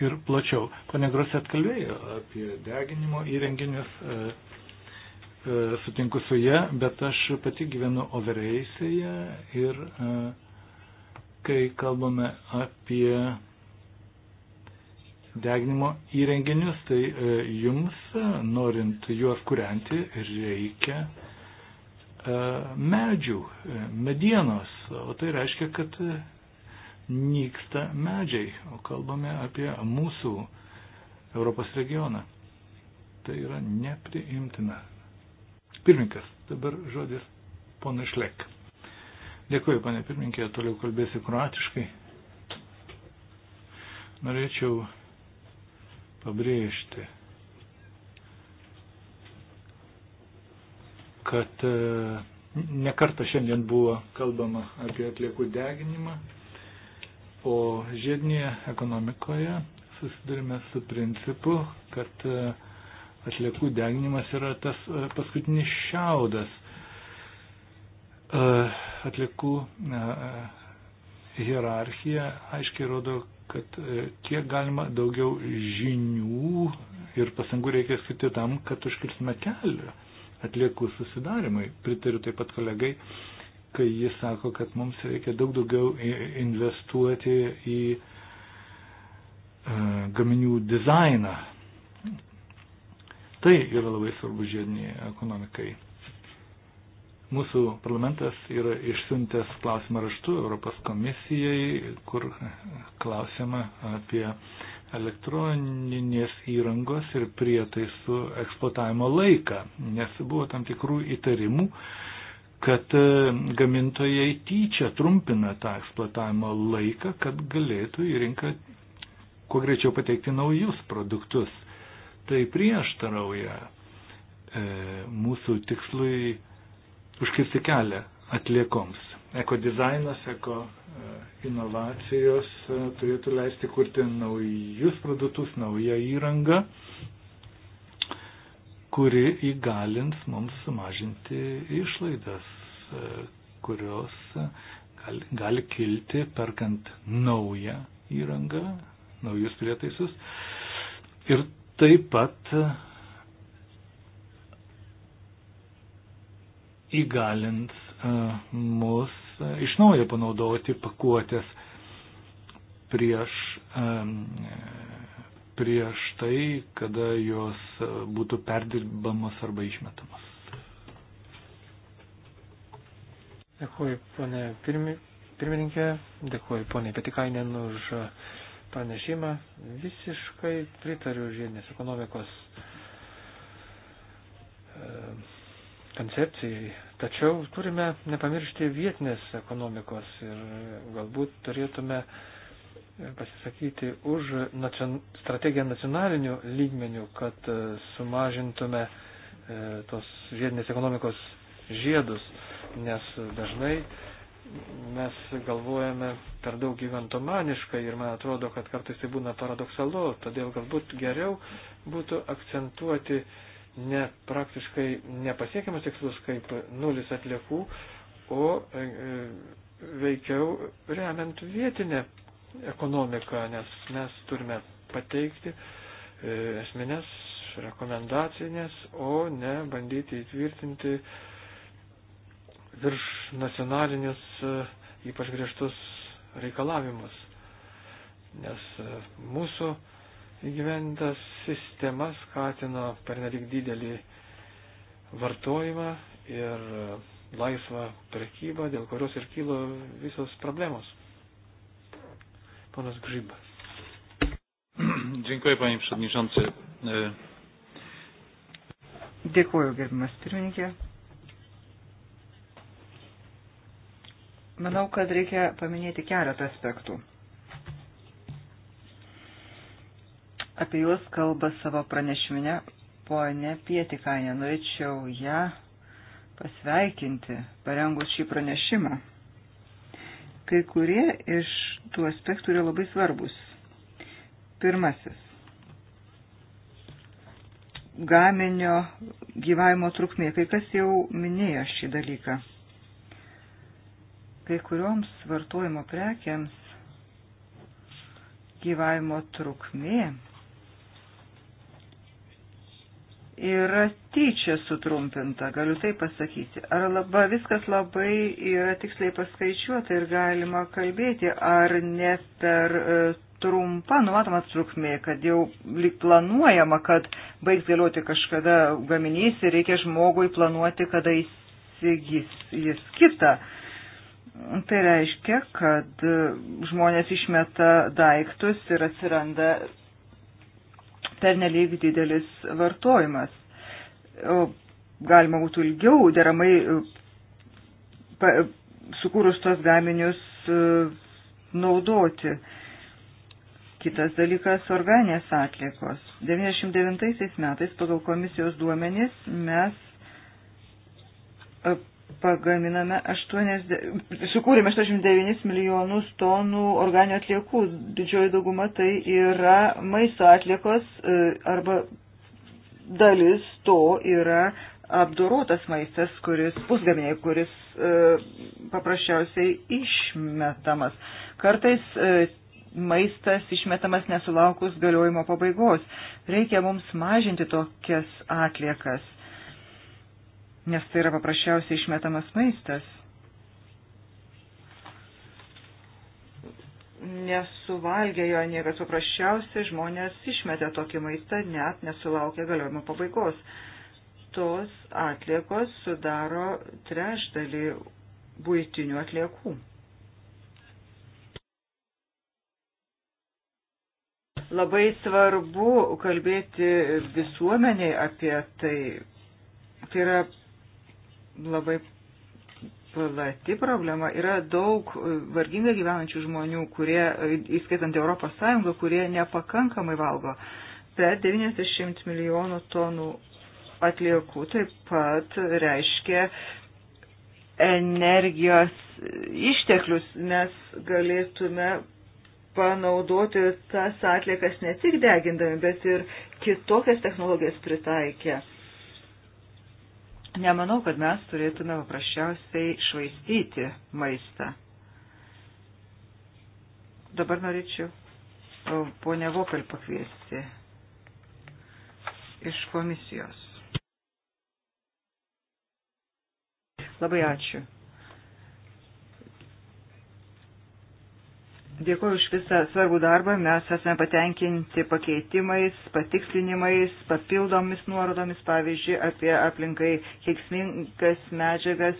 S1: ir plačiau. Pane Groset kalbėjo apie deginimo įrenginius, e, e, sutinku su ją, bet aš pati gyvenu Overeisėje ir e, kai kalbame apie deginimo įrenginius, tai e, jums, norint juos kurianti, reikia e, medžių, e, medienos, o tai reiškia, kad e, nyksta medžiai, o kalbame apie mūsų Europos regioną. Tai yra nepriimtina. Pirmininkas, dabar žodis ponai Šlek. Dėkuoju, panė pirmininkė, toliau kalbėsiu kroatiškai. Norėčiau pabrėžti, kad e, nekarta šiandien buvo kalbama apie atliekų deginimą O žiedinėje ekonomikoje susidurime su principu, kad e, atliekų deginimas yra tas e, paskutinis šiaudas. E, atliekų hierarchija aiškiai rodo, kad kiek galima daugiau žinių ir pasangų reikia skirti tam, kad užkirsime kelią atliekų susidarimui. Pritariu taip pat kolegai, kai jis sako, kad mums reikia daug daugiau investuoti į e, gaminių dizainą. Tai yra labai svarbu žiediniai ekonomikai. Mūsų parlamentas yra išsiuntęs klausimą raštu Europos komisijai, kur klausima apie elektroninės įrangos ir prietaisų eksploatavimo laiką, nes buvo tam tikrų įtarimų, uh, kad e, gamintojai tyčia trumpina tą eksploatavimo laiką, kad galėtų į rinką kuo greičiau pateikti naujus produktus. Tai prieštarauja e, mūsų tikslui užkirsti kelią atliekoms. Ekodizainas, eko e, inovacijos e, turėtų leisti kurti naujus produktus, naują įrangą, kuri įgalins mums sumažinti išlaidas, e, kurios e, gali, gali kilti perkant naują įrangą, naujus prietaisus. Ir taip pat e, įgalins mus iš naujo panaudoti pakuotės prieš prieš tai, kada jos e, būtų perdirbamos arba išmetamos.
S2: Dėkuoju, ponė pirmi, pirmininkė, dėkuoju, ponė Petikainen už pranešimą. Visiškai pritariu žiedinės ekonomikos e, koncepcijai. Tačiau turime nepamiršti vietinės ekonomikos ir galbūt turėtume uh, pasisakyti už strategiją nacionalinių lygmenių, kad e, sumažintume e, tos žiedinės ekonomikos žiedus, nes dažnai mes galvojame per daug gyventomaniškai ir man atrodo, kad kartais tai būna paradoksalu, todėl galbūt geriau būtų akcentuoti ne praktiškai nepasiekiamus tikslus kaip nulis atliekų, o e, veikiau remiant vietinę ekonomiką, nes mes turime pateikti e, esminės rekomendacinės, o ne bandyti įtvirtinti virš nacionalinius e, ypač griežtus reikalavimus. Nes e, mūsų įgyventas sistema skatino pernelik didelį vartojimą ir laisvą prekybą, dėl kurios ir kilo visos problemos.
S3: Ponas Gryba. Dziękuję, panie przewodniczący. Dėkuoju, gerbimas pirmininkė. Manau, kad reikia paminėti keletą aspektų. Apie juos kalba savo pranešminę ponė Pietikainė. Norėčiau ją pasveikinti, parengus šį pranešimą. Kai kurie iš tų aspektų yra labai svarbus. Pirmasis. Gaminio gyvavimo trukmė. Kai kas jau minėjo šį dalyką. Kai kurioms vartojimo prekiams gyvavimo trukmė yra tyčia sutrumpinta, galiu tai pasakyti. Ar laba, viskas labai yra tiksliai paskaičiuota ir galima kalbėti, ar ne per e, trumpa numatoma trukmė, kad jau lik planuojama, kad baigs galioti kažkada gaminys ir reikia žmogui planuoti, kada įsigys jis kitą. Tai reiškia, kad žmonės išmeta daiktus ir atsiranda pernelyg didelis vartojimas. O galima būtų ilgiau deramai e, pa, sukūrus tos gaminius e, naudoti. Kitas dalykas - organės atliekos. 99 metais pagal komisijos duomenys mes e, pagaminame 80, sukūrėme 89 milijonus tonų organinių atliekų. Didžioji dauguma tai yra maisto atliekos e, arba dalis to yra apdorotas maistas, kuris pusgaminiai, kuris e, paprasčiausiai išmetamas. Kartais e, maistas išmetamas nesulaukus galiojimo pabaigos. Reikia mums mažinti tokias atliekas nes tai yra paprasčiausiai išmetamas maistas. Nesuvalgė jo niekas paprasčiausiai, žmonės išmetė tokį maistą, net nesulaukė galiojimo pabaigos. Tos atliekos sudaro trešdalį būtinių atliekų. Labai svarbu kalbėti visuomeniai apie tai. Tai yra labai plati problema. Yra daug e, vargingai gyvenančių žmonių, kurie, e, įskaitant Europos Sąjungą, kurie nepakankamai valgo. Bet 90 milijonų tonų atliekų taip pat reiškia energijos išteklius. Mes galėtume panaudoti tas atliekas ne tik degindami, bet ir kitokias technologijas pritaikę Nemanau, kad mes turėtume paprasčiausiai švaistyti maistą. Dabar norėčiau ponę Vopel pakviesti iš komisijos. Labai ačiū. Dėkuoju už visą svarbų darbą. Mes esame patenkinti pakeitimais, patikslinimais, papildomis nuorodomis, pavyzdžiui, apie aplinkai keiksmingas medžiagas,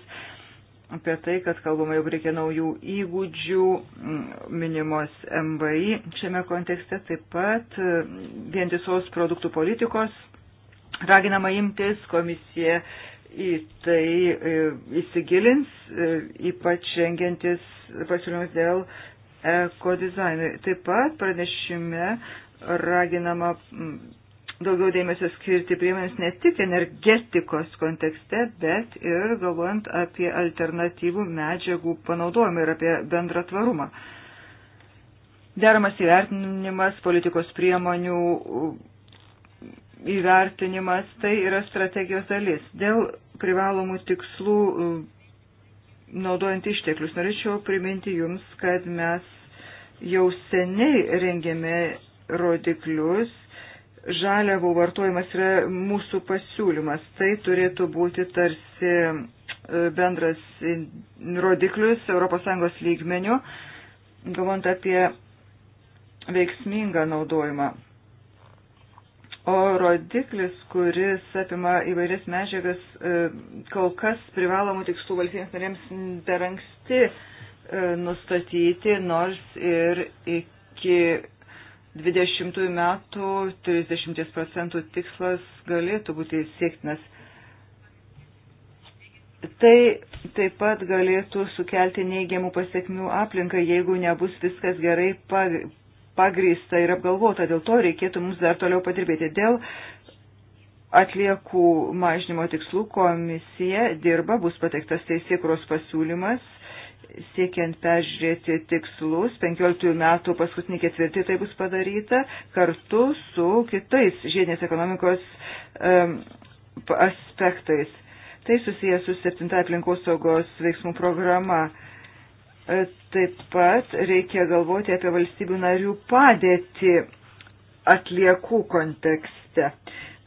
S3: apie tai, kad kalbama jau reikia naujų įgūdžių, mm, minimos MVI šiame kontekste, taip pat mm, vientisos produktų politikos raginama imtis, komisija į tai e, įsigilins, e, ypač rengiantis pasiūlymus dėl ekodizainui. Taip pat pranešime raginama mm, daugiau dėmesio skirti priemonės ne tik energetikos kontekste, bet ir galvojant apie alternatyvų medžiagų panaudojimą ir apie bendrą tvarumą. Deramas įvertinimas, politikos priemonių įvertinimas, tai yra strategijos dalis. Dėl privalomų tikslų naudojant išteklius. Norėčiau priminti Jums, kad mes jau seniai rengėme rodiklius. Žaliavų vartojimas yra mūsų pasiūlymas. Tai turėtų būti tarsi e, bendras rodiklius ES lygmenių, galvant apie veiksmingą naudojimą. O rodiklis, kuris apima įvairias medžiagas, e, kol kas privalomų tikslų valstybėms narėms per anksti e, nustatyti, nors ir iki 20 metų 30 procentų tikslas galėtų būti siektinas. Tai taip pat galėtų sukelti neigiamų pasiekmių aplinkai, jeigu nebus viskas gerai pagrįsta ir apgalvota, dėl to reikėtų mums dar toliau padirbėti. Dėl atliekų mažnymo tikslų komisija dirba, bus pateiktas teisėkros pasiūlymas, siekiant peržiūrėti tikslus, 15 metų paskutinį ketvirtį tai bus padaryta, kartu su kitais žiedinės ekonomikos um, aspektais. Tai susijęs su 7 aplinkosaugos veiksmų programa. Uh, E, taip pat reikia galvoti apie valstybių narių padėtį atliekų kontekste.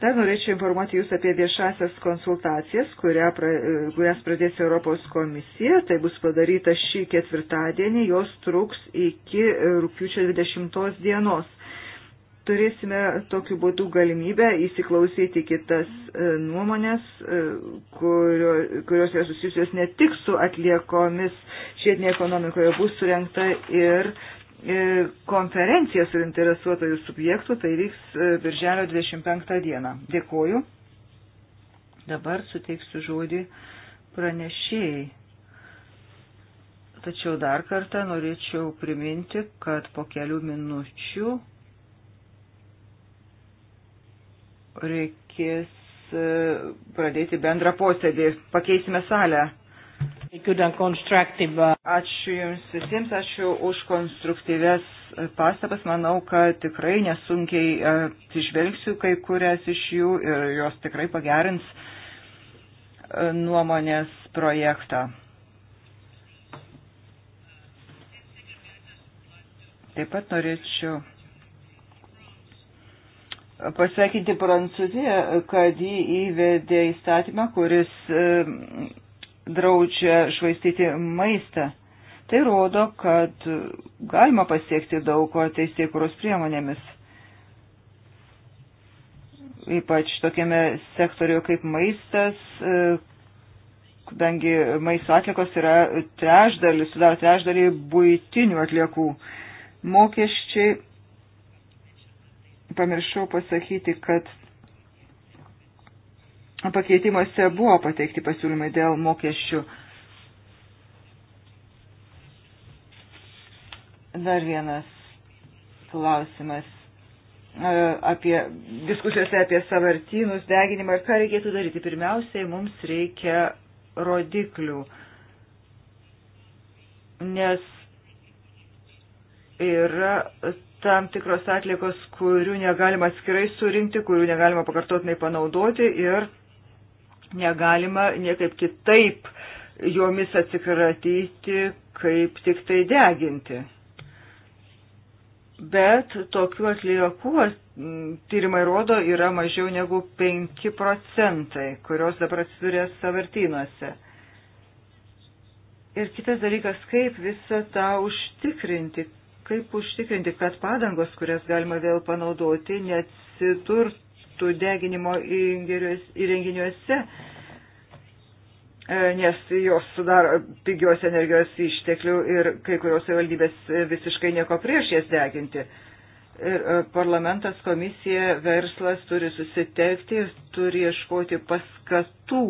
S3: Dar norėčiau informuoti Jūs apie viešasias konsultacijas, kurią, e, kurias pradės Europos komisija. Tai bus padaryta šį ketvirtadienį, jos truks iki rūpiučio 20 dienos turėsime tokiu būdu galimybę įsiklausyti kitas e, nuomonės, e, kurio, kurios yra susijusios ne tik su atliekomis žiedinėje ekonomikoje, bus surinkta ir e, konferencija suinteresuotojų subjektų, tai vyks birželio 25 dieną. Dėkoju. Dabar suteiksiu žodį pranešėjai. Tačiau dar kartą norėčiau priminti, kad po kelių minučių reikės e, pradėti bendrą posėdį. Pakeisime salę. Uh, ačiū Jums visiems, ačiū už konstruktyves pastabas. Manau, kad tikrai nesunkiai e, atsižvelgsiu kai kurias iš jų ir jos tikrai pagerins e, nuomonės projektą. Taip pat norėčiau pasveikinti Prancūziją, kad jį įvedė įstatymą, kuris e, draudžia švaistyti maistą. Tai rodo, kad galima pasiekti daug ko teisėkuros priemonėmis. Ypač tokiame sektoriu kaip maistas, e, kadangi maisto atlikos yra trešdalis, sudaro trešdalį būtinių atliekų. Mokesčiai pamiršau pasakyti, kad pakeitimuose buvo pateikti pasiūlymai dėl mokesčių. Dar vienas klausimas e, apie diskusijose apie savartynus, deginimą ir ką reikėtų daryti. Pirmiausiai mums reikia rodiklių, nes yra tam tikros atliekos, kurių negalima atskirai surinkti, kurių negalima pakartotinai panaudoti ir negalima niekaip kitaip jomis atsikratyti, kaip tik tai deginti. Bet tokių atliekų tyrimai rodo yra mažiau negu 5 procentai, kurios dabar atsiduria savartynuose. Ir kitas dalykas, kaip visą tą užtikrinti, Kaip užtikrinti, kad padangos, kurias galima vėl panaudoti, neatsidurtų deginimo įrenginiuose, e, nes jos sudaro pigios energijos išteklių ir kai kurios valdybės visiškai nieko prieš jas deginti. Ir e, parlamentas, komisija, verslas turi susitelkti ir turi ieškoti paskatų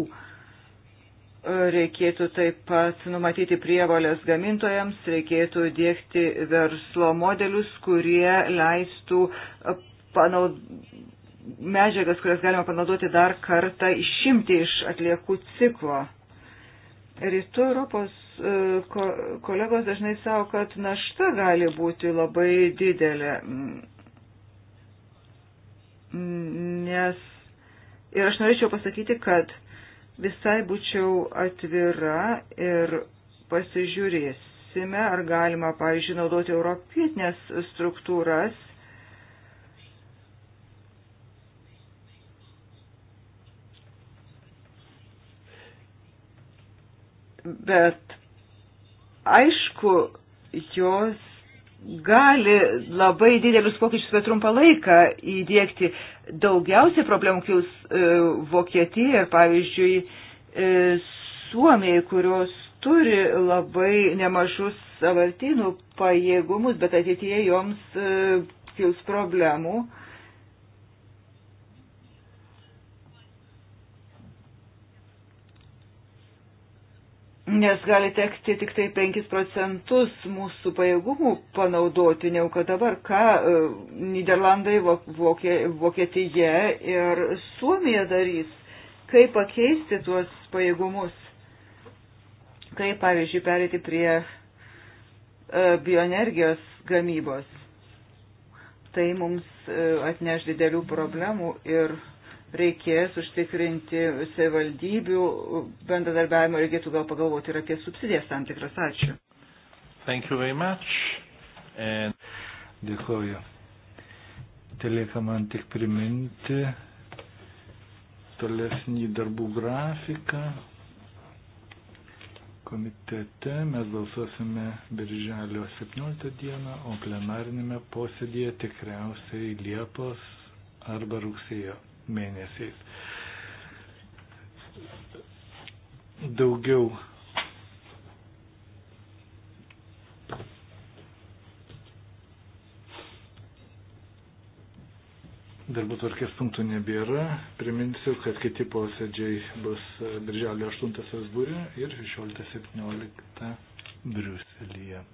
S3: Reikėtų taip pat numatyti prievalės gamintojams, reikėtų dėkti verslo modelius, kurie leistų e, panaud... medžiagas, kurias galima panaudoti dar kartą, išimti iš atliekų ciklo. Rytų Europos e, kolegos dažnai savo, kad našta gali būti labai didelė. Nes ir aš norėčiau pasakyti, kad Visai būčiau atvira ir pasižiūrėsime, ar galima, pavyzdžiui, naudoti europietinės struktūras. Bet aišku, jos gali labai didelius pokyčius per trumpą laiką įdėkti. Daugiausiai problemų kils e, Vokietija ir, pavyzdžiui, e, Suomija, kurios turi labai nemažus savartynų pajėgumus, bet ateityje joms e, kils problemų. E, nes gali tekti tik tai 5 procentus mūsų pajėgumų panaudoti, ne jau kad dabar, ką e, Niderlandai, Vokietija ir Suomija darys, kaip pakeisti tuos pajėgumus, kaip pavyzdžiui perėti prie e, bioenergijos gamybos. Tai mums e, atneš didelių problemų ir reikės užtikrinti savivaldybių bendradarbiavimą, reikėtų gal pagalvoti ir apie subsidijas tam tikras. Ačiū.
S1: Thank you very much. And... Dėkuoju. Telieka man tik priminti tolesnį darbų grafiką. Komitete mes balsuosime birželio 17 dieną, o plenarinėme posėdėje tikriausiai Liepos arba rugsėjo mėnesiais. Daugiau Darbų tvarkės punktų nebėra. Priminsiu, kad kiti posėdžiai bus birželio 8 Sasbūrė ir 16-17 Briuselėje.